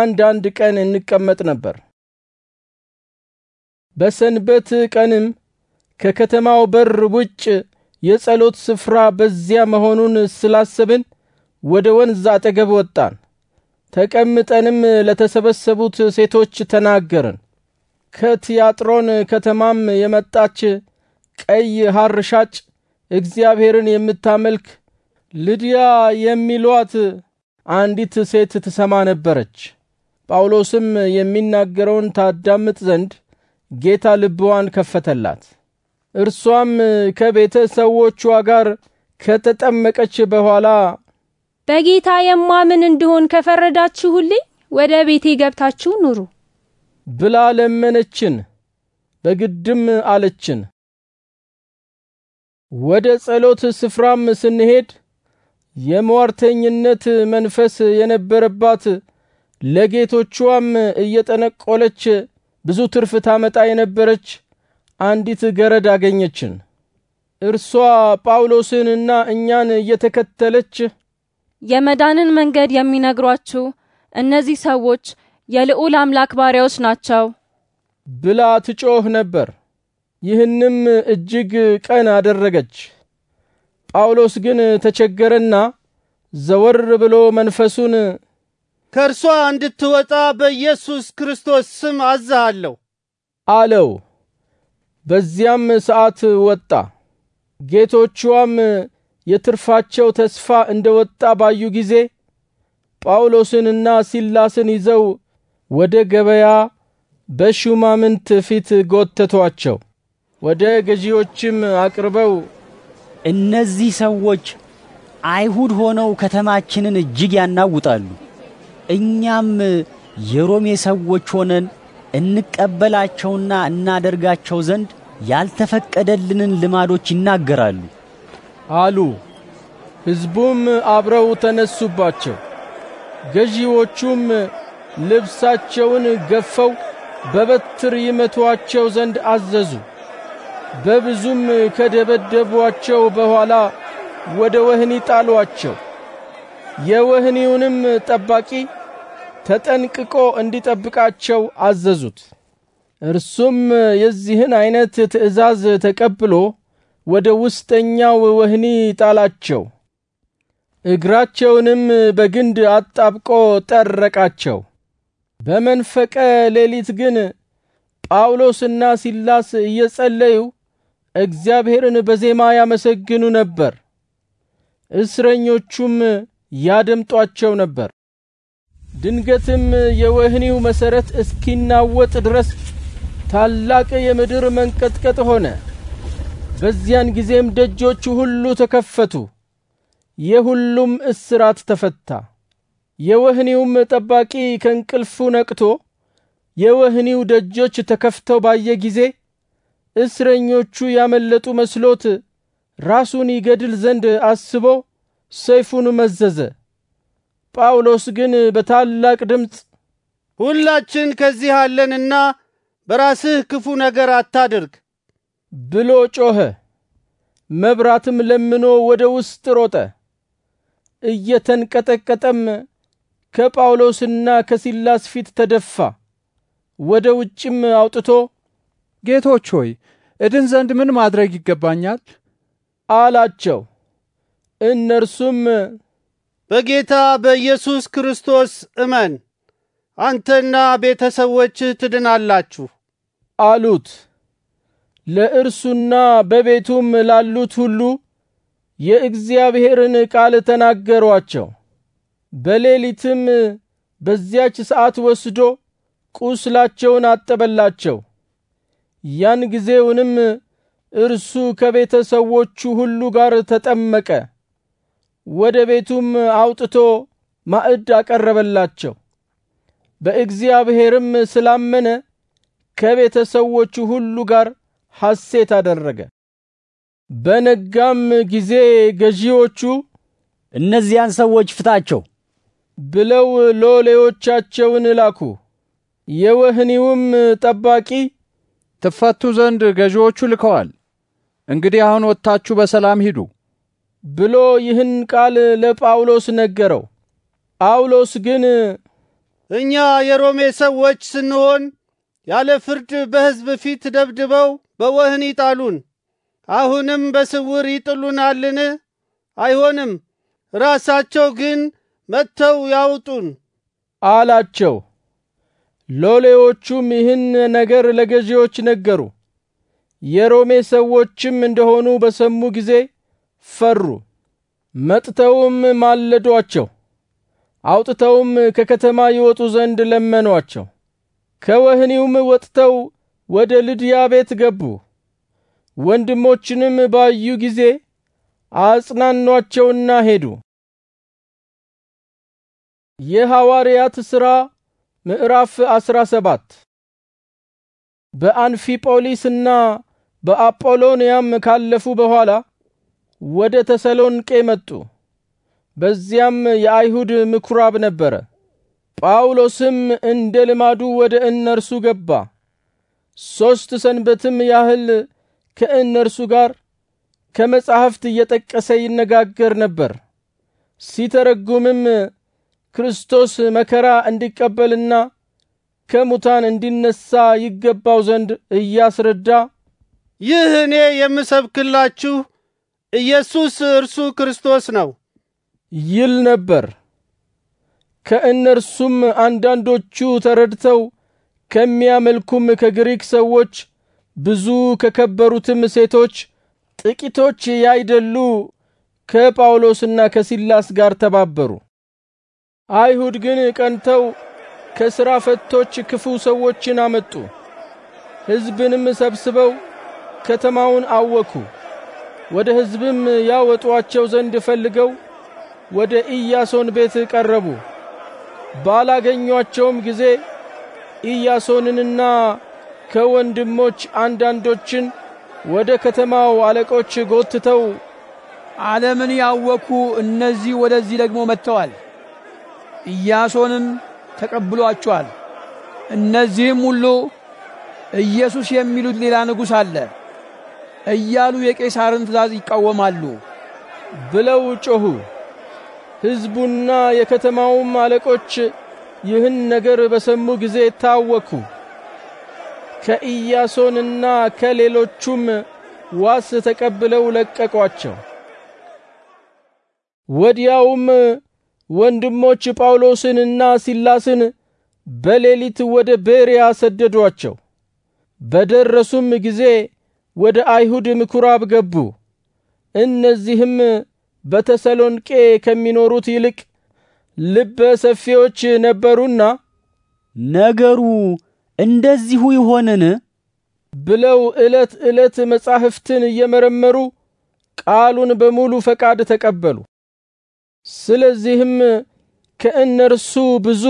አንድ አንድ ቀን እንቀመጥ ነበር። በሰንበት ቀንም ከከተማው በር ውጭ የጸሎት ስፍራ በዚያ መሆኑን ስላሰብን ወደ ወንዝ አጠገብ ወጣን። ተቀምጠንም ለተሰበሰቡት ሴቶች ተናገርን። ከትያጥሮን ከተማም የመጣች ቀይ ሐር ሻጭ እግዚአብሔርን የምታመልክ ልድያ የሚሏት አንዲት ሴት ትሰማ ነበረች። ጳውሎስም የሚናገረውን ታዳምጥ ዘንድ ጌታ ልብዋን ከፈተላት። እርሷም ከቤተ ሰዎቿ ጋር ከተጠመቀች በኋላ በጌታ የማምን እንድሆን ከፈረዳችሁልኝ ወደ ቤቴ ገብታችሁ ኑሩ ብላ ለመነችን፣ በግድም አለችን። ወደ ጸሎት ስፍራም ስንሄድ የሟርተኝነት መንፈስ የነበረባት ለጌቶቿም እየጠነቆለች ብዙ ትርፍ ታመጣ የነበረች አንዲት ገረድ አገኘችን። እርሷ ጳውሎስንና እኛን እየተከተለች የመዳንን መንገድ የሚነግሯችሁ እነዚህ ሰዎች የልዑል አምላክ ባሪያዎች ናቸው ብላ ትጮህ ነበር። ይህንም እጅግ ቀን አደረገች። ጳውሎስ ግን ተቸገረና ዘወር ብሎ መንፈሱን ከእርሷ እንድትወጣ በኢየሱስ ክርስቶስ ስም አዝሃለሁ አለው። በዚያም ሰዓት ወጣ። ጌቶቿም የትርፋቸው ተስፋ እንደወጣ ባዩ ጊዜ ጳውሎስንና ሲላስን ይዘው ወደ ገበያ በሹማምንት ፊት ጎተቷቸው። ወደ ገዢዎችም አቅርበው እነዚህ ሰዎች አይሁድ ሆነው ከተማችንን እጅግ ያናውጣሉ፣ እኛም የሮሜ ሰዎች ሆነን እንቀበላቸውና እናደርጋቸው ዘንድ ያልተፈቀደልንን ልማዶች ይናገራሉ አሉ። ሕዝቡም አብረው ተነሱባቸው። ገዢዎቹም ልብሳቸውን ገፈው በበትር ይመቷቸው ዘንድ አዘዙ። በብዙም ከደበደቧቸው በኋላ ወደ ወህኒ ጣሏቸው። የወህኒውንም ጠባቂ ተጠንቅቆ እንዲጠብቃቸው አዘዙት። እርሱም የዚህን አይነት ትእዛዝ ተቀብሎ ወደ ውስጠኛው ወህኒ ጣላቸው። እግራቸውንም በግንድ አጣብቆ ጠረቃቸው። በመንፈቀ ሌሊት ግን ጳውሎስና ሲላስ እየጸለዩ እግዚአብሔርን በዜማ ያመሰግኑ ነበር። እስረኞቹም ያደምጧቸው ነበር። ድንገትም የወህኒው መሰረት እስኪናወጥ ድረስ ታላቅ የምድር መንቀጥቀጥ ሆነ። በዚያን ጊዜም ደጆቹ ሁሉ ተከፈቱ፣ የሁሉም እስራት ተፈታ። የወህኒውም ጠባቂ ከእንቅልፉ ነቅቶ የወህኒው ደጆች ተከፍተው ባየ ጊዜ እስረኞቹ ያመለጡ መስሎት ራሱን ይገድል ዘንድ አስቦ ሰይፉን መዘዘ። ጳውሎስ ግን በታላቅ ድምፅ ሁላችን ከዚህ አለንና በራስህ ክፉ ነገር አታድርግ ብሎ ጮኸ። መብራትም ለምኖ ወደ ውስጥ ሮጠ። እየተንቀጠቀጠም ከጳውሎስና ከሲላስ ፊት ተደፋ። ወደ ውጭም አውጥቶ ጌቶች ሆይ እድን ዘንድ ምን ማድረግ ይገባኛል? አላቸው። እነርሱም በጌታ በኢየሱስ ክርስቶስ እመን፣ አንተና ቤተሰቦች ትድናላችሁ አሉት። ለእርሱና በቤቱም ላሉት ሁሉ የእግዚአብሔርን ቃል ተናገሯቸው። በሌሊትም በዚያች ሰዓት ወስዶ ቁስላቸውን አጠበላቸው። ያን ጊዜውንም እርሱ ከቤተሰዎቹ ሁሉ ጋር ተጠመቀ። ወደ ቤቱም አውጥቶ ማዕድ አቀረበላቸው። በእግዚአብሔርም ስላመነ ከቤተሰዎቹ ሁሉ ጋር ሐሴት አደረገ። በነጋም ጊዜ ገዢዎቹ እነዚያን ሰዎች ፍታቸው ብለው ሎሌዎቻቸውን ላኩ። የወህኒውም ጠባቂ ትፈቱ ዘንድ ገዢዎቹ ልከዋል፣ እንግዲህ አሁን ወጥታችሁ በሰላም ሂዱ ብሎ ይህን ቃል ለጳውሎስ ነገረው። ጳውሎስ ግን እኛ የሮሜ ሰዎች ስንሆን ያለ ፍርድ በሕዝብ ፊት ደብድበው በወህኒ ጣሉን፣ አሁንም በስውር ይጥሉናልን? አይሆንም። ራሳቸው ግን መጥተው ያውጡን አላቸው። ሎሌዎቹም ይህን ነገር ለገዢዎች ነገሩ። የሮሜ ሰዎችም እንደሆኑ በሰሙ ጊዜ ፈሩ። መጥተውም ማለዷቸው፣ አውጥተውም ከከተማ ይወጡ ዘንድ ለመኗቸው። ከወህኒውም ወጥተው ወደ ልድያ ቤት ገቡ። ወንድሞችንም ባዩ ጊዜ አጽናኗቸውና ሄዱ። የሐዋርያት ሥራ ምዕራፍ ሰባት በአንፊጶሊስና በአጶሎንያም ካለፉ በኋላ ወደ ተሰሎንቄ መጡ። በዚያም የአይሁድ ምኩራብ ነበረ። ጳውሎስም እንደ ልማዱ ወደ እነርሱ ገባ። ሶስት ሰንበትም ያህል ከእነርሱ ጋር ከመጻሕፍት እየጠቀሰ ይነጋገር ነበር ሲተረጉምም ክርስቶስ መከራ እንዲቀበልና ከሙታን እንዲነሳ ይገባው ዘንድ እያስረዳ ይህ እኔ የምሰብክላችሁ ኢየሱስ እርሱ ክርስቶስ ነው ይል ነበር። ከእነርሱም አንዳንዶቹ ተረድተው ከሚያመልኩም ከግሪክ ሰዎች ብዙ ከከበሩትም ሴቶች ጥቂቶች ያይደሉ ከጳውሎስና ከሲላስ ጋር ተባበሩ። አይሁድ ግን ቀንተው ከሥራ ፈቶች ክፉ ሰዎችን አመጡ። ሕዝብንም ሰብስበው ከተማውን አወኩ። ወደ ሕዝብም ያወጧቸው ዘንድ ፈልገው ወደ ኢያሶን ቤት ቀረቡ። ባላገኟቸውም ጊዜ ኢያሶንንና ከወንድሞች አንዳንዶችን ወደ ከተማው አለቆች ጎትተው ዓለምን ያወኩ እነዚህ ወደዚህ ደግሞ መጥተዋል ኢያሶንን ተቀብሏቸዋል። እነዚህም ሁሉ ኢየሱስ የሚሉት ሌላ ንጉሥ አለ እያሉ የቄሳርን ትእዛዝ ይቃወማሉ ብለው ጮኹ። ሕዝቡና የከተማውም አለቆች ይህን ነገር በሰሙ ጊዜ ታወኩ። ከኢያሶንና ከሌሎቹም ዋስ ተቀብለው ለቀቋቸው። ወዲያውም ወንድሞች ጳውሎስንና ሲላስን በሌሊት ወደ ቤርያ ሰደዷቸው። በደረሱም ጊዜ ወደ አይሁድ ምኩራብ ገቡ። እነዚህም በተሰሎንቄ ከሚኖሩት ይልቅ ልበ ሰፊዎች ነበሩና ነገሩ እንደዚሁ ይሆንን ብለው ዕለት ዕለት መጻሕፍትን እየመረመሩ ቃሉን በሙሉ ፈቃድ ተቀበሉ። ስለዚህም ከእነርሱ ብዙ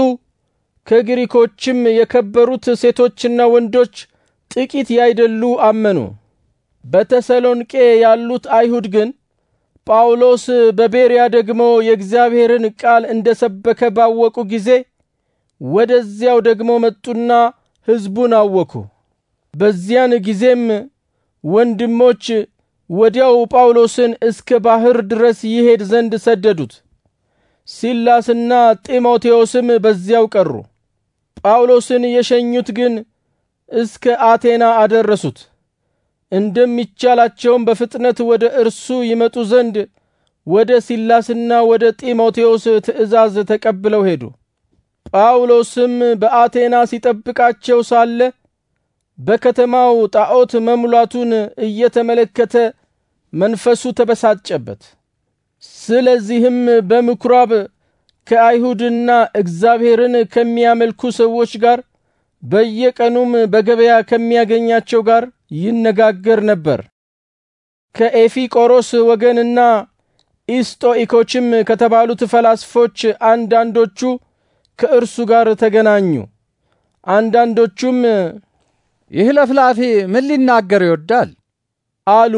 ከግሪኮችም የከበሩት ሴቶችና ወንዶች ጥቂት ያይደሉ አመኑ። በተሰሎንቄ ያሉት አይሁድ ግን ጳውሎስ በቤርያ ደግሞ የእግዚአብሔርን ቃል እንደ ሰበከ ባወቁ ጊዜ ወደዚያው ደግሞ መጡና ሕዝቡን አወኩ። በዚያን ጊዜም ወንድሞች ወዲያው ጳውሎስን እስከ ባህር ድረስ ይሄድ ዘንድ ሰደዱት። ሲላስና ጢሞቴዎስም በዚያው ቀሩ። ጳውሎስን የሸኙት ግን እስከ አቴና አደረሱት። እንደሚቻላቸውም በፍጥነት ወደ እርሱ ይመጡ ዘንድ ወደ ሲላስና ወደ ጢሞቴዎስ ትእዛዝ ተቀብለው ሄዱ። ጳውሎስም በአቴና ሲጠብቃቸው ሳለ በከተማው ጣዖት መሙላቱን እየተመለከተ መንፈሱ ተበሳጨበት። ስለዚህም በምኩራብ ከአይሁድና እግዚአብሔርን ከሚያመልኩ ሰዎች ጋር በየቀኑም በገበያ ከሚያገኛቸው ጋር ይነጋገር ነበር። ከኤፊቆሮስ ወገንና ኢስጦኢኮችም ከተባሉት ፈላስፎች አንዳንዶቹ ከእርሱ ጋር ተገናኙ። አንዳንዶቹም ይህ ለፍላፊ ምን ሊናገር ይወዳል? አሉ።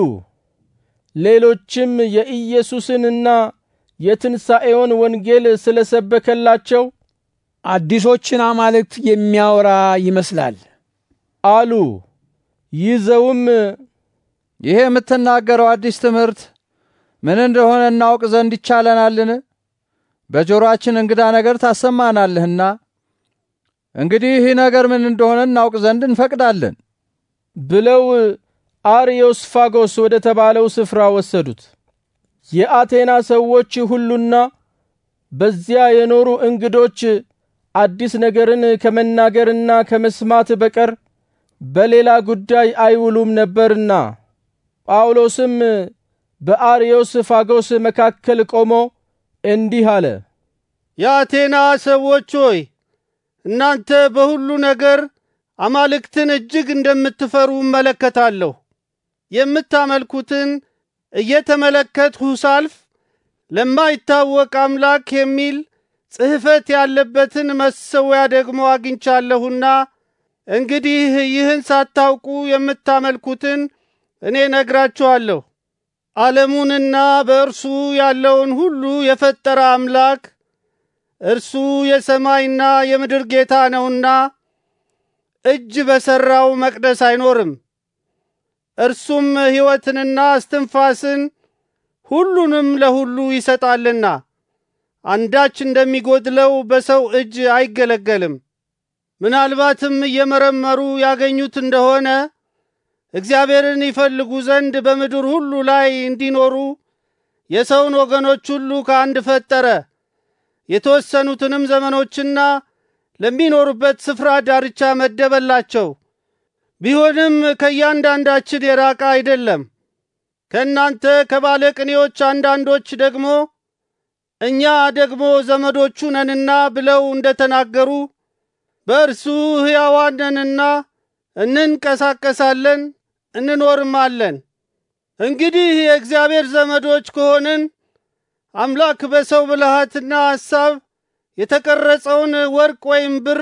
ሌሎችም የኢየሱስንና የትንሣኤውን ወንጌል ስለ ሰበከላቸው አዲሶችን አማልክት የሚያወራ ይመስላል አሉ። ይዘውም ይሄ የምትናገረው አዲስ ትምህርት ምን እንደሆነ እናውቅ ዘንድ ይቻለናልን? በጆሮአችን እንግዳ ነገር ታሰማናልህና እንግዲህ ይህ ነገር ምን እንደሆነ እናውቅ ዘንድ እንፈቅዳለን ብለው አርዮስፋጎስ ወደ ተባለው ስፍራ ወሰዱት። የአቴና ሰዎች ሁሉና በዚያ የኖሩ እንግዶች አዲስ ነገርን ከመናገርና ከመስማት በቀር በሌላ ጉዳይ አይውሉም ነበርና። ጳውሎስም ፋጎስ መካከል ቆሞ እንዲህ አለ። የአቴና ሰዎች ሆይ እናንተ በሁሉ ነገር አማልክትን እጅግ እንደምትፈሩ እመለከታለሁ። የምታመልኩትን እየተመለከትሁ ሳልፍ ለማይታወቅ አምላክ የሚል ጽሕፈት ያለበትን መሰዊያ ደግሞ አግኝቻለሁና እንግዲህ ይህን ሳታውቁ የምታመልኩትን እኔ ነግራችኋለሁ። ዓለሙንና በእርሱ ያለውን ሁሉ የፈጠረ አምላክ እርሱ የሰማይና የምድር ጌታ ነውና እጅ በሰራው መቅደስ አይኖርም። እርሱም ሕይወትንና እስትንፋስን ሁሉንም ለሁሉ ይሰጣልና አንዳች እንደሚጎድለው በሰው እጅ አይገለገልም። ምናልባትም እየመረመሩ ያገኙት እንደሆነ እግዚአብሔርን ይፈልጉ ዘንድ በምድር ሁሉ ላይ እንዲኖሩ የሰውን ወገኖች ሁሉ ከአንድ ፈጠረ። የተወሰኑትንም ዘመኖችና ለሚኖሩበት ስፍራ ዳርቻ መደበላቸው። ቢሆንም ከእያንዳንዳችን የራቀ አይደለም። ከእናንተ ከባለ ቅኔዎች አንዳንዶች ደግሞ እኛ ደግሞ ዘመዶቹ ነንና ብለው እንደተናገሩ በእርሱ ሕያዋን ነንና እንንቀሳቀሳለን፣ እንኖርማለን። እንግዲህ የእግዚአብሔር ዘመዶች ከሆንን አምላክ በሰው ብልሃትና ሐሳብ የተቀረጸውን ወርቅ ወይም ብር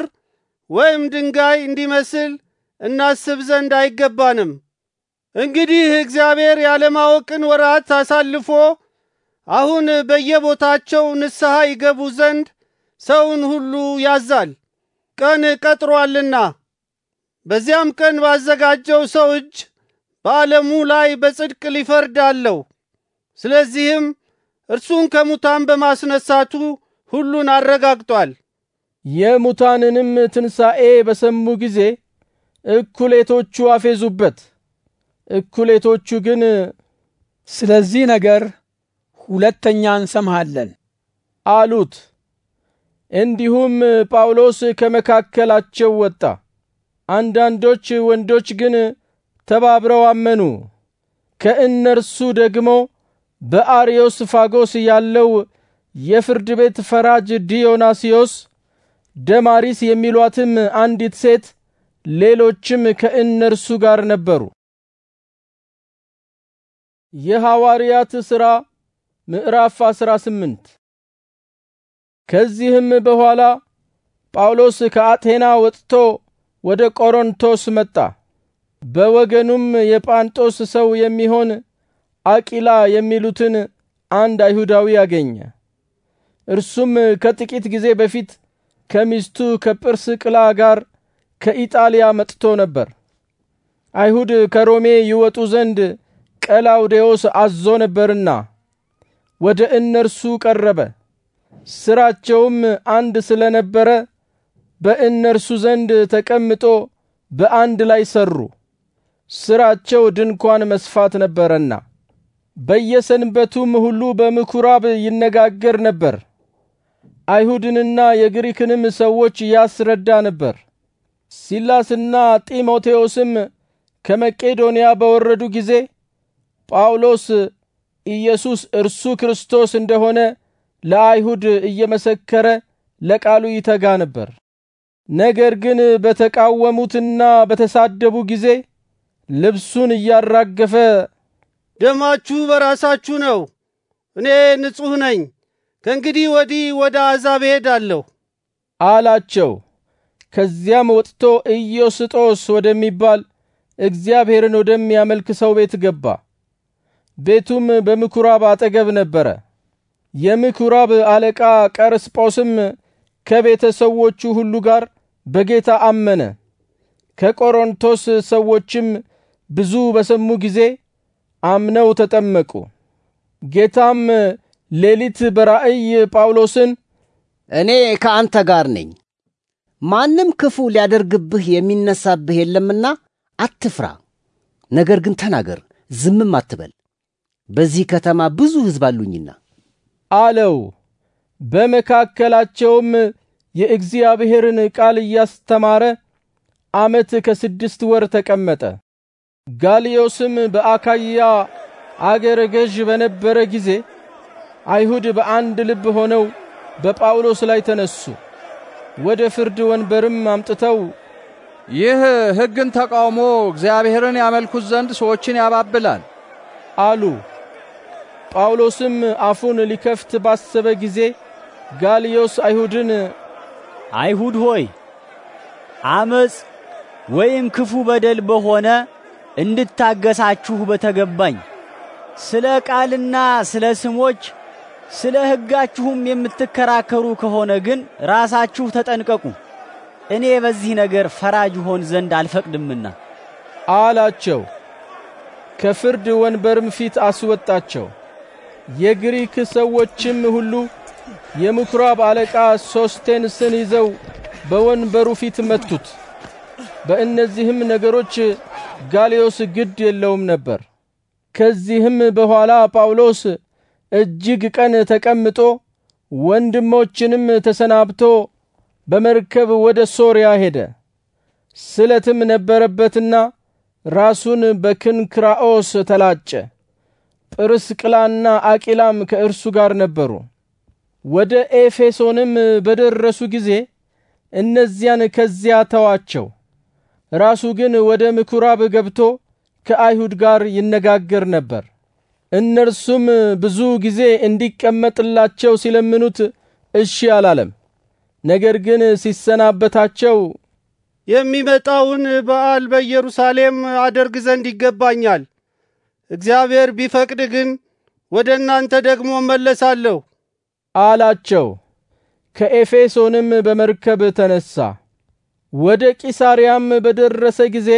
ወይም ድንጋይ እንዲመስል እናስብ ዘንድ አይገባንም። እንግዲህ እግዚአብሔር ያለማወቅን ወራት አሳልፎ አሁን በየቦታቸው ንስሐ ይገቡ ዘንድ ሰውን ሁሉ ያዛል፣ ቀን ቀጥሮአልና። በዚያም ቀን ባዘጋጀው ሰው እጅ በዓለሙ ላይ በጽድቅ ሊፈርድ አለው። ስለዚህም እርሱን ከሙታን በማስነሳቱ ሁሉን አረጋግጧል። የሙታንንም ትንሣኤ በሰሙ ጊዜ እኩሌቶቹ አፌዙበት። እኩሌቶቹ ግን ስለዚህ ነገር ሁለተኛ እንሰምሃለን አሉት። እንዲሁም ጳውሎስ ከመካከላቸው ወጣ። አንዳንዶች ወንዶች ግን ተባብረው አመኑ። ከእነርሱ ደግሞ ፋጎስ ያለው የፍርድ ቤት ፈራጅ ዲዮናስዮስ፣ ደማሪስ የሚሏትም አንዲት ሴት ሌሎችም ከእነርሱ ጋር ነበሩ። የሐዋርያት ሥራ ምዕራፍ 18 ከዚህም በኋላ ጳውሎስ ከአቴና ወጥቶ ወደ ቆሮንቶስ መጣ። በወገኑም የጳንጦስ ሰው የሚሆን አቂላ የሚሉትን አንድ አይሁዳዊ አገኘ። እርሱም ከጥቂት ጊዜ በፊት ከሚስቱ ከጵርስቅላ ጋር ከኢጣሊያ መጥቶ ነበር። አይሁድ ከሮሜ ይወጡ ዘንድ ቀላውዴዎስ አዞ ነበርና ወደ እነርሱ ቀረበ። ስራቸውም አንድ ስለነበረ በእነርሱ ዘንድ ተቀምጦ በአንድ ላይ ሰሩ። ስራቸው ድንኳን መስፋት ነበረና በየሰንበቱም ሁሉ በምኩራብ ይነጋገር ነበር። አይሁድንና የግሪክንም ሰዎች ያስረዳ ነበር። ሲላስና ጢሞቴዎስም ከመቄዶንያ በወረዱ ጊዜ ጳውሎስ ኢየሱስ እርሱ ክርስቶስ እንደሆነ ለአይሁድ እየመሰከረ ለቃሉ ይተጋ ነበር። ነገር ግን በተቃወሙትና በተሳደቡ ጊዜ ልብሱን እያራገፈ ደማችሁ በራሳችሁ ነው፣ እኔ ንጹሕ ነኝ፣ ከእንግዲህ ወዲህ ወደ አሕዛብ እሄዳለሁ አላቸው። ከዚያም ወጥቶ ኢዮስጦስ ወደሚባል እግዚአብሔርን ወደሚያመልክ ሰው ቤት ገባ። ቤቱም በምኩራብ አጠገብ ነበረ። የምኩራብ አለቃ ቀርስጶስም ከቤተ ሰዎቹ ሁሉ ጋር በጌታ አመነ። ከቆሮንቶስ ሰዎችም ብዙ በሰሙ ጊዜ አምነው ተጠመቁ። ጌታም ሌሊት በራእይ ጳውሎስን እኔ ከአንተ ጋር ነኝ ማንም ክፉ ሊያደርግብህ የሚነሳብህ የለምና አትፍራ። ነገር ግን ተናገር፣ ዝምም አትበል፣ በዚህ ከተማ ብዙ ሕዝብ አሉኝና አለው። በመካከላቸውም የእግዚአብሔርን ቃል እያስተማረ ዓመት ከስድስት ወር ተቀመጠ። ጋልዮስም በአካያ አገረ ገዥ በነበረ ጊዜ አይሁድ በአንድ ልብ ሆነው በጳውሎስ ላይ ተነሱ። ወደ ፍርድ ወንበርም አምጥተው ይህ ሕግን ተቃውሞ እግዚአብሔርን ያመልኩት ዘንድ ሰዎችን ያባብላል አሉ። ጳውሎስም አፉን ሊከፍት ባሰበ ጊዜ ጋልዮስ አይሁድን አይሁድ ሆይ አመፅ ወይም ክፉ በደል በሆነ እንድታገሳችሁ በተገባኝ ስለ ቃልና ስለ ስሞች ስለ ሕጋችሁም የምትከራከሩ ከሆነ ግን ራሳችሁ ተጠንቀቁ፣ እኔ በዚህ ነገር ፈራጅ ሆን ዘንድ አልፈቅድምና አላቸው። ከፍርድ ወንበርም ፊት አስወጣቸው። የግሪክ ሰዎችም ሁሉ የምኩራብ አለቃ ሶስቴንስን ይዘው በወንበሩ ፊት መቱት። በእነዚህም ነገሮች ጋልዮስ ግድ የለውም ነበር። ከዚህም በኋላ ጳውሎስ እጅግ ቀን ተቀምጦ ወንድሞችንም ተሰናብቶ በመርከብ ወደ ሶርያ ሄደ። ስለትም ነበረበትና ራሱን በክንክራኦስ ተላጨ። ጵርስቅላና አቂላም ከእርሱ ጋር ነበሩ። ወደ ኤፌሶንም በደረሱ ጊዜ እነዚያን ከዚያ ተዋቸው። ራሱ ግን ወደ ምኩራብ ገብቶ ከአይሁድ ጋር ይነጋገር ነበር። እነርሱም ብዙ ጊዜ እንዲቀመጥላቸው ሲለምኑት እሺ አላለም። ነገር ግን ሲሰናበታቸው የሚመጣውን በዓል በኢየሩሳሌም አደርግ ዘንድ ይገባኛል፣ እግዚአብሔር ቢፈቅድ ግን ወደ እናንተ ደግሞ መለሳለሁ አላቸው። ከኤፌሶንም በመርከብ ተነሳ። ወደ ቂሳርያም በደረሰ ጊዜ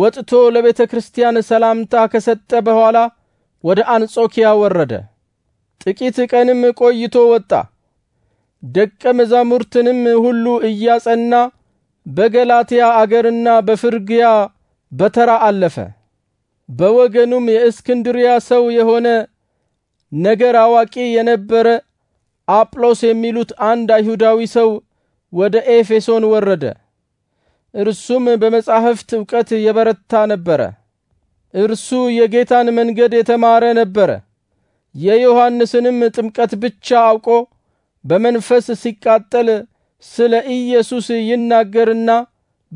ወጥቶ ለቤተ ክርስቲያን ሰላምታ ከሰጠ በኋላ ወደ አንጾኪያ ወረደ። ጥቂት ቀንም ቆይቶ ወጣ። ደቀ መዛሙርትንም ሁሉ እያጸና በገላትያ አገርና በፍርግያ በተራ አለፈ። በወገኑም የእስክንድሪያ ሰው የሆነ ነገር አዋቂ የነበረ አጵሎስ የሚሉት አንድ አይሁዳዊ ሰው ወደ ኤፌሶን ወረደ። እርሱም በመጻሕፍት ዕውቀት የበረታ ነበረ። እርሱ የጌታን መንገድ የተማረ ነበረ። የዮሐንስንም ጥምቀት ብቻ አውቆ በመንፈስ ሲቃጠል ስለ ኢየሱስ ይናገርና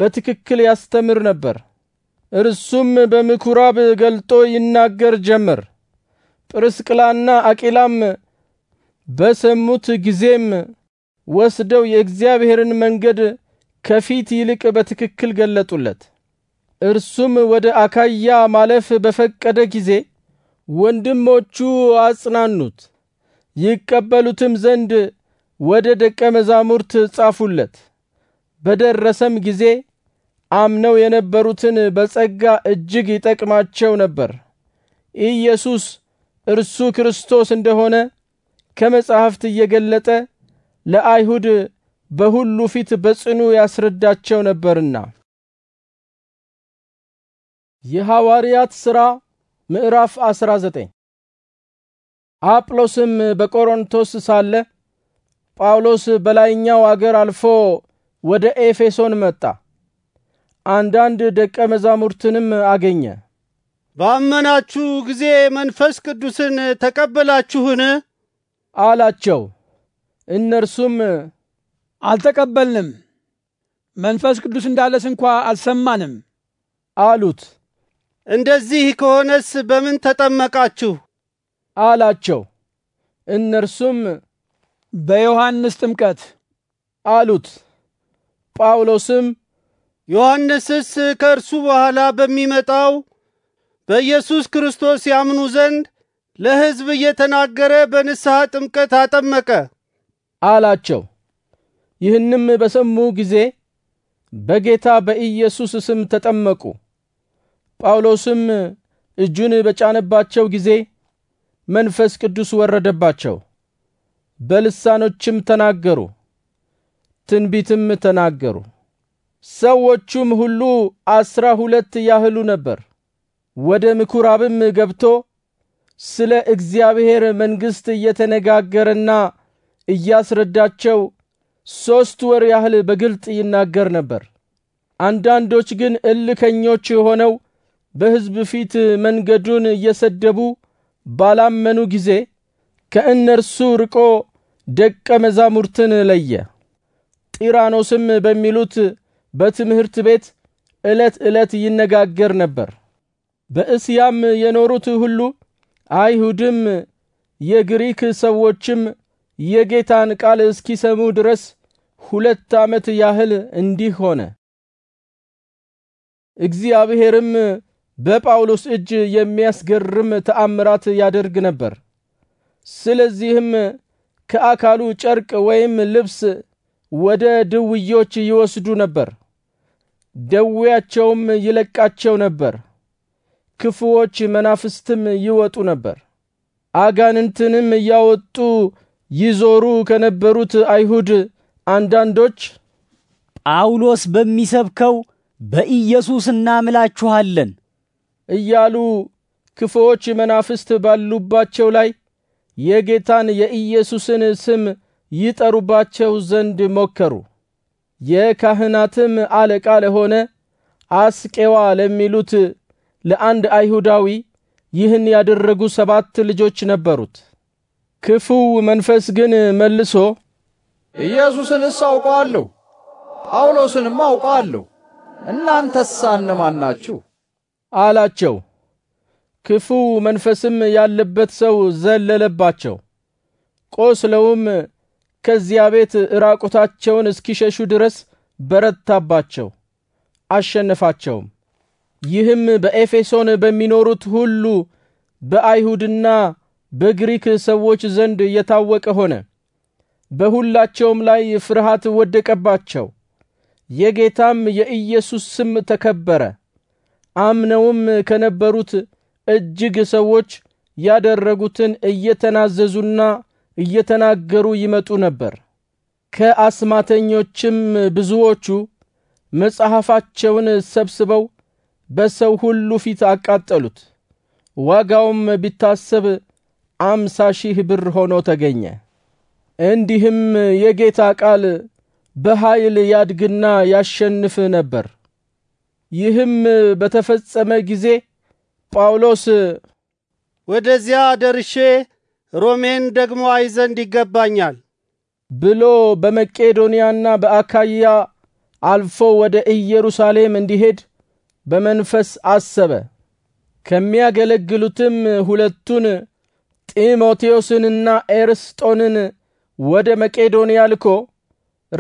በትክክል ያስተምር ነበር። እርሱም በምኩራብ ገልጦ ይናገር ጀመር። ጵርስቅላና አቂላም በሰሙት ጊዜም ወስደው የእግዚአብሔርን መንገድ ከፊት ይልቅ በትክክል ገለጡለት። እርሱም ወደ አካያ ማለፍ በፈቀደ ጊዜ ወንድሞቹ አጽናኑት፣ ይቀበሉትም ዘንድ ወደ ደቀ መዛሙርት ጻፉለት። በደረሰም ጊዜ አምነው የነበሩትን በጸጋ እጅግ ይጠቅማቸው ነበር። ኢየሱስ እርሱ ክርስቶስ እንደሆነ ከመጻሕፍት እየገለጠ ለአይሁድ በሁሉ ፊት በጽኑ ያስረዳቸው ነበርና። የሐዋርያት ሥራ ምዕራፍ 19 አጵሎስም በቆሮንቶስ ሳለ ጳውሎስ በላይኛው አገር አልፎ ወደ ኤፌሶን መጣ። አንዳንድ ደቀ መዛሙርትንም አገኘ። ባመናችሁ ጊዜ መንፈስ ቅዱስን ተቀበላችሁን? አላቸው። እነርሱም አልተቀበልንም፣ መንፈስ ቅዱስ እንዳለስ እንኳ አልሰማንም አሉት። እንደዚህ ከሆነስ በምን ተጠመቃችሁ? አላቸው። እነርሱም በዮሐንስ ጥምቀት አሉት። ጳውሎስም ዮሐንስስ ከእርሱ በኋላ በሚመጣው በኢየሱስ ክርስቶስ ያምኑ ዘንድ ለሕዝብ እየተናገረ በንስሐ ጥምቀት አጠመቀ አላቸው። ይህንም በሰሙ ጊዜ በጌታ በኢየሱስ ስም ተጠመቁ። ጳውሎስም እጁን በጫነባቸው ጊዜ መንፈስ ቅዱስ ወረደባቸው፣ በልሳኖችም ተናገሩ፣ ትንቢትም ተናገሩ። ሰዎቹም ሁሉ አስራ ሁለት ያህሉ ነበር። ወደ ምኩራብም ገብቶ ስለ እግዚአብሔር መንግሥት እየተነጋገረና እያስረዳቸው ሦስት ወር ያህል በግልጥ ይናገር ነበር። አንዳንዶች ግን እልከኞች ሆነው በሕዝብ ፊት መንገዱን እየሰደቡ ባላመኑ ጊዜ ከእነርሱ ርቆ ደቀ መዛሙርትን ለየ። ጢራኖስም በሚሉት በትምህርት ቤት ዕለት ዕለት ይነጋገር ነበር። በእስያም የኖሩት ሁሉ አይሁድም የግሪክ ሰዎችም የጌታን ቃል እስኪሰሙ ድረስ ሁለት ዓመት ያህል እንዲህ ሆነ። እግዚአብሔርም በጳውሎስ እጅ የሚያስገርም ተአምራት ያደርግ ነበር። ስለዚህም ከአካሉ ጨርቅ ወይም ልብስ ወደ ድውዮች ይወስዱ ነበር፣ ደዌያቸውም ይለቃቸው ነበር። ክፉዎች መናፍስትም ይወጡ ነበር። አጋንንትንም እያወጡ ይዞሩ ከነበሩት አይሁድ አንዳንዶች ጳውሎስ በሚሰብከው በኢየሱስ እናምላችኋለን እያሉ ክፉዎች መናፍስት ባሉባቸው ላይ የጌታን የኢየሱስን ስም ይጠሩባቸው ዘንድ ሞከሩ። የካህናትም አለቃ ለሆነ አስቄዋ ለሚሉት ለአንድ አይሁዳዊ ይህን ያደረጉ ሰባት ልጆች ነበሩት። ክፉው መንፈስ ግን መልሶ ኢየሱስንስ አውቀዋለሁ፣ ጳውሎስንም አውቀዋለሁ፣ እናንተስ እነማን ናችሁ? አላቸው። ክፉ መንፈስም ያለበት ሰው ዘለለባቸው። ቆስለውም ከዚያ ቤት ራቁታቸውን እስኪሸሹ ድረስ በረታባቸው፣ አሸነፋቸውም። ይህም በኤፌሶን በሚኖሩት ሁሉ በአይሁድና በግሪክ ሰዎች ዘንድ የታወቀ ሆነ። በሁላቸውም ላይ ፍርሃት ወደቀባቸው። የጌታም የኢየሱስ ስም ተከበረ። አምነውም ከነበሩት እጅግ ሰዎች ያደረጉትን እየተናዘዙና እየተናገሩ ይመጡ ነበር። ከአስማተኞችም ብዙዎቹ መጽሐፋቸውን ሰብስበው በሰው ሁሉ ፊት አቃጠሉት። ዋጋውም ቢታሰብ አምሳ ሺህ ብር ሆኖ ተገኘ። እንዲህም የጌታ ቃል በኃይል ያድግና ያሸንፍ ነበር። ይህም በተፈጸመ ጊዜ ጳውሎስ ወደዚያ ደርሼ ሮሜን ደግሞ አይ ዘንድ ይገባኛል ብሎ በመቄዶንያና በአካያ አልፎ ወደ ኢየሩሳሌም እንዲሄድ በመንፈስ አሰበ። ከሚያገለግሉትም ሁለቱን ጢሞቴዎስንና ኤርስጦንን ወደ መቄዶንያ ልኮ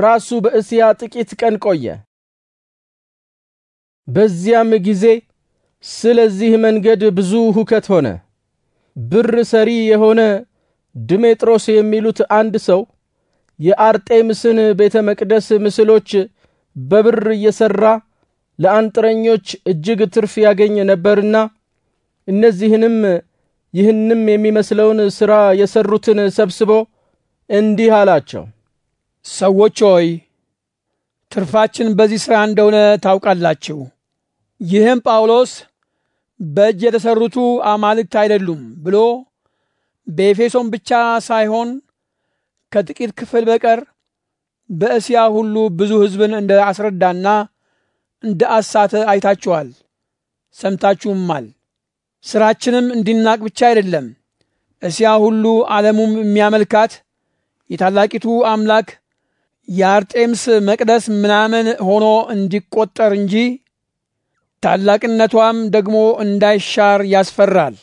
ራሱ በእስያ ጥቂት ቀን ቆየ። በዚያም ጊዜ ስለዚህ መንገድ ብዙ ሁከት ሆነ። ብር ሰሪ የሆነ ድሜጥሮስ የሚሉት አንድ ሰው የአርጤምስን ቤተ መቅደስ ምስሎች በብር እየሰራ ለአንጥረኞች እጅግ ትርፍ ያገኝ ነበርና እነዚህንም ይህንም የሚመስለውን ሥራ የሰሩትን ሰብስቦ እንዲህ አላቸው። ሰዎች ሆይ ትርፋችን በዚህ ሥራ እንደሆነ ታውቃላችሁ። ይህም ጳውሎስ በእጅ የተሰሩቱ አማልክት አይደሉም ብሎ በኤፌሶን ብቻ ሳይሆን ከጥቂት ክፍል በቀር በእስያ ሁሉ ብዙ ሕዝብን እንደ አስረዳና እንደ አሳተ አይታችኋል፣ ሰምታችሁማል። ሥራችንም እንዲናቅ ብቻ አይደለም፣ እስያ ሁሉ ዓለሙም የሚያመልካት የታላቂቱ አምላክ የአርጤምስ መቅደስ ምናምን ሆኖ እንዲቆጠር እንጂ ታላቅነቷም ደግሞ እንዳይሻር ያስፈራል።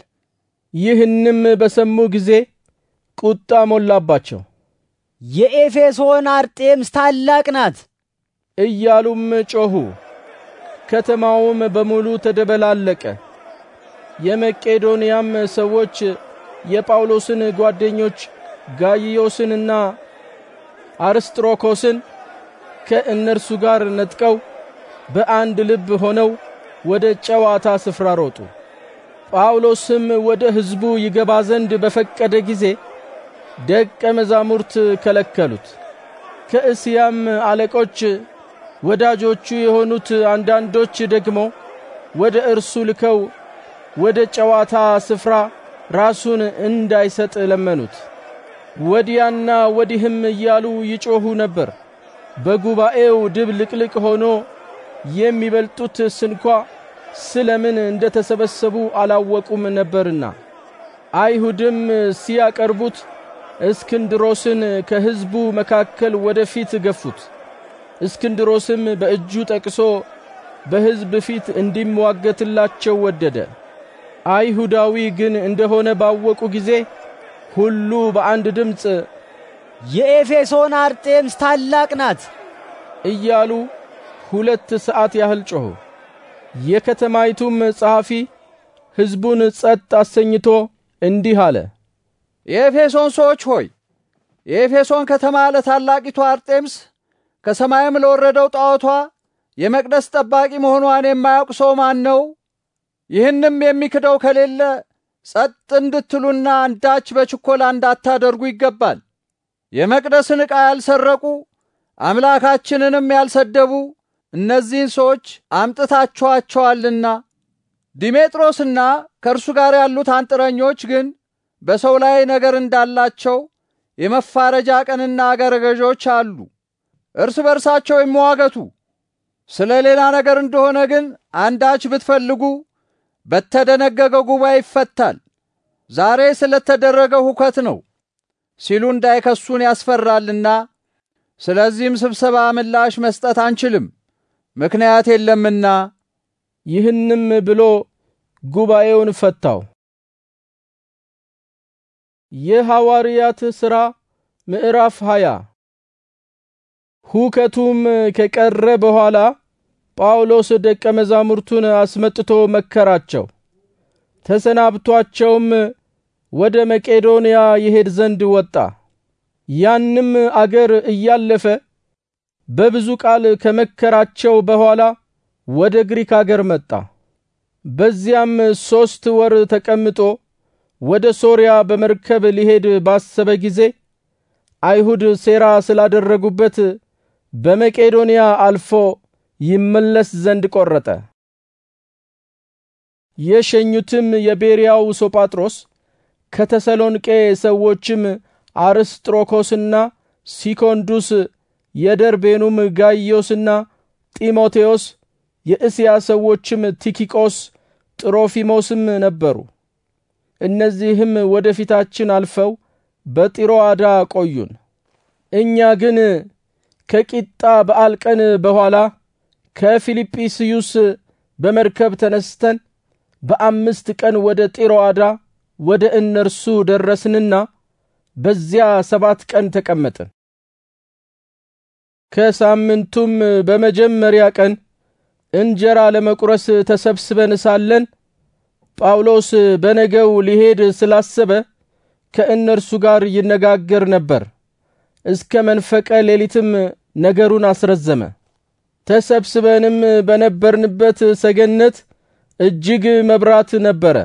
ይህንም በሰሙ ጊዜ ቁጣ ሞላባቸው። የኤፌሶን አርጤምስ ታላቅ ናት እያሉም ጮኹ። ከተማውም በሙሉ ተደበላለቀ። የመቄዶንያም ሰዎች የጳውሎስን ጓደኞች ጋይዮስንና አርስጥሮኮስን ከእነርሱ ጋር ነጥቀው በአንድ ልብ ሆነው ወደ ጨዋታ ስፍራ ሮጡ። ጳውሎስም ወደ ሕዝቡ ይገባ ዘንድ በፈቀደ ጊዜ ደቀ መዛሙርት ከለከሉት። ከእስያም አለቆች ወዳጆቹ የሆኑት አንዳንዶች ደግሞ ወደ እርሱ ልከው ወደ ጨዋታ ስፍራ ራሱን እንዳይሰጥ ለመኑት። ወዲያና ወዲህም እያሉ ይጮኹ ነበር። በጉባኤው ድብልቅልቅ ሆኖ የሚበልጡት ስንኳ ስለምን እንደተሰበሰቡ አላወቁም ነበርና። አይሁድም ሲያቀርቡት እስክንድሮስን ከሕዝቡ መካከል ወደፊት ገፉት። እስክንድሮስም በእጁ ጠቅሶ በሕዝብ ፊት እንዲሟገትላቸው ወደደ። አይሁዳዊ ግን እንደሆነ ባወቁ ጊዜ ሁሉ በአንድ ድምፅ የኤፌሶን አርጤምስ ታላቅ ናት እያሉ ሁለት ሰዓት ያህል ጮኹ። የከተማይቱም ጸሐፊ ሕዝቡን ጸጥ አሰኝቶ እንዲህ አለ፣ የኤፌሶን ሰዎች ሆይ የኤፌሶን ከተማ ለታላቂቱ አርጤምስ ከሰማይም ለወረደው ጣዖቷ የመቅደስ ጠባቂ መሆኗን የማያውቅ ሰው ማን ነው? ይህንም የሚክደው ከሌለ ጸጥ እንድትሉና አንዳች በችኮላ እንዳታደርጉ ይገባል። የመቅደስን ዕቃ ያልሰረቁ አምላካችንንም ያልሰደቡ እነዚህን ሰዎች አምጥታችኋቸዋልና ዲሜጥሮስና ከእርሱ ጋር ያሉት አንጥረኞች ግን በሰው ላይ ነገር እንዳላቸው የመፋረጃ ቀንና አገረ ገዦች አሉ፣ እርስ በርሳቸው የሚዋገቱ። ስለ ሌላ ነገር እንደሆነ ግን አንዳች ብትፈልጉ በተደነገገው ጉባኤ ይፈታል፣ ዛሬ ተደረገ ሁከት ነው ሲሉ እንዳይከሱን ያስፈራልና፣ ስለዚህም ስብሰባ ምላሽ መስጠት አንችልም። ምክንያት የለምና። ይህንም ብሎ ጉባኤውን ፈታው። የሐዋርያት ሥራ ምዕራፍ ሃያ ሁከቱም ከቀረ በኋላ ጳውሎስ ደቀ መዛሙርቱን አስመጥቶ መከራቸው፣ ተሰናብቷቸውም ወደ መቄዶንያ ይሄድ ዘንድ ወጣ። ያንም አገር እያለፈ በብዙ ቃል ከመከራቸው በኋላ ወደ ግሪክ አገር መጣ። በዚያም ሶስት ወር ተቀምጦ ወደ ሶርያ በመርከብ ሊሄድ ባሰበ ጊዜ አይሁድ ሴራ ስላደረጉበት በመቄዶንያ አልፎ ይመለስ ዘንድ ቆረጠ። የሸኙትም የቤርያው ሶጳጥሮስ ከተሰሎንቄ ሰዎችም አርስጥሮኮስና ሲኮንዱስ የደርቤኑም ጋይዮስና ጢሞቴዎስ የእስያ ሰዎችም ቲኪቆስ፣ ጥሮፊሞስም ነበሩ። እነዚህም ወደ ፊታችን አልፈው በጢሮአዳ ቆዩን። እኛ ግን ከቂጣ በዓል ቀን በኋላ ከፊልጵስዩስ በመርከብ ተነስተን በአምስት ቀን ወደ ጢሮአዳ ወደ እነርሱ ደረስንና በዚያ ሰባት ቀን ተቀመጥን። ከሳምንቱም በመጀመሪያ ቀን እንጀራ ለመቁረስ ተሰብስበን ሳለን ጳውሎስ በነገው ሊሄድ ስላሰበ ከእነርሱ ጋር ይነጋገር ነበር። እስከ መንፈቀ ሌሊትም ነገሩን አስረዘመ። ተሰብስበንም በነበርንበት ሰገነት እጅግ መብራት ነበረ።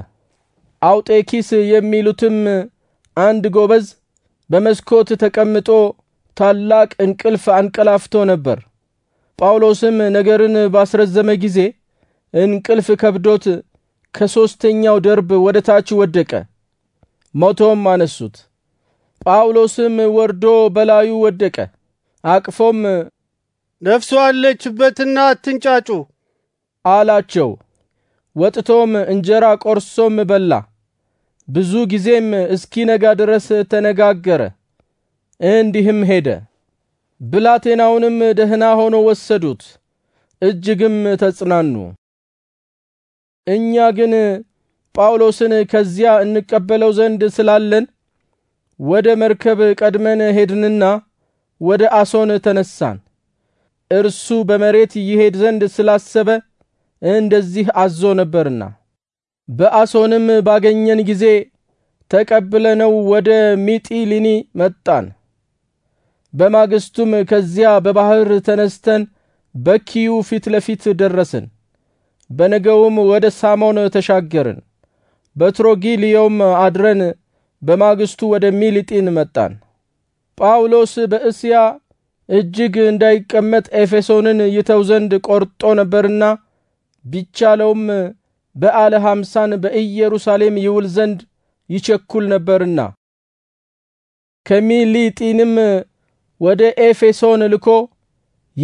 አውጤኪስ የሚሉትም አንድ ጎበዝ በመስኮት ተቀምጦ ታላቅ እንቅልፍ አንቀላፍቶ ነበር። ጳውሎስም ነገርን ባስረዘመ ጊዜ እንቅልፍ ከብዶት ከሦስተኛው ደርብ ወደ ታች ወደቀ። ሞቶም አነሱት። ጳውሎስም ወርዶ በላዩ ወደቀ። አቅፎም ነፍሱ አለችበትና አትንጫጩ አላቸው። ወጥቶም እንጀራ ቆርሶም በላ። ብዙ ጊዜም እስኪነጋ ድረስ ተነጋገረ። እንዲህም ሄደ። ብላቴናውንም ደህና ሆኖ ወሰዱት፣ እጅግም ተጽናኑ። እኛ ግን ጳውሎስን ከዚያ እንቀበለው ዘንድ ስላለን ወደ መርከብ ቀድመን ሄድንና ወደ አሶን ተነሳን። እርሱ በመሬት ይሄድ ዘንድ ስላሰበ እንደዚህ አዞ ነበርና፣ በአሶንም ባገኘን ጊዜ ተቀብለነው ወደ ሚጢሊኒ መጣን። በማግስቱም ከዚያ በባህር ተነስተን በኪዩ ፊት ለፊት ደረስን። በነገውም ወደ ሳሞን ተሻገርን። በትሮጊልዮም አድረን በማግስቱ ወደ ሚሊጢን መጣን። ጳውሎስ በእስያ እጅግ እንዳይቀመጥ ኤፌሶንን ይተው ዘንድ ቆርጦ ነበርና ቢቻለውም በዓለ ሃምሳን በኢየሩሳሌም ይውል ዘንድ ይቸኩል ነበርና ከሚሊጢንም ወደ ኤፌሶን ልኮ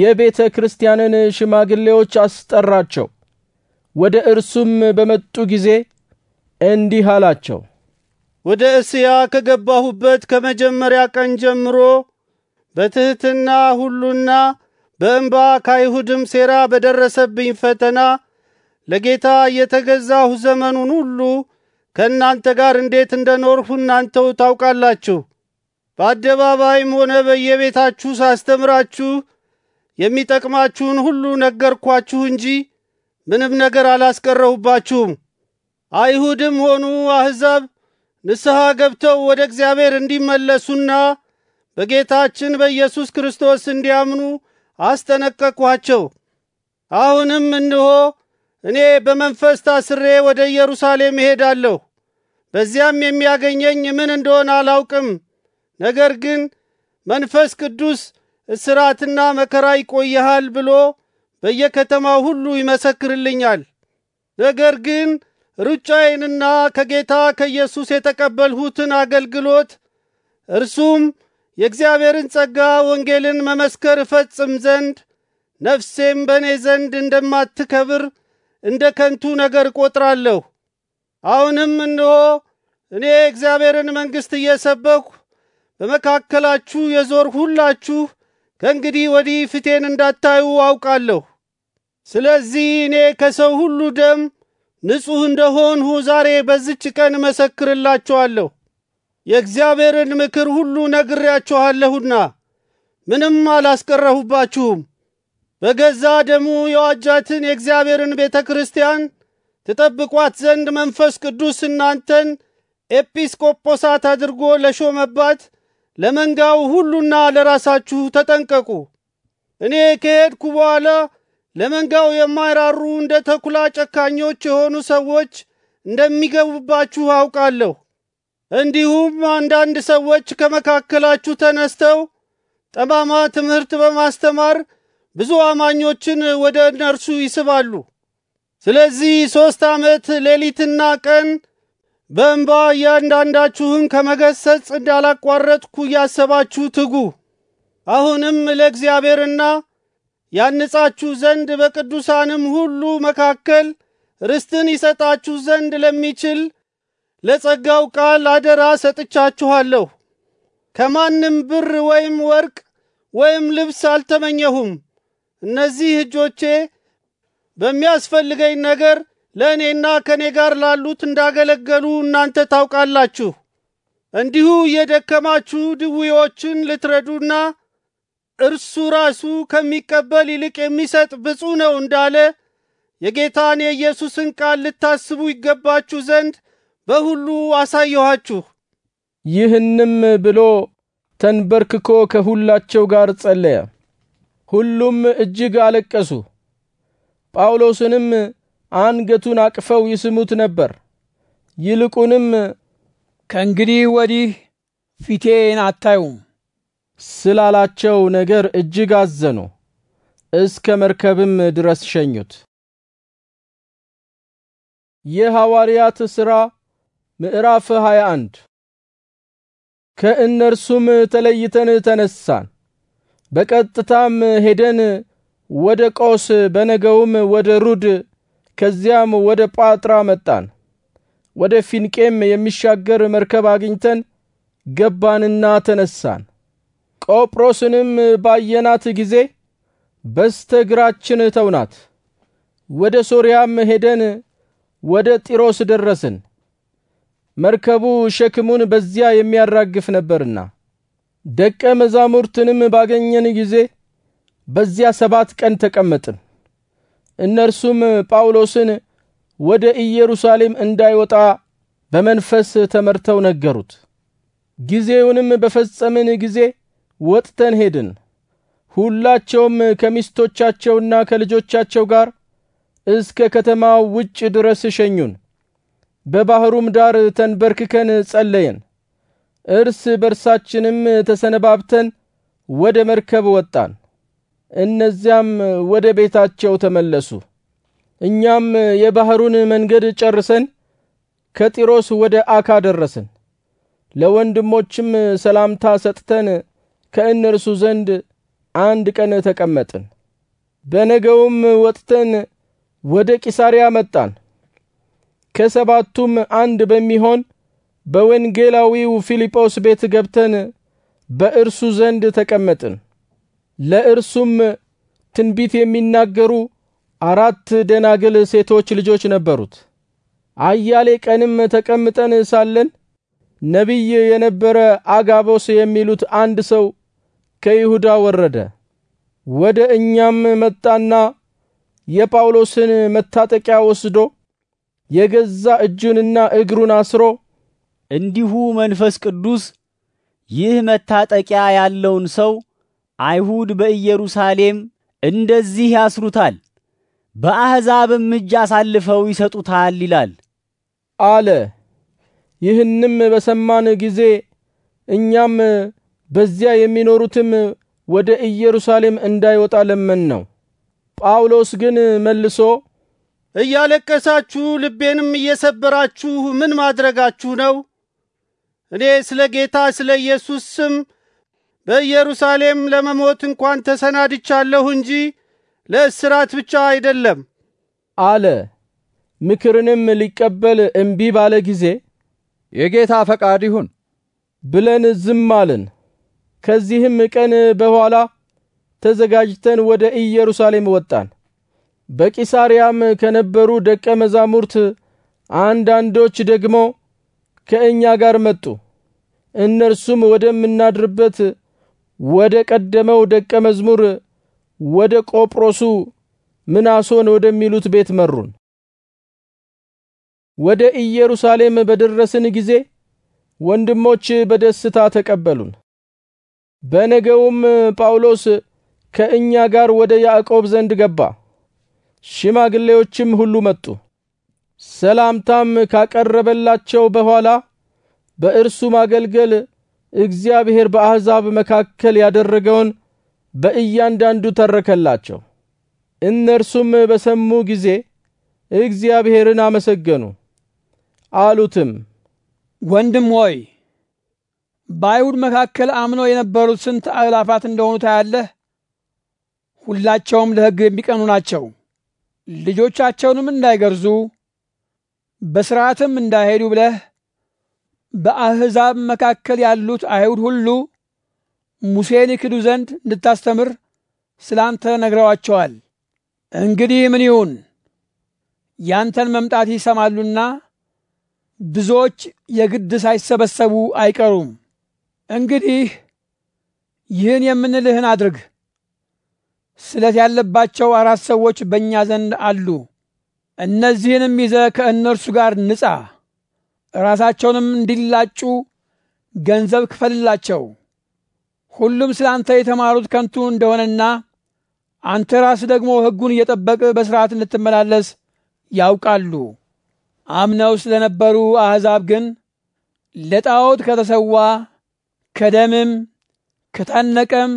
የቤተ ክርስቲያንን ሽማግሌዎች አስጠራቸው። ወደ እርሱም በመጡ ጊዜ እንዲህ አላቸው፣ ወደ እስያ ከገባሁበት ከመጀመሪያ ቀን ጀምሮ በትሕትና ሁሉና በእንባ ከአይሁድም ሴራ በደረሰብኝ ፈተና ለጌታ የተገዛሁ ዘመኑን ሁሉ ከእናንተ ጋር እንዴት እንደኖርሁ እናንተው ታውቃላችሁ። በአደባባይም ሆነ በየቤታችሁ ሳስተምራችሁ የሚጠቅማችሁን ሁሉ ነገርኳችሁ እንጂ ምንም ነገር አላስቀረሁባችሁም። አይሁድም ሆኑ አሕዛብ ንስሐ ገብተው ወደ እግዚአብሔር እንዲመለሱና በጌታችን በኢየሱስ ክርስቶስ እንዲያምኑ አስጠነቀቅኋቸው። አሁንም እንሆ እኔ በመንፈስ ታስሬ ወደ ኢየሩሳሌም እሄዳለሁ። በዚያም የሚያገኘኝ ምን እንደሆነ አላውቅም ነገር ግን መንፈስ ቅዱስ እስራትና መከራ ይቆይሃል ብሎ በየከተማው ሁሉ ይመሰክርልኛል። ነገር ግን ሩጫዬንና ከጌታ ከኢየሱስ የተቀበልሁትን አገልግሎት እርሱም የእግዚአብሔርን ጸጋ ወንጌልን መመስከር እፈጽም ዘንድ ነፍሴም በእኔ ዘንድ እንደማትከብር እንደ ከንቱ ነገር እቈጥራለሁ። አሁንም እንሆ እኔ የእግዚአብሔርን መንግሥት እየሰበኩ በመካከላችሁ የዞር ሁላችሁ ከእንግዲህ ወዲህ ፊቴን እንዳታዩ አውቃለሁ። ስለዚህ እኔ ከሰው ሁሉ ደም ንጹሕ እንደሆንሁ ዛሬ በዝች ቀን እመሰክርላችኋለሁ። የእግዚአብሔርን ምክር ሁሉ ነግሬያችኋለሁና ምንም አላስቀረሁባችሁም። በገዛ ደሙ የዋጃትን የእግዚአብሔርን ቤተ ክርስቲያን ትጠብቋት ዘንድ መንፈስ ቅዱስ እናንተን ኤጲስቆጶሳት አድርጎ ለሾመባት ለመንጋው ሁሉና ለራሳችሁ ተጠንቀቁ። እኔ ከሄድኩ በኋላ ለመንጋው የማይራሩ እንደ ተኩላ ጨካኞች የሆኑ ሰዎች እንደሚገቡባችሁ አውቃለሁ። እንዲሁም አንዳንድ ሰዎች ከመካከላችሁ ተነስተው ጠማማ ትምህርት በማስተማር ብዙ አማኞችን ወደ እነርሱ ይስባሉ። ስለዚህ ሶስት ዓመት ሌሊትና ቀን በእንባ እያንዳንዳችሁን ከመገሰጽ እንዳላቋረጥኩ እያሰባችሁ ትጉ። አሁንም ለእግዚአብሔርና ያንጻችሁ ዘንድ በቅዱሳንም ሁሉ መካከል ርስትን ይሰጣችሁ ዘንድ ለሚችል ለጸጋው ቃል አደራ ሰጥቻችኋለሁ። ከማንም ብር ወይም ወርቅ ወይም ልብስ አልተመኘሁም። እነዚህ እጆቼ በሚያስፈልገኝ ነገር ለእኔና ከእኔ ጋር ላሉት እንዳገለገሉ እናንተ ታውቃላችሁ። እንዲሁ የደከማችሁ ድዌዎችን ልትረዱና እርሱ ራሱ ከሚቀበል ይልቅ የሚሰጥ ብፁ ነው እንዳለ የጌታን የኢየሱስን ቃል ልታስቡ ይገባችሁ ዘንድ በሁሉ አሳየኋችሁ። ይህንም ብሎ ተንበርክኮ ከሁላቸው ጋር ጸለየ። ሁሉም እጅግ አለቀሱ። ጳውሎስንም አንገቱን አቅፈው ይስሙት ነበር። ይልቁንም ከእንግዲህ ወዲህ ፊቴን አታዩም ስላላቸው ነገር እጅግ አዘኑ። እስከ መርከብም ድረስ ሸኙት። የሐዋርያት ሥራ ምዕራፍ 21 ከእነርሱም ተለይተን ተነሳን። በቀጥታም ሄደን ወደ ቆስ በነገውም ወደ ሩድ ከዚያም ወደ ጳጥራ መጣን። ወደ ፊንቄም የሚሻገር መርከብ አግኝተን ገባንና ተነሳን። ቆጵሮስንም ባየናት ጊዜ በስተ ግራችን ተውናት። ወደ ሶርያም ሄደን ወደ ጢሮስ ደረስን። መርከቡ ሸክሙን በዚያ የሚያራግፍ ነበርና ደቀ መዛሙርትንም ባገኘን ጊዜ በዚያ ሰባት ቀን ተቀመጥን። እነርሱም ጳውሎስን ወደ ኢየሩሳሌም እንዳይወጣ በመንፈስ ተመርተው ነገሩት። ጊዜውንም በፈጸምን ጊዜ ወጥተን ሄድን። ሁላቸውም ከሚስቶቻቸውና ከልጆቻቸው ጋር እስከ ከተማው ውጭ ድረስ ሸኙን። በባሕሩም ዳር ተንበርክከን ጸለየን። እርስ በርሳችንም ተሰነባብተን ወደ መርከብ ወጣን። እነዚያም ወደ ቤታቸው ተመለሱ። እኛም የባህሩን መንገድ ጨርሰን ከጢሮስ ወደ አካ ደረስን። ለወንድሞችም ሰላምታ ሰጥተን ከእነርሱ ዘንድ አንድ ቀን ተቀመጥን። በነገውም ወጥተን ወደ ቂሳሪያ መጣን። ከሰባቱም አንድ በሚሆን በወንጌላዊው ፊልጶስ ቤት ገብተን በእርሱ ዘንድ ተቀመጥን። ለእርሱም ትንቢት የሚናገሩ አራት ደናግል ሴቶች ልጆች ነበሩት። አያሌ ቀንም ተቀምጠን ሳለን ነቢይ የነበረ አጋቦስ የሚሉት አንድ ሰው ከይሁዳ ወረደ። ወደ እኛም መጣና የጳውሎስን መታጠቂያ ወስዶ የገዛ እጁንና እግሩን አስሮ እንዲሁ መንፈስ ቅዱስ ይህ መታጠቂያ ያለውን ሰው አይሁድ በኢየሩሳሌም እንደዚህ ያስሩታል፣ በአሕዛብም እጅ አሳልፈው ይሰጡታል ይላል አለ። ይህንም በሰማን ጊዜ እኛም በዚያ የሚኖሩትም ወደ ኢየሩሳሌም እንዳይወጣ ለመን ነው። ጳውሎስ ግን መልሶ እያለቀሳችሁ ልቤንም እየሰበራችሁ ምን ማድረጋችሁ ነው? እኔ ስለ ጌታ ስለ ኢየሱስ ስም በኢየሩሳሌም ለመሞት እንኳን ተሰናድቻለሁ እንጂ ለእስራት ብቻ አይደለም አለ። ምክርንም ሊቀበል እምቢ ባለ ጊዜ የጌታ ፈቃድ ይሁን ብለን ዝም አልን። ከዚህም ቀን በኋላ ተዘጋጅተን ወደ ኢየሩሳሌም ወጣን። በቂሳርያም ከነበሩ ደቀ መዛሙርት አንዳንዶች ደግሞ ከእኛ ጋር መጡ። እነርሱም ወደምናድርበት ወደ ቀደመው ደቀ መዝሙር ወደ ቆጵሮሱ ምናሶን ወደሚሉት ቤት መሩን። ወደ ኢየሩሳሌም በደረስን ጊዜ ወንድሞች በደስታ ተቀበሉን። በነገውም ጳውሎስ ከእኛ ጋር ወደ ያዕቆብ ዘንድ ገባ። ሽማግሌዎችም ሁሉ መጡ። ሰላምታም ካቀረበላቸው በኋላ በእርሱ ማገልገል እግዚአብሔር በአሕዛብ መካከል ያደረገውን በእያንዳንዱ ተረከላቸው። እነርሱም በሰሙ ጊዜ እግዚአብሔርን አመሰገኑ። አሉትም ወንድም ሆይ በአይሁድ መካከል አምነው የነበሩት ስንት አእላፋት እንደሆኑ ታያለህ። ሁላቸውም ለሕግ የሚቀኑ ናቸው። ልጆቻቸውንም እንዳይገርዙ በሥርዓትም እንዳይሄዱ ብለህ በአሕዛብ መካከል ያሉት አይሁድ ሁሉ ሙሴን ይክዱ ዘንድ እንድታስተምር ስላንተ ነግረዋቸዋል። እንግዲህ ምን ይሁን? ያንተን መምጣት ይሰማሉና ብዙዎች የግድ ሳይሰበሰቡ አይቀሩም። እንግዲህ ይህን የምንልህን አድርግ። ስለት ያለባቸው አራት ሰዎች በእኛ ዘንድ አሉ። እነዚህንም ይዘ ከእነርሱ ጋር ንጻ። ራሳቸውንም እንዲላጩ ገንዘብ ክፈልላቸው። ሁሉም ስለ አንተ የተማሩት ከንቱ እንደሆነና አንተ ራስ ደግሞ ሕጉን እየጠበቅ በስርዓት እንድትመላለስ ያውቃሉ። አምነው ስለ ነበሩ አሕዛብ ግን ለጣዖት ከተሰዋ ከደምም ከታነቀም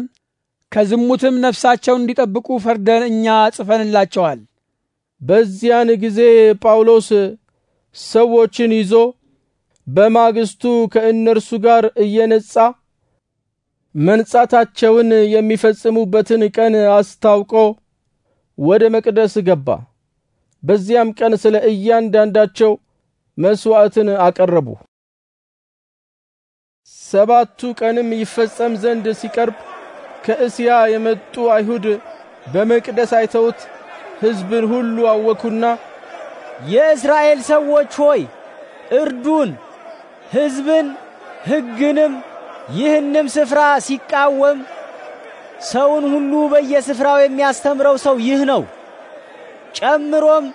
ከዝሙትም ነፍሳቸውን እንዲጠብቁ ፈርደን እኛ ጽፈንላቸዋል። በዚያን ጊዜ ጳውሎስ ሰዎችን ይዞ በማግስቱ ከእነርሱ ጋር እየነጻ መንጻታቸውን የሚፈጽሙበትን ቀን አስታውቆ ወደ መቅደስ ገባ። በዚያም ቀን ስለ እያንዳንዳቸው መስዋዕትን አቀረቡ። ሰባቱ ቀንም ይፈጸም ዘንድ ሲቀርብ ከእስያ የመጡ አይሁድ በመቅደስ አይተውት ሕዝብን ሁሉ አወኩና የእስራኤል ሰዎች ሆይ እርዱን ሕዝብን ሕግንም ይህንም ስፍራ ሲቃወም ሰውን ሁሉ በየስፍራው የሚያስተምረው ሰው ይህ ነው። ጨምሮም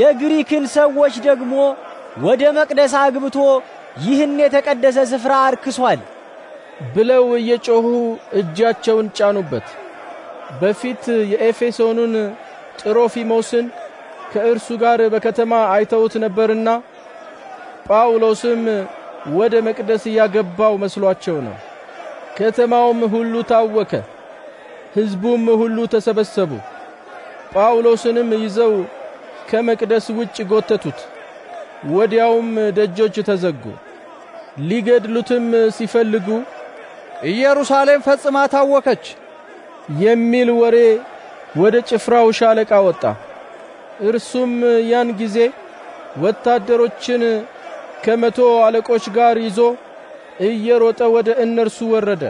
የግሪክን ሰዎች ደግሞ ወደ መቅደስ አግብቶ ይህን የተቀደሰ ስፍራ አርክሷል ብለው እየጮኹ እጃቸውን ጫኑበት። በፊት የኤፌሶኑን ጥሮፊሞስን ከእርሱ ጋር በከተማ አይተውት ነበርና ጳውሎስም ወደ መቅደስ እያገባው መስሏቸው ነው። ከተማውም ሁሉ ታወከ፣ ሕዝቡም ሁሉ ተሰበሰቡ። ጳውሎስንም ይዘው ከመቅደስ ውጭ ጎተቱት። ወዲያውም ደጆች ተዘጉ። ሊገድሉትም ሲፈልጉ ኢየሩሳሌም ፈጽማ ታወከች የሚል ወሬ ወደ ጭፍራው ሻለቃ ወጣ። እርሱም ያን ጊዜ ወታደሮችን ከመቶ አለቆች ጋር ይዞ እየሮጠ ወደ እነርሱ ወረደ።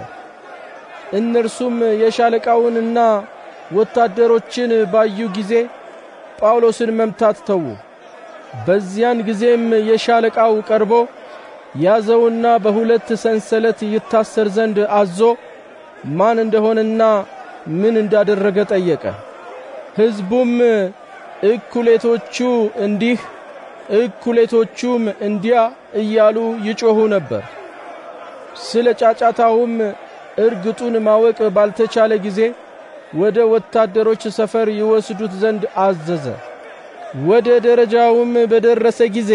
እነርሱም የሻለቃውንና ወታደሮችን ባዩ ጊዜ ጳውሎስን መምታት ተዉ። በዚያን ጊዜም የሻለቃው ቀርቦ ያዘውና በሁለት ሰንሰለት ይታሰር ዘንድ አዞ ማን እንደሆነና ምን እንዳደረገ ጠየቀ። ሕዝቡም እኩሌቶቹ እንዲህ እኩሌቶቹም እንዲያ እያሉ ይጮኹ ነበር። ስለ ጫጫታውም እርግጡን ማወቅ ባልተቻለ ጊዜ ወደ ወታደሮች ሰፈር ይወስዱት ዘንድ አዘዘ። ወደ ደረጃውም በደረሰ ጊዜ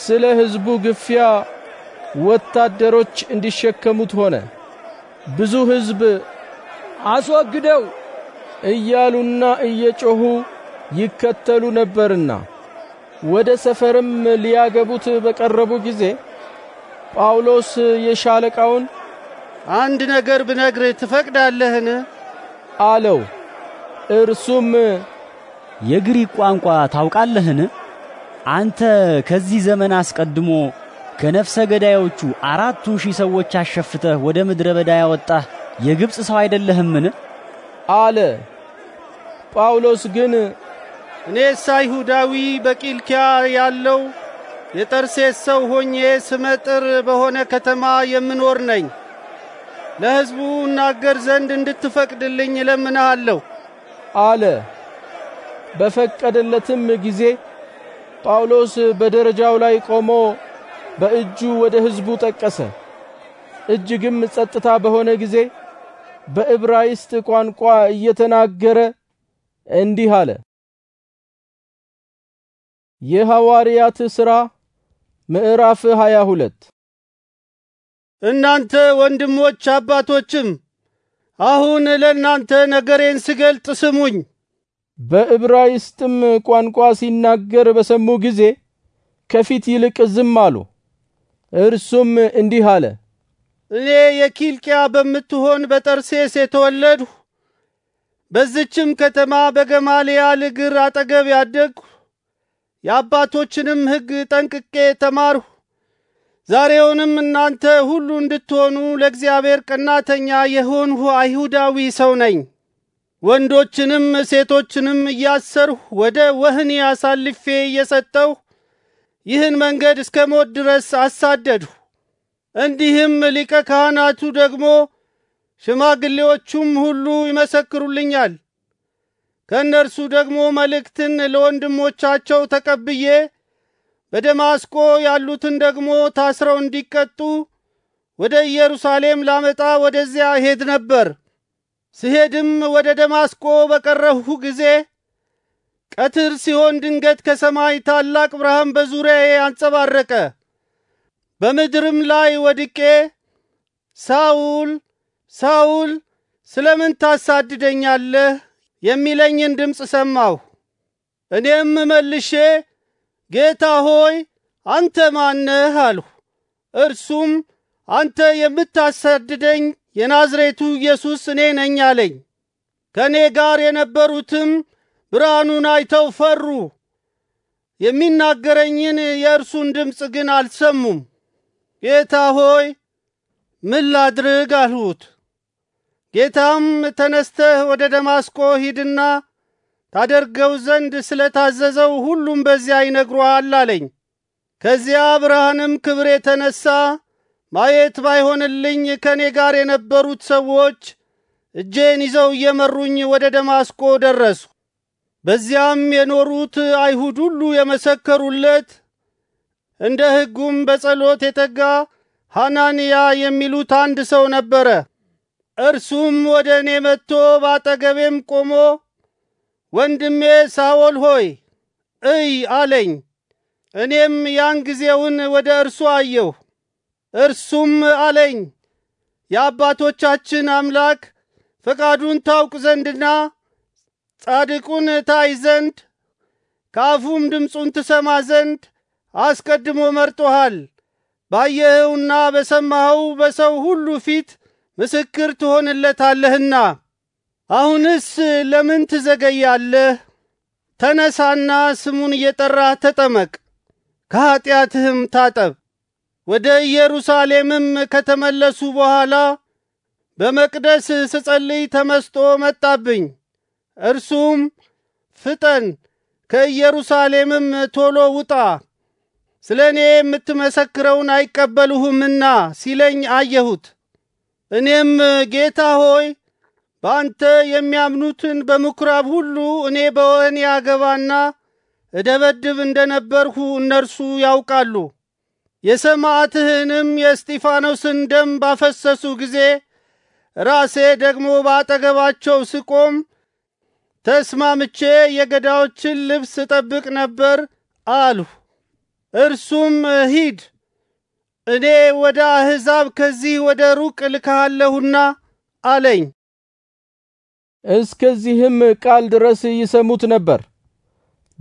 ስለ ሕዝቡ ግፊያ ወታደሮች እንዲሸከሙት ሆነ። ብዙ ሕዝብ አስወግደው እያሉና እየጮኹ ይከተሉ ነበርና ወደ ሰፈርም ሊያገቡት በቀረቡ ጊዜ ጳውሎስ የሻለቃውን አንድ ነገር ብነግር ትፈቅዳለህን? አለው። እርሱም የግሪክ ቋንቋ ታውቃለህን? አንተ ከዚህ ዘመን አስቀድሞ ከነፍሰ ገዳዮቹ አራቱ ሺህ ሰዎች አሸፍተህ ወደ ምድረ በዳ ያወጣህ የግብፅ ሰው አይደለህምን? አለ። ጳውሎስ ግን እኔስ አይሁዳዊ በቂልኪያ ያለው የጠርሴስ ሰው ሆኜ ስመጥር በሆነ ከተማ የምኖር ነኝ። ለሕዝቡ እናገር ዘንድ እንድትፈቅድልኝ እለምንሃለሁ አለ። በፈቀደለትም ጊዜ ጳውሎስ በደረጃው ላይ ቆሞ በእጁ ወደ ሕዝቡ ጠቀሰ። እጅግም ጸጥታ በሆነ ጊዜ በዕብራይስጥ ቋንቋ እየተናገረ እንዲህ አለ። የሐዋርያት ሥራ ምዕራፍ 22 እናንተ ወንድሞች አባቶችም አሁን ለእናንተ ነገሬን ስገልጥ ስሙኝ። በዕብራይስጥም ቋንቋ ሲናገር በሰሙ ጊዜ ከፊት ይልቅ ዝም አሉ። እርሱም እንዲህ አለ። እኔ የኪልቅያ በምትሆን በጠርሴስ የተወለድሁ በዝችም ከተማ በገማልያል እግር አጠገብ ያደግሁ የአባቶችንም ሕግ ጠንቅቄ ተማርሁ። ዛሬውንም እናንተ ሁሉ እንድትሆኑ ለእግዚአብሔር ቀናተኛ የሆንሁ አይሁዳዊ ሰው ነኝ። ወንዶችንም ሴቶችንም እያሰርሁ ወደ ወህኒ አሳልፌ እየሰጠሁ ይህን መንገድ እስከ ሞት ድረስ አሳደድሁ። እንዲህም ሊቀ ካህናቱ ደግሞ ሽማግሌዎቹም ሁሉ ይመሰክሩልኛል። ከእነርሱ ደግሞ መልእክትን ለወንድሞቻቸው ተቀብዬ በደማስቆ ያሉትን ደግሞ ታስረው እንዲቀጡ ወደ ኢየሩሳሌም ላመጣ ወደዚያ ሄድ ነበር። ስሄድም ወደ ደማስቆ በቀረሁ ጊዜ ቀትር ሲሆን ድንገት ከሰማይ ታላቅ ብርሃን በዙሪያዬ አንጸባረቀ። በምድርም ላይ ወድቄ ሳውል ሳውል ስለምን ታሳድደኛለህ የሚለኝን ድምፅ ሰማሁ። እኔም መልሼ ጌታ ሆይ አንተ ማነህ አልሁ። እርሱም አንተ የምታሳድደኝ የናዝሬቱ ኢየሱስ እኔ ነኝ አለኝ። ከእኔ ጋር የነበሩትም ብርሃኑን አይተው ፈሩ። የሚናገረኝን የእርሱን ድምፅ ግን አልሰሙም። ጌታ ሆይ ምን ላድርግ አልሁት። ጌታም ተነስተህ ወደ ደማስቆ ሂድና ታደርገው ዘንድ ስለ ታዘዘው ሁሉም በዚያ ይነግሮሃል አለኝ። ከዚያ ብርሃንም ክብር የተነሳ ማየት ባይሆንልኝ ከኔ ጋር የነበሩት ሰዎች እጄን ይዘው እየመሩኝ ወደ ደማስቆ ደረሱ። በዚያም የኖሩት አይሁድ ሁሉ የመሰከሩለት እንደ ሕጉም በጸሎት የተጋ ሐናንያ የሚሉት አንድ ሰው ነበረ። እርሱም ወደ እኔ መጥቶ ባጠገቤም ቆሞ ወንድሜ ሳኦል ሆይ እይ አለኝ። እኔም ያን ጊዜውን ወደ እርሱ አየሁ። እርሱም አለኝ የአባቶቻችን አምላክ ፈቃዱን ታውቅ ዘንድና ጻድቁን ታይ ዘንድ ከአፉም ድምፁን ትሰማ ዘንድ አስቀድሞ መርጦሃል። ባየኸውና በሰማኸው በሰው ሁሉ ፊት ምስክር ትሆንለታለህና አሁንስ ለምን ትዘገያለህ? ተነሳና ስሙን እየጠራህ ተጠመቅ፣ ከኀጢአትህም ታጠብ። ወደ ኢየሩሳሌምም ከተመለሱ በኋላ በመቅደስ ስጸልይ ተመስጦ መጣብኝ። እርሱም ፍጠን፣ ከኢየሩሳሌምም ቶሎ ውጣ፣ ስለ እኔ የምትመሰክረውን አይቀበሉሁምና ሲለኝ አየሁት። እኔም ጌታ ሆይ በአንተ የሚያምኑትን በምኩራብ ሁሉ እኔ በወህኒ አገባና እደበድብ እንደ ነበርሁ እነርሱ ያውቃሉ። የሰማዕትህንም የእስጢፋኖስን ደም ባፈሰሱ ጊዜ ራሴ ደግሞ በአጠገባቸው ስቆም ተስማምቼ የገዳዮችን ልብስ እጠብቅ ነበር አልሁ። እርሱም ሂድ እኔ ወደ አሕዛብ ከዚህ ወደ ሩቅ ልካሃለሁና አለኝ። እስከዚህም ቃል ድረስ ይሰሙት ነበር።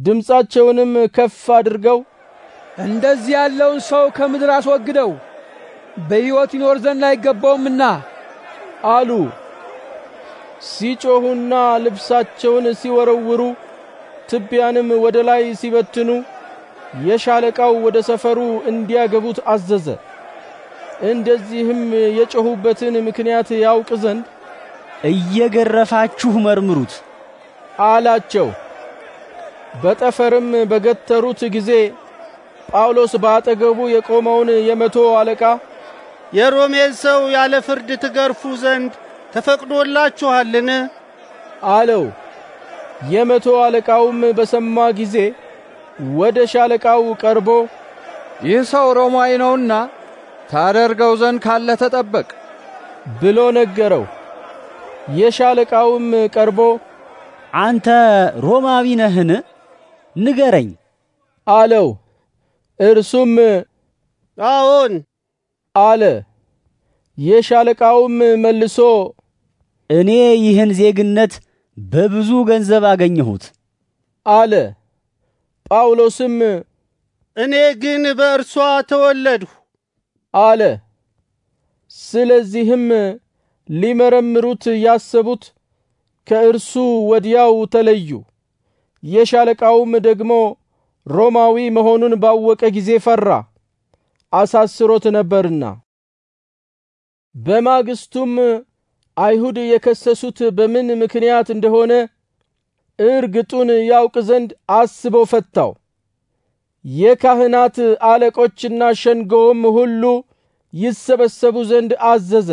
ድምፃቸውንም ከፍ አድርገው እንደዚህ ያለውን ሰው ከምድር አስወግደው በሕይወት ይኖር ዘንድ አይገባውምና አሉ። ሲጮኹና ልብሳቸውን ሲወረውሩ ትቢያንም ወደ ላይ ሲበትኑ የሻለቃው ወደ ሰፈሩ እንዲያገቡት አዘዘ። እንደዚህም የጮኹበትን ምክንያት ያውቅ ዘንድ እየገረፋችሁ መርምሩት አላቸው። በጠፈርም በገተሩት ጊዜ ጳውሎስ በአጠገቡ የቆመውን የመቶ አለቃ የሮሜን ሰው ያለ ፍርድ ትገርፉ ዘንድ ተፈቅዶላችኋልን? አለው። የመቶ አለቃውም በሰማ ጊዜ ወደ ሻለቃው ቀርቦ ይህ ሰው ሮማዊ ነውና ታደርገው ዘንድ ካለ ተጠበቅ ብሎ ነገረው። የሻለቃውም ቀርቦ አንተ ሮማዊ ነህን? ንገረኝ አለው። እርሱም አዎን አለ። የሻለቃውም መልሶ እኔ ይህን ዜግነት በብዙ ገንዘብ አገኘሁት አለ። ጳውሎስም እኔ ግን በእርሷ ተወለድሁ አለ። ስለዚህም ሊመረምሩት ያሰቡት ከእርሱ ወዲያው ተለዩ። የሻለቃውም ደግሞ ሮማዊ መሆኑን ባወቀ ጊዜ ፈራ፣ አሳስሮት ነበርና። በማግስቱም አይሁድ የከሰሱት በምን ምክንያት እንደሆነ እርግጡን ያውቅ ዘንድ አስቦ ፈታው። የካህናት አለቆችና ሸንጎውም ሁሉ ይሰበሰቡ ዘንድ አዘዘ።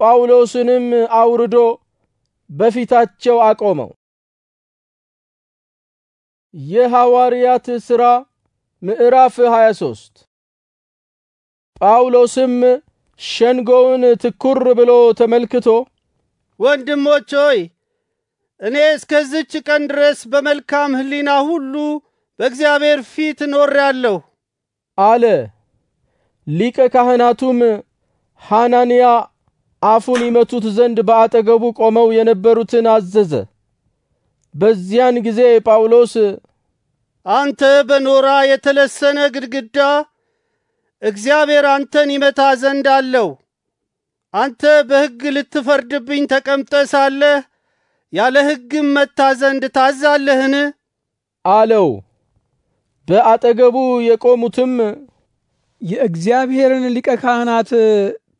ጳውሎስንም አውርዶ በፊታቸው አቆመው። የሐዋርያት ሥራ ምዕራፍ 23 ጳውሎስም ሸንጎውን ትኩር ብሎ ተመልክቶ ወንድሞች ሆይ እኔ እስከዚች ቀን ድረስ በመልካም ሕሊና ሁሉ በእግዚአብሔር ፊት ያለሁ! አለ። ሊቀ ካህናቱም ሐናንያ አፉን ይመቱት ዘንድ በአጠገቡ ቆመው የነበሩትን አዘዘ። በዚያን ጊዜ ጳውሎስ አንተ በኖራ የተለሰነ ግድግዳ እግዚአብሔር አንተን ይመታ ዘንድ አለው። አንተ በሕግ ልትፈርድብኝ ተቀምጠ ሳለህ ያለ ሕግም መታ ዘንድ ታዛለህን? አለው። በአጠገቡ የቆሙትም የእግዚአብሔርን ሊቀ ካህናት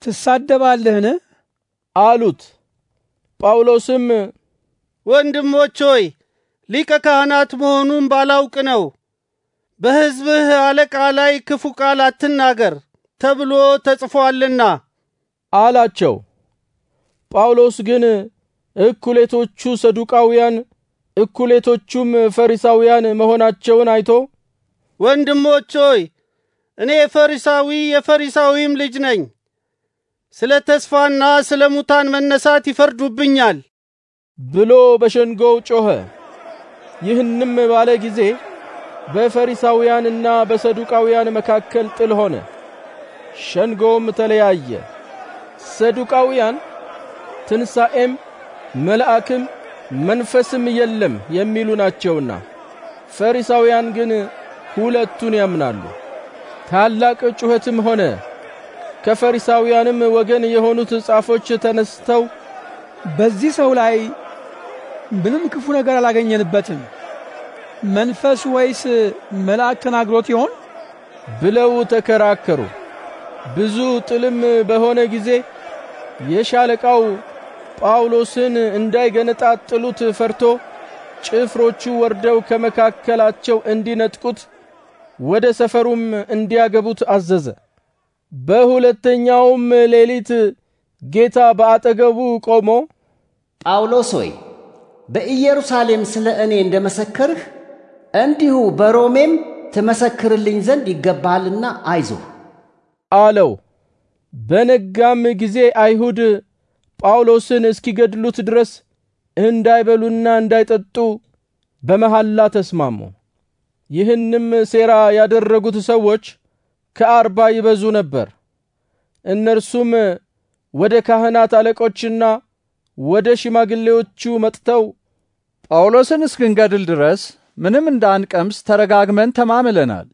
ትሳደባለህን? አሉት። ጳውሎስም ወንድሞች ሆይ ሊቀ ካህናት መሆኑን ባላውቅ ነው፣ በሕዝብህ አለቃ ላይ ክፉ ቃል አትናገር ተብሎ ተጽፏልና አላቸው። ጳውሎስ ግን እኩሌቶቹ ሰዱቃውያን እኩሌቶቹም ፈሪሳውያን መሆናቸውን አይቶ ወንድሞች ሆይ እኔ ፈሪሳዊ የፈሪሳዊም ልጅ ነኝ፣ ስለ ተስፋና ስለ ሙታን መነሳት ይፈርዱብኛል ብሎ በሸንጎው ጮኸ። ይህንም ባለ ጊዜ በፈሪሳውያንና በሰዱቃውያን መካከል ጥል ሆነ፣ ሸንጎውም ተለያየ። ሰዱቃውያን ትንሣኤም መልአክም መንፈስም የለም የሚሉ ናቸውና። ፈሪሳውያን ግን ሁለቱን ያምናሉ። ታላቅ ጩኸትም ሆነ። ከፈሪሳውያንም ወገን የሆኑት ጻፎች ተነስተው በዚህ ሰው ላይ ምንም ክፉ ነገር አላገኘንበትም፣ መንፈስ ወይስ መልአክ ተናግሮት ይሆን ብለው ተከራከሩ። ብዙ ጥልም በሆነ ጊዜ የሻለቃው ጳውሎስን እንዳይገነጣጥሉት ፈርቶ ጭፍሮቹ ወርደው ከመካከላቸው እንዲነጥቁት ወደ ሰፈሩም እንዲያገቡት አዘዘ። በሁለተኛውም ሌሊት ጌታ በአጠገቡ ቆሞ ጳውሎስ ሆይ በኢየሩሳሌም ስለ እኔ እንደ መሰከርህ እንዲሁ በሮሜም ትመሰክርልኝ ዘንድ ይገባሃልና አይዞ አለው። በነጋም ጊዜ አይሁድ ጳውሎስን እስኪገድሉት ድረስ እንዳይበሉና እንዳይጠጡ በመሐላ ተስማሙ። ይህንም ሴራ ያደረጉት ሰዎች ከአርባ ይበዙ ነበር። እነርሱም ወደ ካህናት አለቆችና ወደ ሽማግሌዎቹ መጥተው ጳውሎስን እስክንገድል ድረስ ምንም እንዳንቀምስ ተረጋግመን ተማምለናል።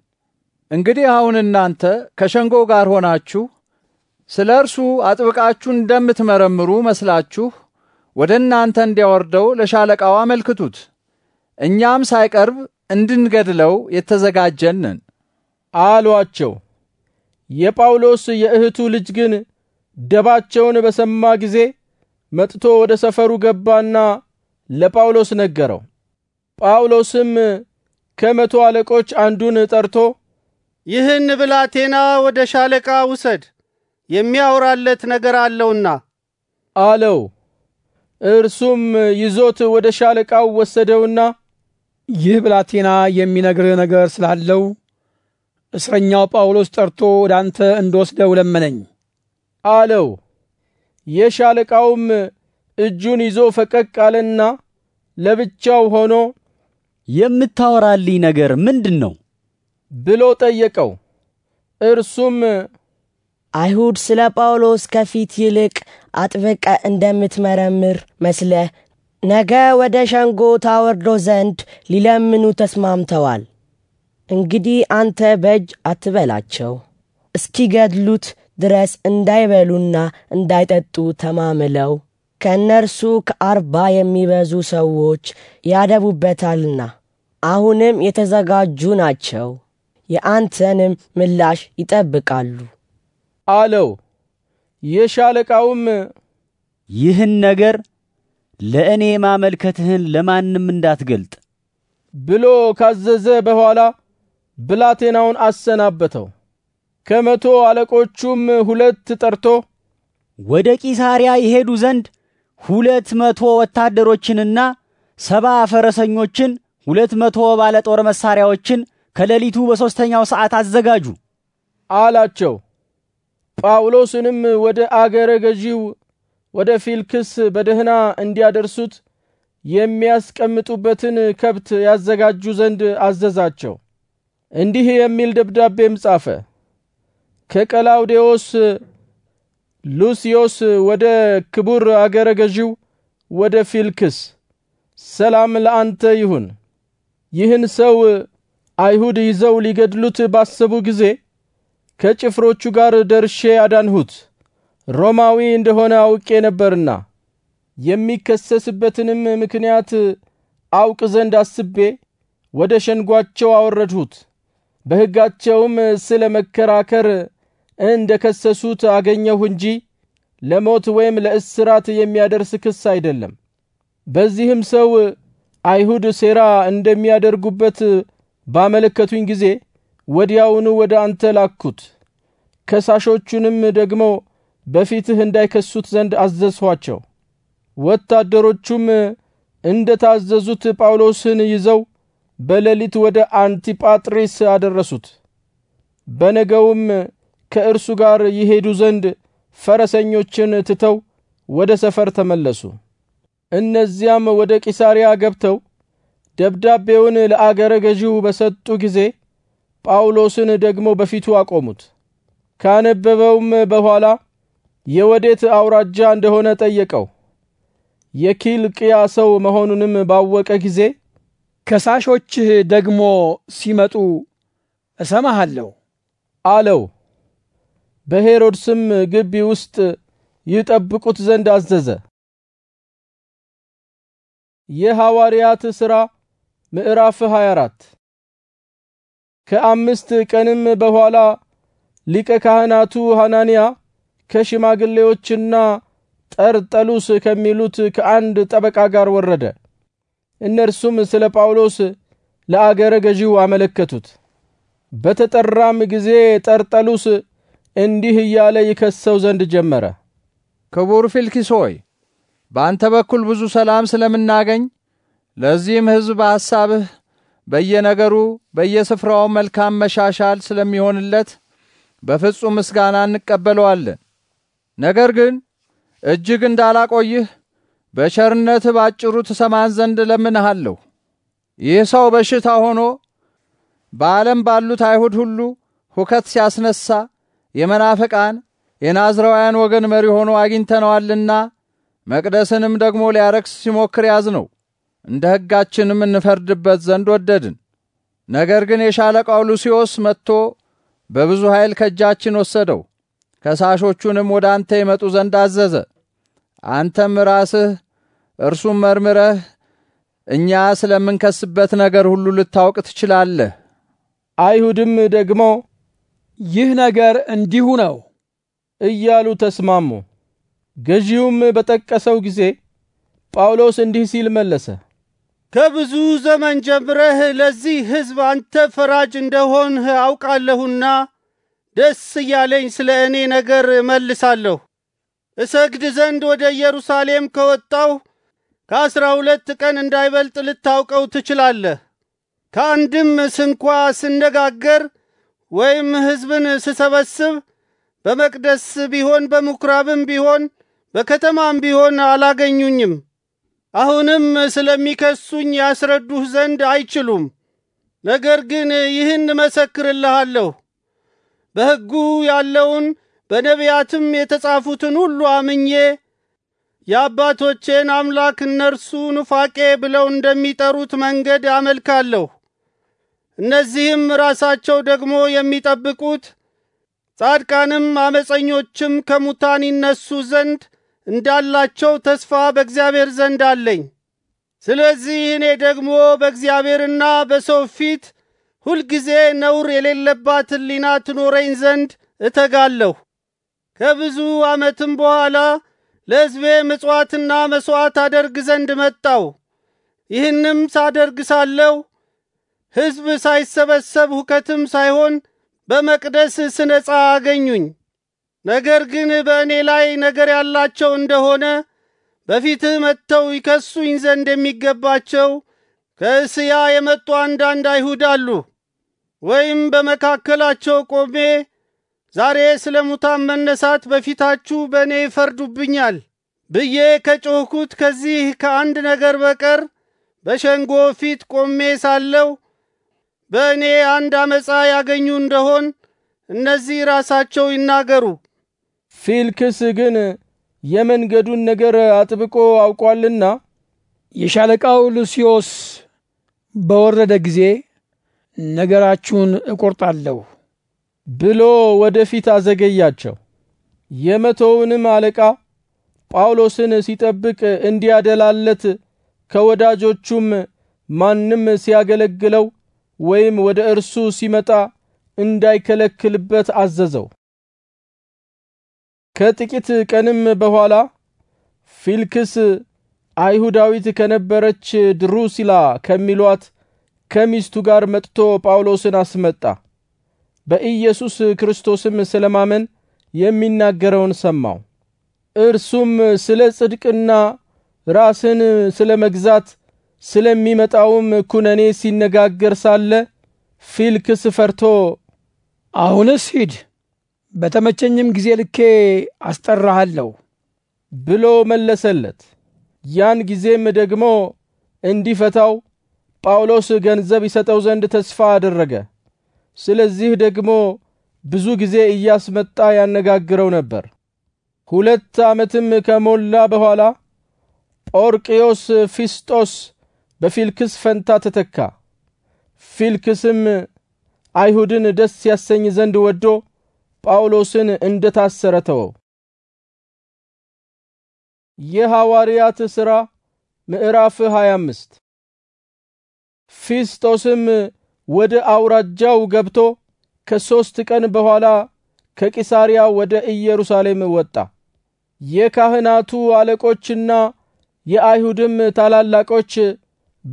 እንግዲህ አሁን እናንተ ከሸንጎ ጋር ሆናችሁ ስለ እርሱ አጥብቃችሁ እንደምትመረምሩ መስላችሁ ወደ እናንተ እንዲያወርደው ለሻለቃው አመልክቱት። እኛም ሳይቀርብ እንድንገድለው የተዘጋጀንን አሏቸው። የጳውሎስ የእህቱ ልጅ ግን ደባቸውን በሰማ ጊዜ መጥቶ ወደ ሰፈሩ ገባና ለጳውሎስ ነገረው። ጳውሎስም ከመቶ አለቆች አንዱን ጠርቶ ይህን ብላቴና ወደ ሻለቃ ውሰድ የሚያወራለት ነገር አለውና አለው። እርሱም ይዞት ወደ ሻለቃው ወሰደውና ይህ ብላቴና የሚነግር ነገር ስላለው እስረኛው ጳውሎስ ጠርቶ ወደ አንተ እንደወስደው ለመነኝ አለው። የሻለቃውም እጁን ይዞ ፈቀቅ አለና ለብቻው ሆኖ የምታወራልኝ ነገር ምንድን ነው ብሎ ጠየቀው። እርሱም አይሁድ ስለ ጳውሎስ ከፊት ይልቅ አጥብቀ እንደምትመረምር መስለ ነገ ወደ ሸንጎ ታወርዶ ዘንድ ሊለምኑ ተስማምተዋል። እንግዲህ አንተ በእጅ አትበላቸው፣ እስኪገድሉት ድረስ እንዳይበሉና እንዳይጠጡ ተማምለው ከእነርሱ ከአርባ የሚበዙ ሰዎች ያደቡበታልና አሁንም የተዘጋጁ ናቸው። የአንተንም ምላሽ ይጠብቃሉ። አለው። የሻለቃውም ይህን ነገር ለእኔ ማመልከትህን ለማንም እንዳትገልጥ ብሎ ካዘዘ በኋላ ብላቴናውን አሰናበተው። ከመቶ አለቆቹም ሁለት ጠርቶ ወደ ቂሳሪያ ይሄዱ ዘንድ ሁለት መቶ ወታደሮችንና ሰባ ፈረሰኞችን፣ ሁለት መቶ ባለጦር መሳሪያዎችን ከሌሊቱ በሦስተኛው ሰዓት አዘጋጁ አላቸው። ጳውሎስንም ወደ አገረ ገዢው ወደ ፊልክስ በደህና እንዲያደርሱት የሚያስቀምጡበትን ከብት ያዘጋጁ ዘንድ አዘዛቸው። እንዲህ የሚል ደብዳቤም ጻፈ። ከቀላውዴዎስ ሉስዮስ ወደ ክቡር አገረ ገዢው ወደ ፊልክስ፣ ሰላም ለአንተ ይሁን። ይህን ሰው አይሁድ ይዘው ሊገድሉት ባሰቡ ጊዜ ከጭፍሮቹ ጋር ደርሼ አዳንሁት። ሮማዊ እንደሆነ አውቄ ነበርና የሚከሰስበትንም ምክንያት አውቅ ዘንድ አስቤ ወደ ሸንጓቸው አወረድሁት። በሕጋቸውም ስለ መከራከር እንደ ከሰሱት አገኘሁ እንጂ ለሞት ወይም ለእስራት የሚያደርስ ክስ አይደለም። በዚህም ሰው አይሁድ ሴራ እንደሚያደርጉበት ባመለከቱኝ ጊዜ ወዲያውኑ ወደ አንተ ላኩት። ከሳሾቹንም ደግሞ በፊትህ እንዳይከሱት ዘንድ አዘዝኋቸው። ወታደሮቹም እንደ ታዘዙት ጳውሎስን ይዘው በሌሊት ወደ አንቲጳጥሪስ አደረሱት። በነገውም ከእርሱ ጋር ይሄዱ ዘንድ ፈረሰኞችን ትተው ወደ ሰፈር ተመለሱ። እነዚያም ወደ ቂሳሪያ ገብተው ደብዳቤውን ለአገረ ገዢው በሰጡ ጊዜ ጳውሎስን ደግሞ በፊቱ አቆሙት። ካነበበውም በኋላ የወዴት አውራጃ እንደሆነ ጠየቀው። የኪልቅያ ሰው መሆኑንም ባወቀ ጊዜ ከሳሾችህ ደግሞ ሲመጡ እሰማሃለሁ አለው። በሄሮድስም ግቢ ውስጥ ይጠብቁት ዘንድ አዘዘ። የሐዋርያት ሥራ ምዕራፍ 24 ከአምስት ቀንም በኋላ ሊቀ ካህናቱ ሐናንያ ከሽማግሌዎችና ጠርጠሉስ ከሚሉት ከአንድ ጠበቃ ጋር ወረደ። እነርሱም ስለ ጳውሎስ ለአገረ ገዢው አመለከቱት። በተጠራም ጊዜ ጠርጠሉስ እንዲህ እያለ ይከሰው ዘንድ ጀመረ። ክቡር ፊልክስ ሆይ በአንተ በኩል ብዙ ሰላም ስለምናገኝ ለዚህም ሕዝብ በሐሳብህ በየነገሩ በየስፍራው መልካም መሻሻል ስለሚሆንለት በፍጹም ምስጋና እንቀበለዋለን። ነገር ግን እጅግ እንዳላቆይህ በቸርነት ባጭሩ ትሰማን ዘንድ እለምንሃለሁ። ይህ ሰው በሽታ ሆኖ በዓለም ባሉት አይሁድ ሁሉ ሁከት ሲያስነሳ የመናፍቃን የናዝራውያን ወገን መሪ ሆኖ አግኝተነዋልና መቅደስንም ደግሞ ሊያረክስ ሲሞክር ያዝ ነው። እንደ ሕጋችንም እንፈርድበት ዘንድ ወደድን። ነገር ግን የሻለቃው ሉሲዮስ መጥቶ በብዙ ኃይል ከእጃችን ወሰደው። ከሳሾቹንም ወደ አንተ ይመጡ ዘንድ አዘዘ። አንተም ራስህ እርሱም መርምረህ እኛ ስለምንከስበት ነገር ሁሉ ልታውቅ ትችላለህ። አይሁድም ደግሞ ይህ ነገር እንዲሁ ነው እያሉ ተስማሙ። ገዢውም በጠቀሰው ጊዜ ጳውሎስ እንዲህ ሲል መለሰ። ከብዙ ዘመን ጀምረህ ለዚህ ሕዝብ አንተ ፈራጅ እንደሆንህ አውቃለሁና ደስ እያለኝ ስለ እኔ ነገር እመልሳለሁ። እሰግድ ዘንድ ወደ ኢየሩሳሌም ከወጣሁ ከአስራ ሁለት ቀን እንዳይበልጥ ልታውቀው ትችላለህ። ከአንድም ስንኳ ስነጋገር ወይም ሕዝብን ስሰበስብ በመቅደስ ቢሆን በምኩራብም ቢሆን በከተማም ቢሆን አላገኙኝም። አሁንም ስለሚከሱኝ ያስረዱህ ዘንድ አይችሉም። ነገር ግን ይህን መሰክርልሃለሁ፣ በሕጉ ያለውን በነቢያትም የተጻፉትን ሁሉ አምኜ የአባቶቼን አምላክ እነርሱ ኑፋቄ ብለው እንደሚጠሩት መንገድ አመልካለሁ። እነዚህም ራሳቸው ደግሞ የሚጠብቁት ጻድቃንም አመፀኞችም ከሙታን ይነሱ ዘንድ እንዳላቸው ተስፋ በእግዚአብሔር ዘንድ አለኝ። ስለዚህ እኔ ደግሞ በእግዚአብሔርና በሰው ፊት ሁልጊዜ ነውር የሌለባት ሕሊና ትኖረኝ ዘንድ እተጋለሁ። ከብዙ ዓመትም በኋላ ለሕዝቤ ምጽዋትና መሥዋዕት አደርግ ዘንድ መጣው። ይህንም ሳደርግ ሳለው ሕዝብ ሳይሰበሰብ ሁከትም ሳይሆን በመቅደስ ስነጻ አገኙኝ። ነገር ግን በእኔ ላይ ነገር ያላቸው እንደሆነ በፊትህ መጥተው ይከሱኝ ዘንድ የሚገባቸው ከእስያ የመጡ አንዳንድ አይሁድ አሉ። ወይም በመካከላቸው ቆሜ ዛሬ ስለ ሙታን መነሳት በፊታችሁ በእኔ ይፈርዱብኛል ብዬ ከጮኽኩት ከዚህ ከአንድ ነገር በቀር በሸንጎ ፊት ቆሜ ሳለው በእኔ አንድ አመፃ ያገኙ እንደሆን እነዚህ ራሳቸው ይናገሩ። ፊልክስ ግን የመንገዱን ነገር አጥብቆ አውቋልና የሻለቃው ሉስዮስ በወረደ ጊዜ ነገራችሁን እቆርጣለሁ ብሎ ወደፊት አዘገያቸው። የመቶውንም አለቃ ጳውሎስን ሲጠብቅ እንዲያደላለት ከወዳጆቹም ማንም ሲያገለግለው ወይም ወደ እርሱ ሲመጣ እንዳይከለክልበት አዘዘው። ከጥቂት ቀንም በኋላ ፊልክስ አይሁዳዊት ከነበረች ድሩሲላ ከሚሏት ከሚስቱ ጋር መጥቶ ጳውሎስን አስመጣ። በኢየሱስ ክርስቶስም ስለማመን የሚናገረውን ሰማው። እርሱም ስለ ጽድቅና ራስን ስለ መግዛት ስለሚመጣውም ኩነኔ ሲነጋገር ሳለ ፊልክስ ፈርቶ አሁንስ ሂድ በተመቸኝም ጊዜ ልኬ አስጠራሃለሁ ብሎ መለሰለት። ያን ጊዜም ደግሞ እንዲፈታው ጳውሎስ ገንዘብ ይሰጠው ዘንድ ተስፋ አደረገ። ስለዚህ ደግሞ ብዙ ጊዜ እያስመጣ ያነጋግረው ነበር። ሁለት ዓመትም ከሞላ በኋላ ጶርቅዮስ ፊስጦስ በፊልክስ ፈንታ ተተካ። ፊልክስም አይሁድን ደስ ያሰኝ ዘንድ ወዶ ጳውሎስን እንደ ታሰረ ተወው። የሐዋርያት ሥራ ምዕራፍ 25 ፊስጦስም ወደ አውራጃው ገብቶ ከሦስት ቀን በኋላ ከቂሳሪያ ወደ ኢየሩሳሌም ወጣ። የካህናቱ አለቆችና የአይሁድም ታላላቆች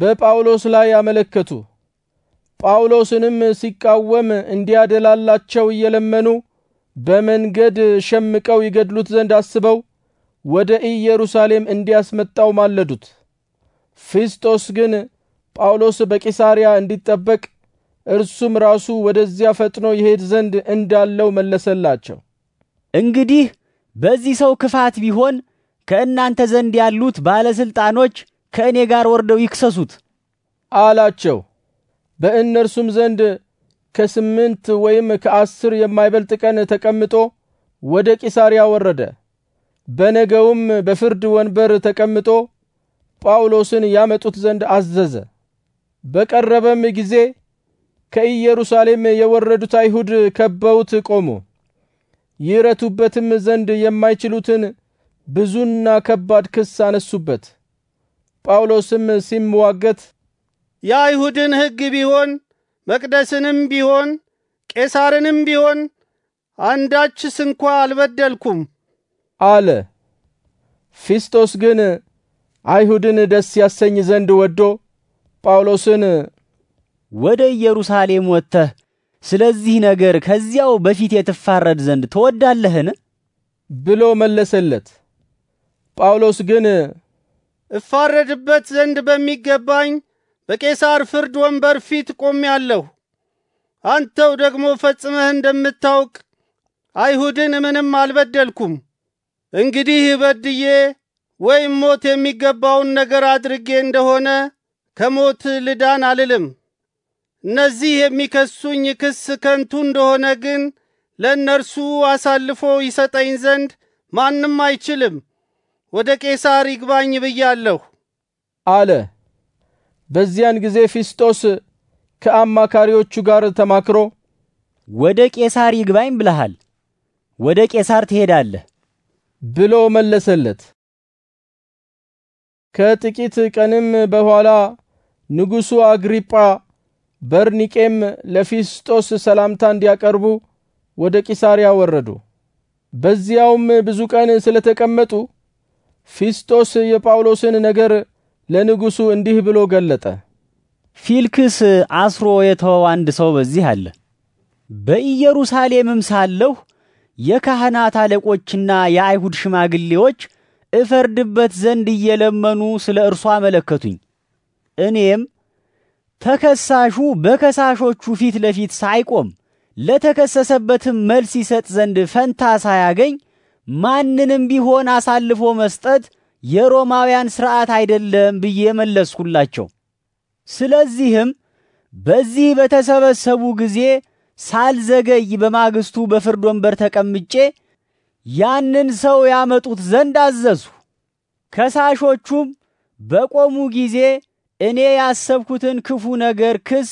በጳውሎስ ላይ አመለከቱ። ጳውሎስንም ሲቃወም እንዲያደላላቸው እየለመኑ በመንገድ ሸምቀው ይገድሉት ዘንድ አስበው ወደ ኢየሩሳሌም እንዲያስመጣው ማለዱት። ፊስጦስ ግን ጳውሎስ በቂሳርያ እንዲጠበቅ እርሱም ራሱ ወደዚያ ፈጥኖ ይሄድ ዘንድ እንዳለው መለሰላቸው። እንግዲህ በዚህ ሰው ክፋት ቢሆን ከእናንተ ዘንድ ያሉት ባለስልጣኖች ከእኔ ጋር ወርደው ይክሰሱት አላቸው። በእነርሱም ዘንድ ከስምንት ወይም ከአስር የማይበልጥ ቀን ተቀምጦ ወደ ቂሳርያ ወረደ። በነገውም በፍርድ ወንበር ተቀምጦ ጳውሎስን ያመጡት ዘንድ አዘዘ። በቀረበም ጊዜ ከኢየሩሳሌም የወረዱት አይሁድ ከበውት ቆሙ። ይረቱበትም ዘንድ የማይችሉትን ብዙና ከባድ ክስ አነሱበት። ጳውሎስም ሲምዋገት የአይሁድን ሕግ ቢሆን መቅደስንም ቢሆን ቄሳርንም ቢሆን አንዳች ስንኳ አልበደልኩም አለ። ፊስጦስ ግን አይሁድን ደስ ያሰኝ ዘንድ ወዶ ጳውሎስን ወደ ኢየሩሳሌም ወጥተህ ስለዚህ ነገር ከዚያው በፊት የትፋረድ ዘንድ ትወዳለህን? ብሎ መለሰለት። ጳውሎስ ግን እፋረድበት ዘንድ በሚገባኝ በቄሳር ፍርድ ወንበር ፊት ቆሜአለሁ። አንተው ደግሞ ፈጽመህ እንደምታውቅ አይሁድን ምንም አልበደልኩም። እንግዲህ በድዬ ወይም ሞት የሚገባውን ነገር አድርጌ እንደሆነ ከሞት ልዳን አልልም። እነዚህ የሚከሱኝ ክስ ከንቱ እንደሆነ ግን ለእነርሱ አሳልፎ ይሰጠኝ ዘንድ ማንም አይችልም። ወደ ቄሳር ይግባኝ ብያለሁ አለ። በዚያን ጊዜ ፊስጦስ ከአማካሪዎቹ ጋር ተማክሮ ወደ ቄሳር ይግባኝ ብለሃል፣ ወደ ቄሳር ትሄዳለህ ብሎ መለሰለት። ከጥቂት ቀንም በኋላ ንጉሡ አግሪጳ በርኒቄም ለፊስጦስ ሰላምታ እንዲያቀርቡ ወደ ቂሳርያ ወረዱ። በዚያውም ብዙ ቀን ስለተቀመጡ ፊስጦስ የጳውሎስን ነገር ለንጉሡ እንዲህ ብሎ ገለጠ። ፊልክስ አስሮ የተወው አንድ ሰው በዚህ አለ። በኢየሩሳሌምም ሳለሁ የካህናት አለቆችና የአይሁድ ሽማግሌዎች እፈርድበት ዘንድ እየለመኑ ስለ እርሱ አመለከቱኝ። እኔም ተከሳሹ በከሳሾቹ ፊት ለፊት ሳይቆም ለተከሰሰበትም መልስ ይሰጥ ዘንድ ፈንታ ሳያገኝ ማንንም ቢሆን አሳልፎ መስጠት የሮማውያን ሥርዓት አይደለም ብዬ መለስሁላቸው። ስለዚህም በዚህ በተሰበሰቡ ጊዜ ሳልዘገይ በማግስቱ በፍርድ ወንበር ተቀምጬ ያንን ሰው ያመጡት ዘንድ አዘዝሁ። ከሳሾቹም በቆሙ ጊዜ እኔ ያሰብኩትን ክፉ ነገር ክስ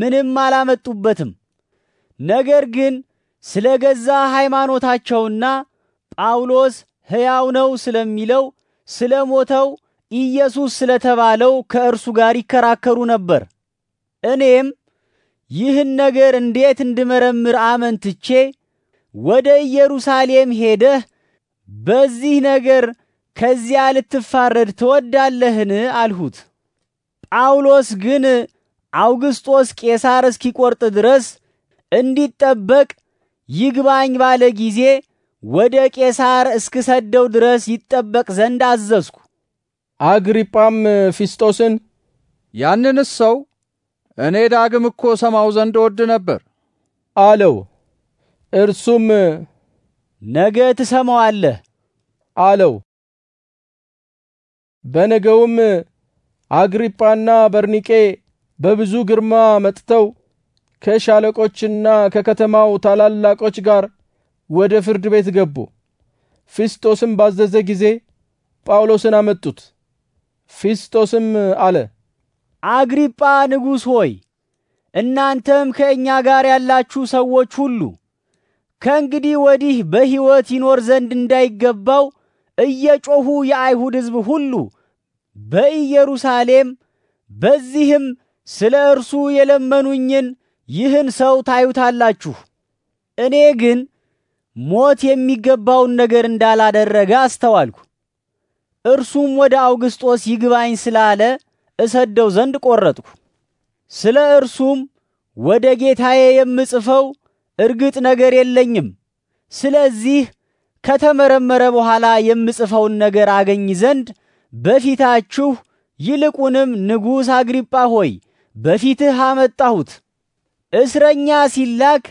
ምንም አላመጡበትም። ነገር ግን ስለ ገዛ ሃይማኖታቸውና ጳውሎስ ሕያው ነው ስለሚለው ስለ ሞተው ኢየሱስ ስለተባለው ከእርሱ ጋር ይከራከሩ ነበር። እኔም ይህን ነገር እንዴት እንድመረምር አመንትቼ ወደ ኢየሩሳሌም ሄደህ በዚህ ነገር ከዚያ ልትፋረድ ትወዳለህን? አልሁት። ጳውሎስ ግን አውግስጦስ ቄሳር እስኪቈርጥ ድረስ እንዲጠበቅ ይግባኝ ባለ ጊዜ ወደ ቄሳር እስክሰደው ድረስ ይጠበቅ ዘንድ አዘዝኩ። አግሪጳም ፊስጦስን ያንንስ ሰው እኔ ዳግም እኮ ሰማው ዘንድ ወድ ነበር አለው። እርሱም ነገ ትሰማዋለህ አለው። በነገውም አግሪጳና በርኒቄ በብዙ ግርማ መጥተው ከሻለቆችና ከከተማው ታላላቆች ጋር ወደ ፍርድ ቤት ገቡ። ፊስጦስም ባዘዘ ጊዜ ጳውሎስን አመጡት። ፊስጦስም አለ፣ አግሪጳ ንጉሥ ሆይ እናንተም ከእኛ ጋር ያላችሁ ሰዎች ሁሉ ከእንግዲህ ወዲህ በሕይወት ይኖር ዘንድ እንዳይገባው እየጮኹ የአይሁድ ሕዝብ ሁሉ በኢየሩሳሌም በዚህም ስለ እርሱ የለመኑኝን ይህን ሰው ታዩታላችሁ። እኔ ግን ሞት የሚገባውን ነገር እንዳላደረገ አስተዋልኩ። እርሱም ወደ አውግስጦስ ይግባኝ ስላለ እሰደው ዘንድ ቆረጥኩ። ስለ እርሱም ወደ ጌታዬ የምጽፈው እርግጥ ነገር የለኝም። ስለዚህ ከተመረመረ በኋላ የምጽፈውን ነገር አገኝ ዘንድ በፊታችሁ ይልቁንም ንጉሥ አግሪጳ ሆይ በፊትህ አመጣሁት። እስረኛ ሲላክ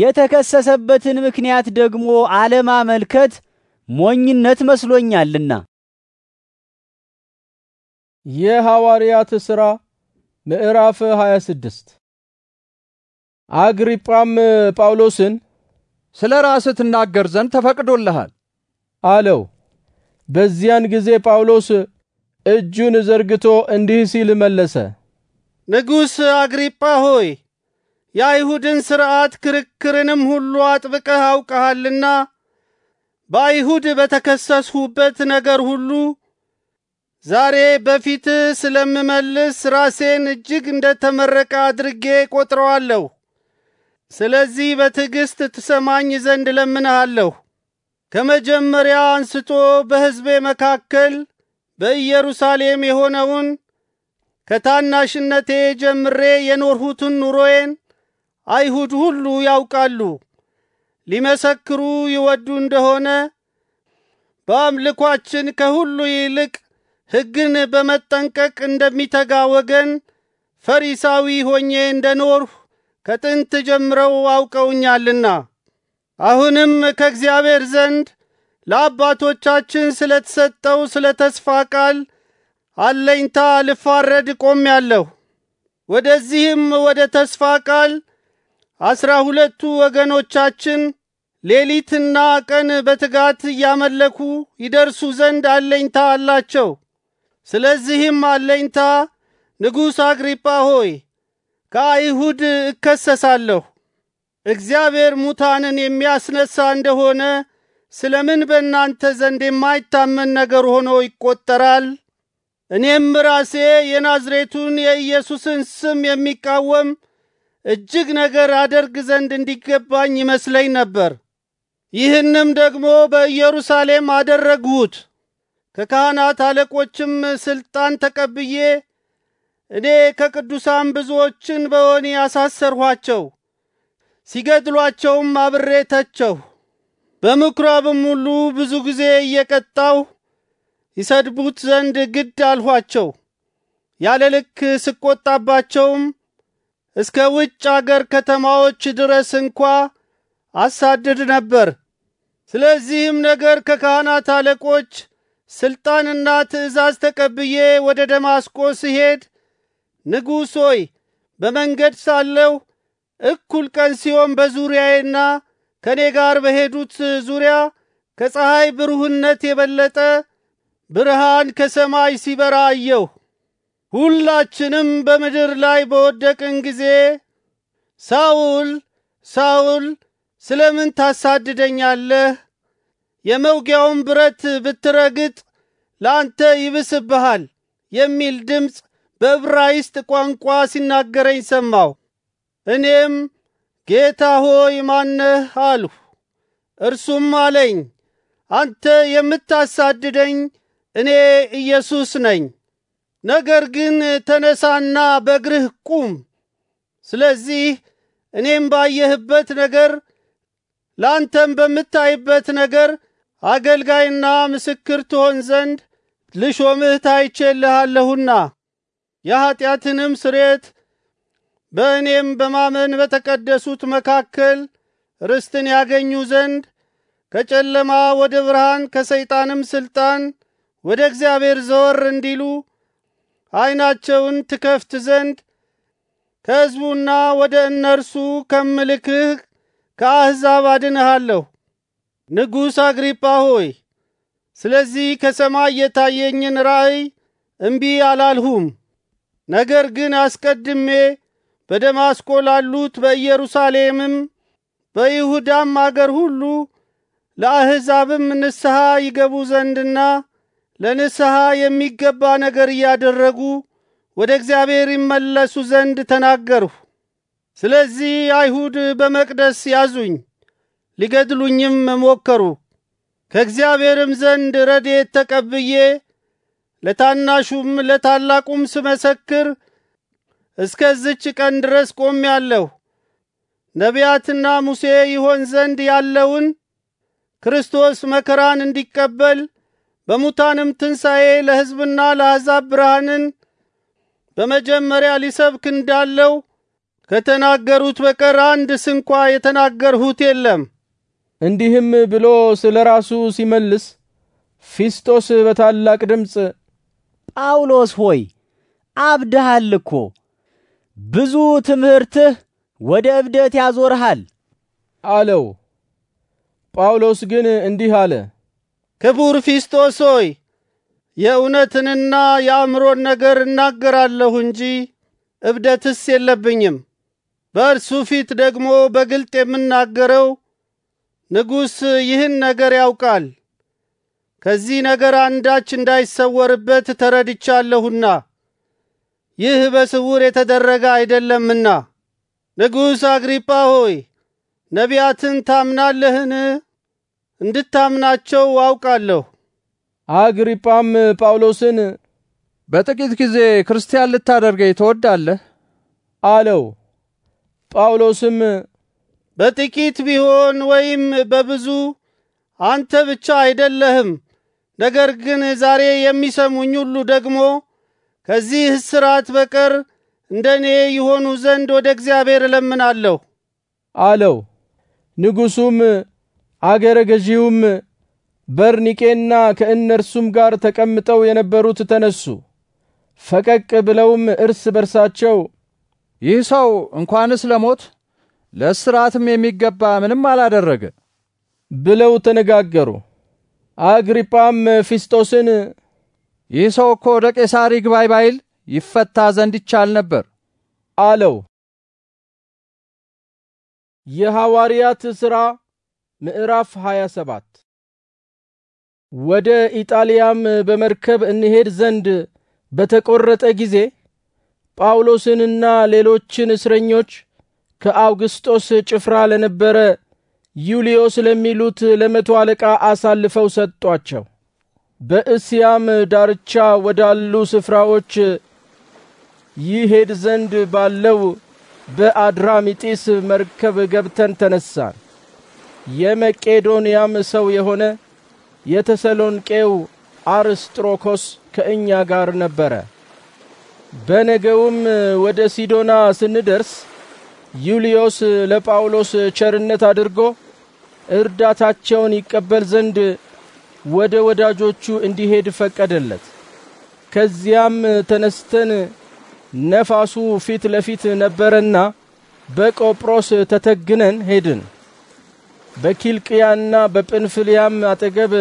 የተከሰሰበትን ምክንያት ደግሞ አለማመልከት ሞኝነት መስሎኛልና። የሐዋርያት ሥራ ምዕራፍ 26 አግሪጳም ጳውሎስን ስለ ራስህ ትናገር ዘንድ ተፈቅዶልሃል አለው። በዚያን ጊዜ ጳውሎስ እጁን ዘርግቶ እንዲህ ሲል መለሰ። ንጉሥ አግሪጳ ሆይ የአይሁድን ሥርዓት ክርክርንም ሁሉ አጥብቀህ አውቀሃልና በአይሁድ በተከሰስሁበት ነገር ሁሉ ዛሬ በፊት ስለምመልስ ራሴን እጅግ እንደ ተመረቀ አድርጌ ቆጥረዋለሁ። ስለዚህ በትዕግስት ትሰማኝ ዘንድ ለምንሃለሁ። ከመጀመሪያ አንስቶ በሕዝቤ መካከል በኢየሩሳሌም የሆነውን ከታናሽነቴ ጀምሬ የኖርሁትን ኑሮዬን አይሁድ ሁሉ ያውቃሉ። ሊመሰክሩ ይወዱ እንደሆነ በአምልኳችን ከሁሉ ይልቅ ሕግን በመጠንቀቅ እንደሚተጋ ወገን ፈሪሳዊ ሆኜ እንደኖርሁ ከጥንት ጀምረው አውቀውኛልና አሁንም ከእግዚአብሔር ዘንድ ለአባቶቻችን ስለተሰጠው ስለ ተስፋ ቃል አለኝታ ልፋረድ ያለሁ ወደዚህም ወደ ተስፋ ቃል አስራ ሁለቱ ወገኖቻችን ሌሊትና ቀን በትጋት እያመለኩ ይደርሱ ዘንድ አለኝታ አላቸው። ስለዚህም አለኝታ ንጉሥ አግሪጳ ሆይ ከአይሁድ እከሰሳለሁ። እግዚአብሔር ሙታንን የሚያስነሳ እንደሆነ ስለምን በእናንተ ዘንድ የማይታመን ነገር ሆኖ ይቆጠራል? እኔም ራሴ የናዝሬቱን የኢየሱስን ስም የሚቃወም እጅግ ነገር አደርግ ዘንድ እንዲገባኝ ይመስለኝ ነበር። ይህንም ደግሞ በኢየሩሳሌም አደረግሁት። ከካህናት አለቆችም ስልጣን ተቀብዬ እኔ ከቅዱሳን ብዙዎችን በወኅኒ አሳሰርኋቸው፣ ሲገድሏቸውም አብሬ ተቸሁ። በምኵራብም ሁሉ ብዙ ጊዜ እየቀጣሁ ይሰድቡት ዘንድ ግድ አልኋቸው። ያለ ልክ ስቆጣባቸውም እስከ ውጭ አገር ከተማዎች ድረስ እንኳ አሳድድ ነበር። ስለዚህም ነገር ከካህናት አለቆች ስልጣንና ትእዛዝ ተቀብዬ ወደ ደማስቆ ስሄድ ንጉሥ ሆይ በመንገድ ሳለሁ እኩል ቀን ሲሆን በዙሪያዬና ከኔ ጋር በሄዱት ዙሪያ ከፀሐይ ብሩህነት የበለጠ ብርሃን ከሰማይ ሲበራ አየሁ። ሁላችንም በምድር ላይ በወደቅን ጊዜ ሳውል ሳውል ስለምን ታሳድደኛለህ? የመውጊያውን ብረት ብትረግጥ ለአንተ ይብስብሃል የሚል ድምፅ በዕብራይስጥ ቋንቋ ሲናገረኝ ሰማሁ። እኔም ጌታ ሆይ ማነህ አልሁ። እርሱም አለኝ አንተ የምታሳድደኝ እኔ ኢየሱስ ነኝ። ነገር ግን ተነሳና በእግርህ ቁም። ስለዚህ እኔም ባየህበት ነገር ላንተም በምታይበት ነገር አገልጋይና ምስክር ትሆን ዘንድ ልሾምህ ታይቼልሃለሁና የኀጢአትንም ስርየት በእኔም በማመን በተቀደሱት መካከል ርስትን ያገኙ ዘንድ ከጨለማ ወደ ብርሃን ከሰይጣንም ስልጣን ወደ እግዚአብሔር ዘወር እንዲሉ ዓይናቸውን ትከፍት ዘንድ ከሕዝቡና ወደ እነርሱ ከምልክህ ከአሕዛብ አድንሃለሁ። ንጉሥ አግሪጳ ሆይ ስለዚህ ከሰማይ የታየኝን ራእይ እምቢ አላልሁም። ነገር ግን አስቀድሜ በደማስቆ ላሉት በኢየሩሳሌምም በይሁዳም አገር ሁሉ ለአሕዛብም ንስሐ ይገቡ ዘንድና ለንስሐ የሚገባ ነገር እያደረጉ ወደ እግዚአብሔር ይመለሱ ዘንድ ተናገርሁ። ስለዚህ አይሁድ በመቅደስ ያዙኝ፣ ሊገድሉኝም ሞከሩ። ከእግዚአብሔርም ዘንድ ረድኤት ተቀብዬ ለታናሹም ለታላቁም ስመሰክር እስከዝች ቀን ድረስ ቆሜአለሁ። ነቢያትና ሙሴ ይሆን ዘንድ ያለውን ክርስቶስ መከራን እንዲቀበል በሙታንም ትንሣኤ ለሕዝብና ለአሕዛብ ብርሃንን በመጀመሪያ ሊሰብክ እንዳለው ከተናገሩት በቀር አንድ ስንኳ የተናገርሁት የለም። እንዲህም ብሎ ስለ ራሱ ሲመልስ ፊስጦስ በታላቅ ድምፅ ጳውሎስ ሆይ አብድሃል እኮ ብዙ ትምህርትህ ወደ እብደት ያዞርሃል አለው። ጳውሎስ ግን እንዲህ አለ፦ ክቡር ፊስጦስ ሆይ የእውነትንና የአእምሮን ነገር እናገራለሁ እንጂ እብደትስ የለብኝም። በእርሱ ፊት ደግሞ በግልጥ የምናገረው ንጉሥ ይህን ነገር ያውቃል። ከዚህ ነገር አንዳች እንዳይሰወርበት ተረድቻለሁና ይህ በስውር የተደረገ አይደለምና። ንጉሥ አግሪጳ ሆይ ነቢያትን ታምናለህን? እንድታምናቸው አውቃለሁ። አግሪጳም ጳውሎስን በጥቂት ጊዜ ክርስቲያን ልታደርገኝ ትወዳለህ አለው። ጳውሎስም በጥቂት ቢሆን ወይም በብዙ አንተ ብቻ አይደለህም፣ ነገር ግን ዛሬ የሚሰሙኝ ሁሉ ደግሞ ከዚህ እስራት በቀር እንደ እኔ ይሆኑ ዘንድ ወደ እግዚአብሔር እለምናለሁ አለው። ንጉሡም አገረ ገዢውም በርኒቄና ከእነርሱም ጋር ተቀምጠው የነበሩት ተነሱ። ፈቀቅ ብለውም እርስ በርሳቸው ይህ ሰው እንኳንስ ለሞት ለእስራትም የሚገባ ምንም አላደረገ ብለው ተነጋገሩ። አግሪጳም ፊስጦስን ይህ ሰው እኮ ወደ ቄሳር ይግባኝ ባይል ይፈታ ዘንድ ይቻል ነበር አለው። የሐዋርያት ሥራ ምዕራፍ 27 ወደ ኢጣሊያም በመርከብ እንሄድ ዘንድ በተቆረጠ ጊዜ ጳውሎስንና ሌሎችን እስረኞች ከአውግስጦስ ጭፍራ ለነበረ ዩልዮስ ለሚሉት ለመቶ አለቃ አሳልፈው ሰጧቸው። በእስያም ዳርቻ ወዳሉ ስፍራዎች ይሄድ ዘንድ ባለው በአድራሚጢስ መርከብ ገብተን ተነሳን። የመቄዶንያም ሰው የሆነ የተሰሎንቄው አርስጥሮኮስ ከእኛ ጋር ነበረ። በነገውም ወደ ሲዶና ስንደርስ ዩልዮስ ለጳውሎስ ቸርነት አድርጎ እርዳታቸውን ይቀበል ዘንድ ወደ ወዳጆቹ እንዲሄድ ፈቀደለት። ከዚያም ተነስተን ነፋሱ ፊት ለፊት ነበረና በቆጵሮስ ተተግነን ሄድን። በኪልቅያና በጵንፍልያም አጠገብ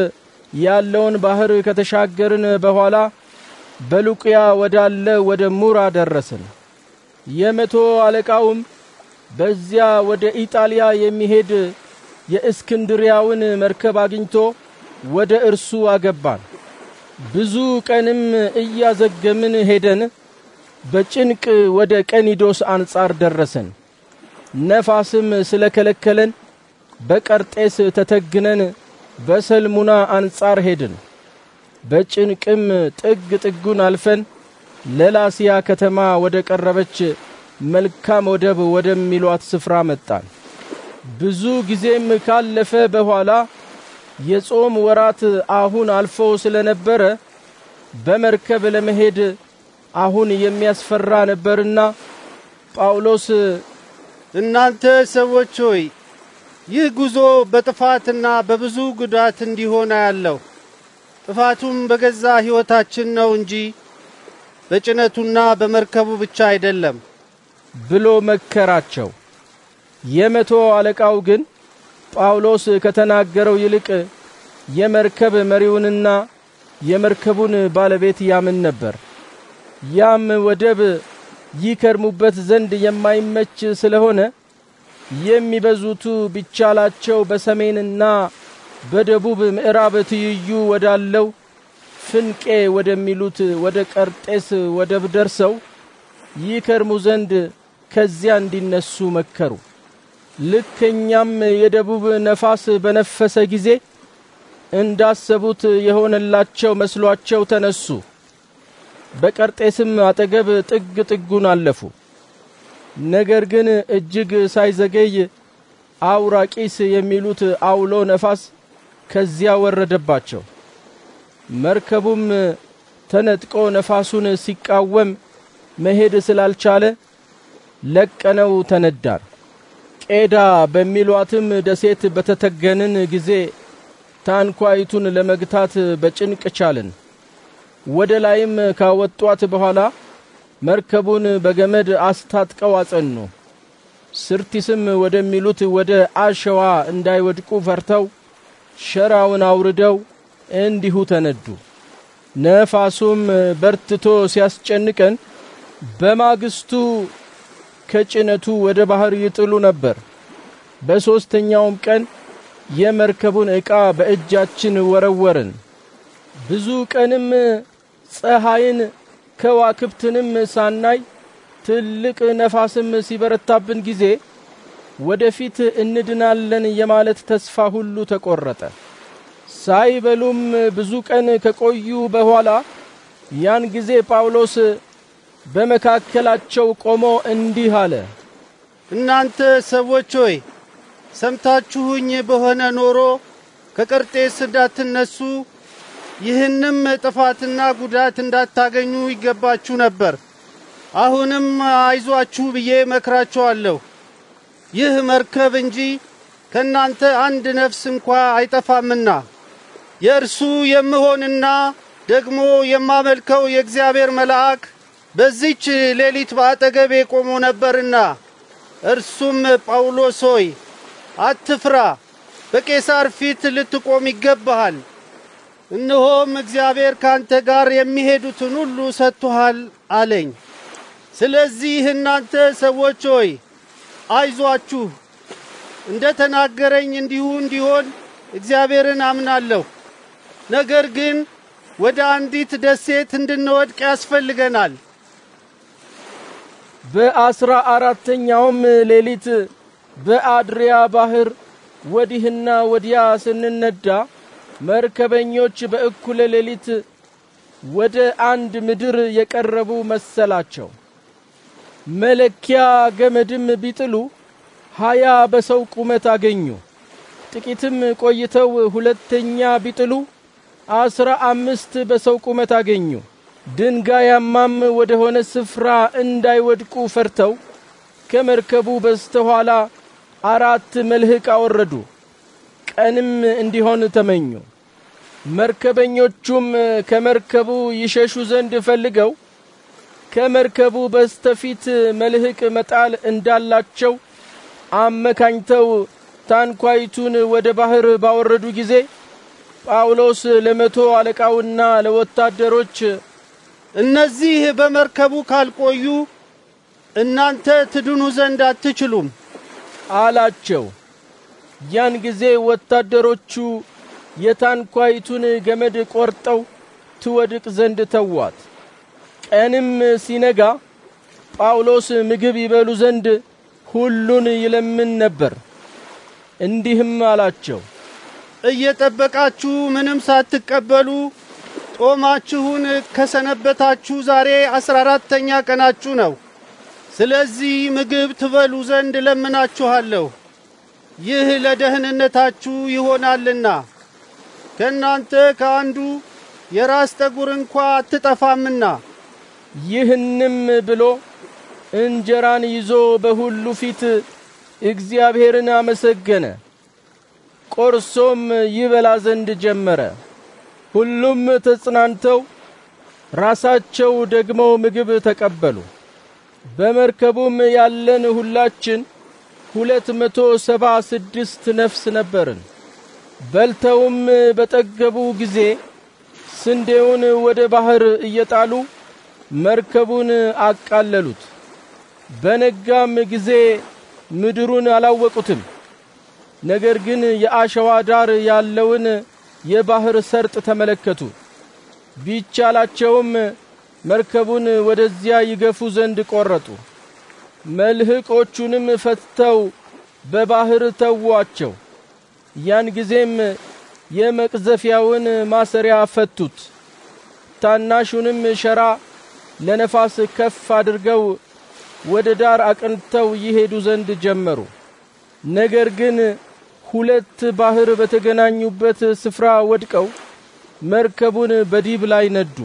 ያለውን ባህር ከተሻገርን በኋላ በሉቅያ ወዳለ ወደ ሙራ ደረስን። የመቶ አለቃውም በዚያ ወደ ኢጣሊያ የሚሄድ የእስክንድሪያውን መርከብ አግኝቶ ወደ እርሱ አገባን። ብዙ ቀንም እያዘገምን ሄደን በጭንቅ ወደ ቀኒዶስ አንጻር ደረሰን። ነፋስም ስለከለከለን በቀርጤስ ተተግነን በሰልሙና አንጻር ሄድን። በጭንቅም ጥግ ጥጉን አልፈን ለላሲያ ከተማ ወደ ቀረበች መልካም ወደብ ወደሚሏት ስፍራ መጣን። ብዙ ጊዜም ካለፈ በኋላ የጾም ወራት አሁን አልፎ ስለነበረ በመርከብ ለመሄድ አሁን የሚያስፈራ ነበርና ጳውሎስ እናንተ ሰዎች ሆይ ይህ ጉዞ በጥፋትና በብዙ ጉዳት እንዲሆን ያለው ጥፋቱም በገዛ ሕይወታችን ነው እንጂ በጭነቱና በመርከቡ ብቻ አይደለም ብሎ መከራቸው። የመቶ አለቃው ግን ጳውሎስ ከተናገረው ይልቅ የመርከብ መሪውንና የመርከቡን ባለቤት ያምን ነበር። ያም ወደብ ይከርሙበት ዘንድ የማይመች ስለሆነ የሚበዙቱ ቢቻላቸው በሰሜንና በደቡብ ምዕራብ ትይዩ ወዳለው ፍንቄ ወደሚሉት ወደ ቀርጤስ ወደብ ደርሰው ይከርሙ ዘንድ ከዚያ እንዲነሱ መከሩ። ልክ እኛም የደቡብ ነፋስ በነፈሰ ጊዜ እንዳሰቡት የሆነላቸው መስሏቸው ተነሱ። በቀርጤስም አጠገብ ጥግ ጥጉን አለፉ። ነገር ግን እጅግ ሳይዘገይ አውራ ቂስ የሚሉት አውሎ ነፋስ ከዚያ ወረደባቸው። መርከቡም ተነጥቆ ነፋሱን ሲቃወም መሄድ ስላልቻለ ለቀነው ተነዳን። ቄዳ በሚሏትም ደሴት በተተገንን ጊዜ ታንኳይቱን ለመግታት በጭንቅ ቻልን። ወደ ላይም ካወጧት በኋላ መርከቡን በገመድ አስታጥቀው አጸኑ። ስርቲስም ወደሚሉት ወደ አሸዋ እንዳይወድቁ ፈርተው ሸራውን አውርደው እንዲሁ ተነዱ። ነፋሱም በርትቶ ሲያስጨንቀን በማግስቱ ከጭነቱ ወደ ባህር ይጥሉ ነበር። በሶስተኛውም ቀን የመርከቡን ዕቃ በእጃችን ወረወርን። ብዙ ቀንም ፀሐይን ከዋክብትንም ሳናይ ትልቅ ነፋስም ሲበረታብን ጊዜ ወደፊት እንድናለን የማለት ተስፋ ሁሉ ተቆረጠ። ሳይበሉም ብዙ ቀን ከቆዩ በኋላ ያን ጊዜ ጳውሎስ በመካከላቸው ቆሞ እንዲህ አለ። እናንተ ሰዎች ሆይ ሰምታችሁኝ በሆነ ኖሮ ከቀርጤስ እንዳትነሱ ይህንም ጥፋትና ጉዳት እንዳታገኙ ይገባችሁ ነበር። አሁንም አይዟችሁ ብዬ መክራችኋለሁ። ይህ መርከብ እንጂ ከናንተ አንድ ነፍስ እንኳ አይጠፋምና የእርሱ የምሆንና ደግሞ የማመልከው የእግዚአብሔር መልአክ በዚች ሌሊት በአጠገቤ ቆሞ ነበርና፣ እርሱም ጳውሎስ ሆይ አትፍራ፣ በቄሳር ፊት ልትቆም ይገባሃል እነሆም እግዚአብሔር ካንተ ጋር የሚሄዱትን ሁሉ ሰጥቶሃል አለኝ። ስለዚህ እናንተ ሰዎች ሆይ አይዟችሁ፣ እንደ ተናገረኝ እንዲሁ እንዲሆን እግዚአብሔርን አምናለሁ። ነገር ግን ወደ አንዲት ደሴት እንድንወድቅ ያስፈልገናል። በአስራ አራተኛውም ሌሊት በአድሪያ ባህር ወዲህና ወዲያ ስንነዳ መርከበኞች በእኩለ ሌሊት ወደ አንድ ምድር የቀረቡ መሰላቸው። መለኪያ ገመድም ቢጥሉ ሃያ በሰው ቁመት አገኙ። ጥቂትም ቆይተው ሁለተኛ ቢጥሉ አስራ አምስት በሰው ቁመት አገኙ። ድንጋያማም ወደ ሆነ ስፍራ እንዳይወድቁ ፈርተው ከመርከቡ በስተኋላ አራት መልህቅ አወረዱ። ቀንም እንዲሆን ተመኙ። መርከበኞቹም ከመርከቡ ይሸሹ ዘንድ ፈልገው ከመርከቡ በስተፊት መልህቅ መጣል እንዳላቸው አመካኝተው ታንኳይቱን ወደ ባህር ባወረዱ ጊዜ ጳውሎስ ለመቶ አለቃውና ለወታደሮች እነዚህ በመርከቡ ካልቆዩ እናንተ ትድኑ ዘንድ አትችሉም አላቸው። ያን ጊዜ ወታደሮቹ የታንኳይቱን ገመድ ቆርጠው ትወድቅ ዘንድ ተዋት። ቀንም ሲነጋ ጳውሎስ ምግብ ይበሉ ዘንድ ሁሉን ይለምን ነበር። እንዲህም አላቸው፣ እየጠበቃችሁ ምንም ሳትቀበሉ ጦማችሁን ከሰነበታችሁ ዛሬ አስራ አራተኛ ቀናችሁ ነው። ስለዚህ ምግብ ትበሉ ዘንድ እለምናችኋለሁ፣ ይህ ለደህንነታችሁ ይሆናልና። ከእናንተ ከአንዱ የራስ ጠጉር እንኳ አትጠፋምና። ይህንም ብሎ እንጀራን ይዞ በሁሉ ፊት እግዚአብሔርን አመሰገነ። ቆርሶም ይበላ ዘንድ ጀመረ። ሁሉም ተጽናንተው ራሳቸው ደግሞ ምግብ ተቀበሉ። በመርከቡም ያለን ሁላችን ሁለት መቶ ሰባ ስድስት ነፍስ ነበርን። በልተውም በጠገቡ ጊዜ ስንዴውን ወደ ባህር እየጣሉ መርከቡን አቃለሉት። በነጋም ጊዜ ምድሩን አላወቁትም። ነገር ግን የአሸዋ ዳር ያለውን የባህር ሰርጥ ተመለከቱ። ቢቻላቸውም መርከቡን ወደዚያ ይገፉ ዘንድ ቆረጡ። መልህቆቹንም ፈትተው በባህር ተዋቸው። ያን ጊዜም የመቅዘፊያውን ማሰሪያ ፈቱት። ታናሹንም ሸራ ለነፋስ ከፍ አድርገው ወደ ዳር አቅንተው ይሄዱ ዘንድ ጀመሩ። ነገር ግን ሁለት ባህር በተገናኙበት ስፍራ ወድቀው መርከቡን በዲብ ላይ ነዱ።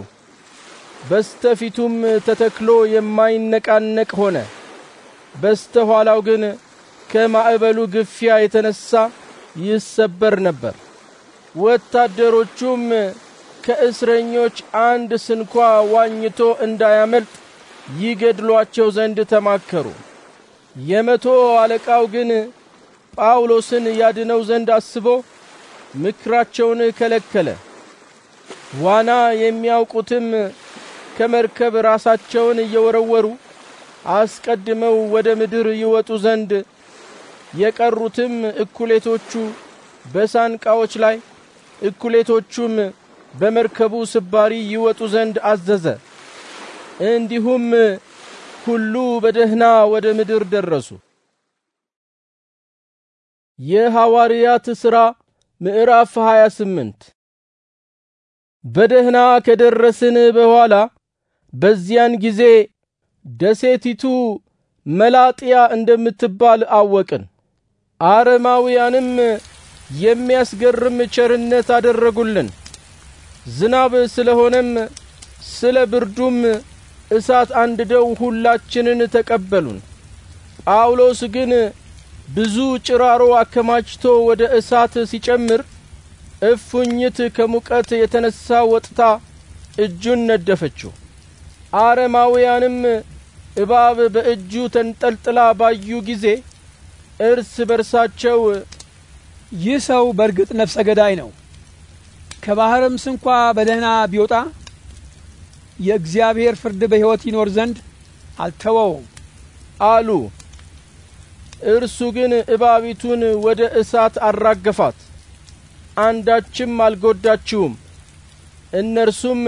በስተፊቱም ተተክሎ የማይነቃነቅ ሆነ። በስተኋላው ግን ከማዕበሉ ግፊያ የተነሳ ይሰበር ነበር። ወታደሮቹም ከእስረኞች አንድ ስንኳ ዋኝቶ እንዳያመልጥ ይገድሏቸው ዘንድ ተማከሩ። የመቶ አለቃው ግን ጳውሎስን ያድነው ዘንድ አስቦ ምክራቸውን ከለከለ። ዋና የሚያውቁትም ከመርከብ ራሳቸውን እየወረወሩ አስቀድመው ወደ ምድር ይወጡ ዘንድ የቀሩትም እኩሌቶቹ በሳንቃዎች ላይ እኩሌቶቹም በመርከቡ ስባሪ ይወጡ ዘንድ አዘዘ። እንዲሁም ሁሉ በደህና ወደ ምድር ደረሱ። የሐዋርያት ሥራ ምዕራፍ 28 በደህና ከደረስን በኋላ በዚያን ጊዜ ደሴቲቱ መላጥያ እንደምትባል አወቅን። አረማውያንም የሚያስገርም ቸርነት አደረጉልን። ዝናብ ስለሆነም ስለ ብርዱም እሳት አንድደው ሁላችንን ተቀበሉን። ጳውሎስ ግን ብዙ ጭራሮ አከማችቶ ወደ እሳት ሲጨምር እፉኝት ከሙቀት የተነሳ ወጥታ እጁን ነደፈችው። አረማውያንም እባብ በእጁ ተንጠልጥላ ባዩ ጊዜ እርስ በርሳቸው ይህ ሰው በእርግጥ ነፍሰ ገዳይ ነው፣ ከባህርም ስንኳ በደህና ቢወጣ የእግዚአብሔር ፍርድ በሕይወት ይኖር ዘንድ አልተወውም አሉ። እርሱ ግን እባቢቱን ወደ እሳት አራገፋት፣ አንዳችም አልጎዳችውም። እነርሱም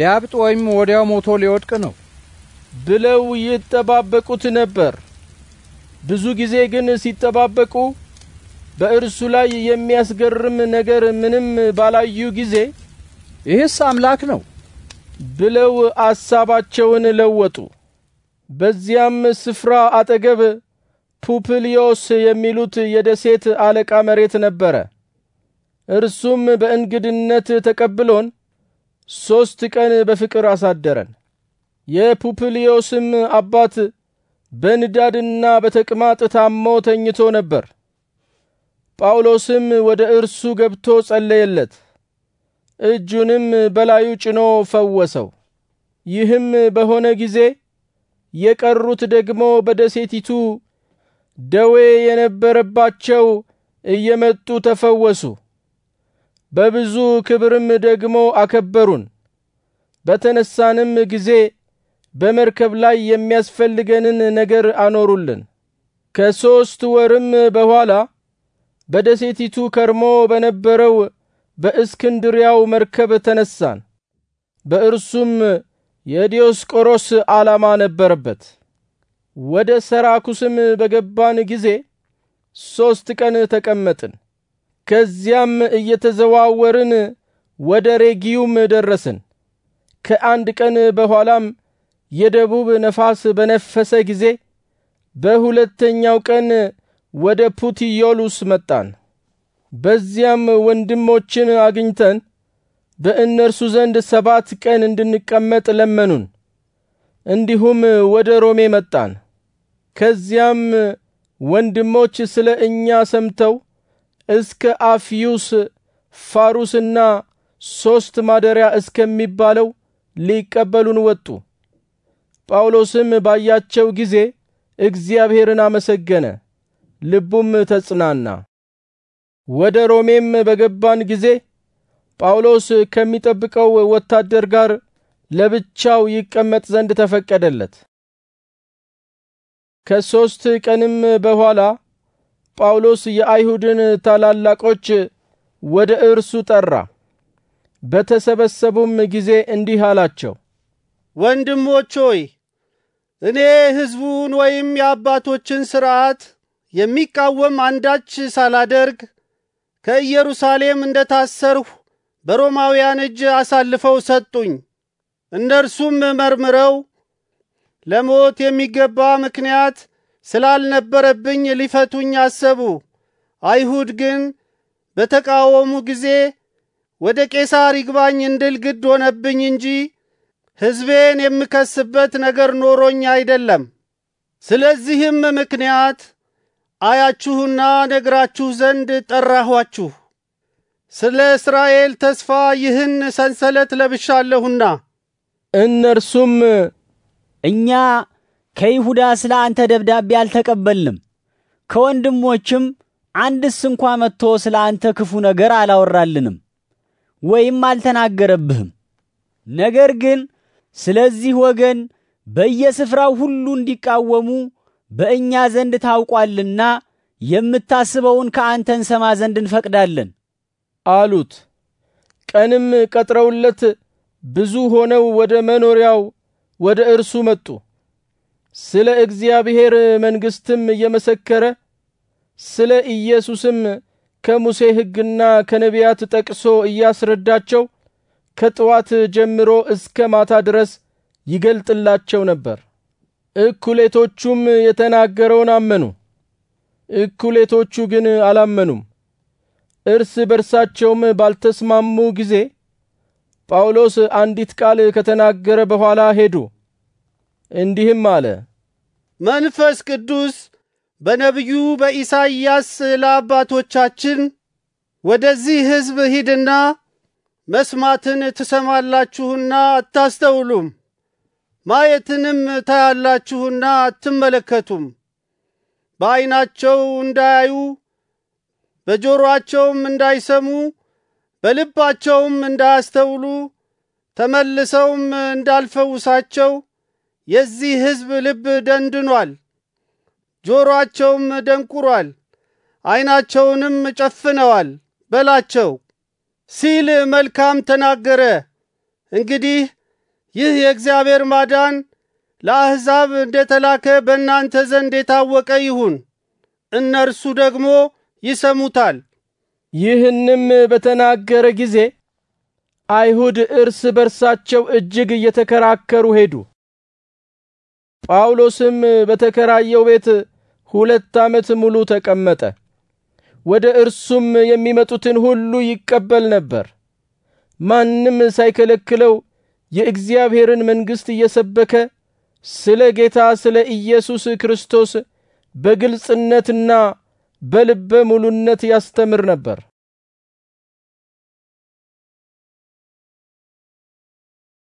ሊያብጥ ወይም ወዲያው ሞቶ ሊወድቅ ነው ብለው ይጠባበቁት ነበር። ብዙ ጊዜ ግን ሲጠባበቁ በእርሱ ላይ የሚያስገርም ነገር ምንም ባላዩ ጊዜ ይህስ አምላክ ነው ብለው አሳባቸውን ለወጡ። በዚያም ስፍራ አጠገብ ፑፕልዮስ የሚሉት የደሴት አለቃ መሬት ነበረ። እርሱም በእንግድነት ተቀብሎን ሦስት ቀን በፍቅር አሳደረን። የፑፕልዮስም አባት በንዳድና በተቅማጥ ታሞ ተኝቶ ነበር። ጳውሎስም ወደ እርሱ ገብቶ ጸለየለት፣ እጁንም በላዩ ጭኖ ፈወሰው። ይህም በሆነ ጊዜ የቀሩት ደግሞ በደሴቲቱ ደዌ የነበረባቸው እየመጡ ተፈወሱ። በብዙ ክብርም ደግሞ አከበሩን። በተነሳንም ጊዜ በመርከብ ላይ የሚያስፈልገንን ነገር አኖሩልን። ከሶስት ወርም በኋላ በደሴቲቱ ከርሞ በነበረው በእስክንድሪያው መርከብ ተነሳን። በእርሱም የዲዮስቆሮስ ዓላማ ነበረበት። ወደ ሰራኩስም በገባን ጊዜ ሶስት ቀን ተቀመጥን። ከዚያም እየተዘዋወርን ወደ ሬጊዩም ደረስን። ከአንድ ቀን በኋላም የደቡብ ነፋስ በነፈሰ ጊዜ በሁለተኛው ቀን ወደ ፑትዮሉስ መጣን። በዚያም ወንድሞችን አግኝተን በእነርሱ ዘንድ ሰባት ቀን እንድንቀመጥ ለመኑን። እንዲሁም ወደ ሮሜ መጣን። ከዚያም ወንድሞች ስለ እኛ ሰምተው እስከ አፍዩስ ፋሩስና ሶስት ማደሪያ እስከሚባለው ሊቀበሉን ወጡ። ጳውሎስም ባያቸው ጊዜ እግዚአብሔርን አመሰገነ፣ ልቡም ተጽናና። ወደ ሮሜም በገባን ጊዜ ጳውሎስ ከሚጠብቀው ወታደር ጋር ለብቻው ይቀመጥ ዘንድ ተፈቀደለት። ከሦስት ቀንም በኋላ ጳውሎስ የአይሁድን ታላላቆች ወደ እርሱ ጠራ። በተሰበሰቡም ጊዜ እንዲህ አላቸው፣ ወንድሞች ሆይ እኔ ሕዝቡን ወይም የአባቶችን ሥርዓት የሚቃወም አንዳች ሳላደርግ ከኢየሩሳሌም እንደ ታሰርሁ በሮማውያን እጅ አሳልፈው ሰጡኝ። እነርሱም መርምረው ለሞት የሚገባ ምክንያት ስላልነበረብኝ ሊፈቱኝ አሰቡ። አይሁድ ግን በተቃወሙ ጊዜ ወደ ቄሳር ይግባኝ እንድል ግድ ሆነብኝ እንጂ ሕዝቤን የምከስበት ነገር ኖሮኝ አይደለም። ስለዚህም ምክንያት አያችሁና ነግራችሁ ዘንድ ጠራኋችሁ። ስለ እስራኤል ተስፋ ይህን ሰንሰለት ለብሻለሁና። እነርሱም እኛ ከይሁዳ ስለ አንተ ደብዳቤ አልተቀበልንም፣ ከወንድሞችም አንድስ እንኳ መጥቶ ስለ አንተ ክፉ ነገር አላወራልንም ወይም አልተናገረብህም ነገር ግን ስለዚህ ወገን በየስፍራው ሁሉ እንዲቃወሙ በእኛ ዘንድ ታውቋልና የምታስበውን ከአንተ እንሰማ ዘንድ እንፈቅዳለን አሉት። ቀንም ቀጥረውለት ብዙ ሆነው ወደ መኖሪያው ወደ እርሱ መጡ። ስለ እግዚአብሔር መንግሥትም እየመሰከረ ስለ ኢየሱስም ከሙሴ ሕግና ከነቢያት ጠቅሶ እያስረዳቸው ከጥዋት ጀምሮ እስከ ማታ ድረስ ይገልጥላቸው ነበር። እኩሌቶቹም የተናገረውን አመኑ፣ እኩሌቶቹ ግን አላመኑም። እርስ በርሳቸውም ባልተስማሙ ጊዜ ጳውሎስ አንዲት ቃል ከተናገረ በኋላ ሄዱ፣ እንዲህም አለ፦ መንፈስ ቅዱስ በነቢዩ በኢሳይያስ ለአባቶቻችን ወደዚህ ሕዝብ ሂድና መስማትን ትሰማላችሁና አታስተውሉም፣ ማየትንም ታያላችሁና አትመለከቱም። በዓይናቸው እንዳያዩ በጆሮአቸውም እንዳይሰሙ በልባቸውም እንዳያስተውሉ ተመልሰውም እንዳልፈውሳቸው የዚህ ሕዝብ ልብ ደንድኗል፣ ጆሮአቸውም ደንቁሯል፣ ዓይናቸውንም ጨፍነዋል በላቸው። ሲል መልካም ተናገረ። እንግዲህ ይህ የእግዚአብሔር ማዳን ለአሕዛብ እንደ ተላከ በእናንተ ዘንድ የታወቀ ይሁን፣ እነርሱ ደግሞ ይሰሙታል። ይህንም በተናገረ ጊዜ አይሁድ እርስ በርሳቸው እጅግ እየተከራከሩ ሄዱ። ጳውሎስም በተከራየው ቤት ሁለት ዓመት ሙሉ ተቀመጠ። ወደ እርሱም የሚመጡትን ሁሉ ይቀበል ነበር። ማንም ሳይከለክለው የእግዚአብሔርን መንግሥት እየሰበከ ስለ ጌታ ስለ ኢየሱስ ክርስቶስ በግልጽነትና በልበ ሙሉነት ያስተምር ነበር።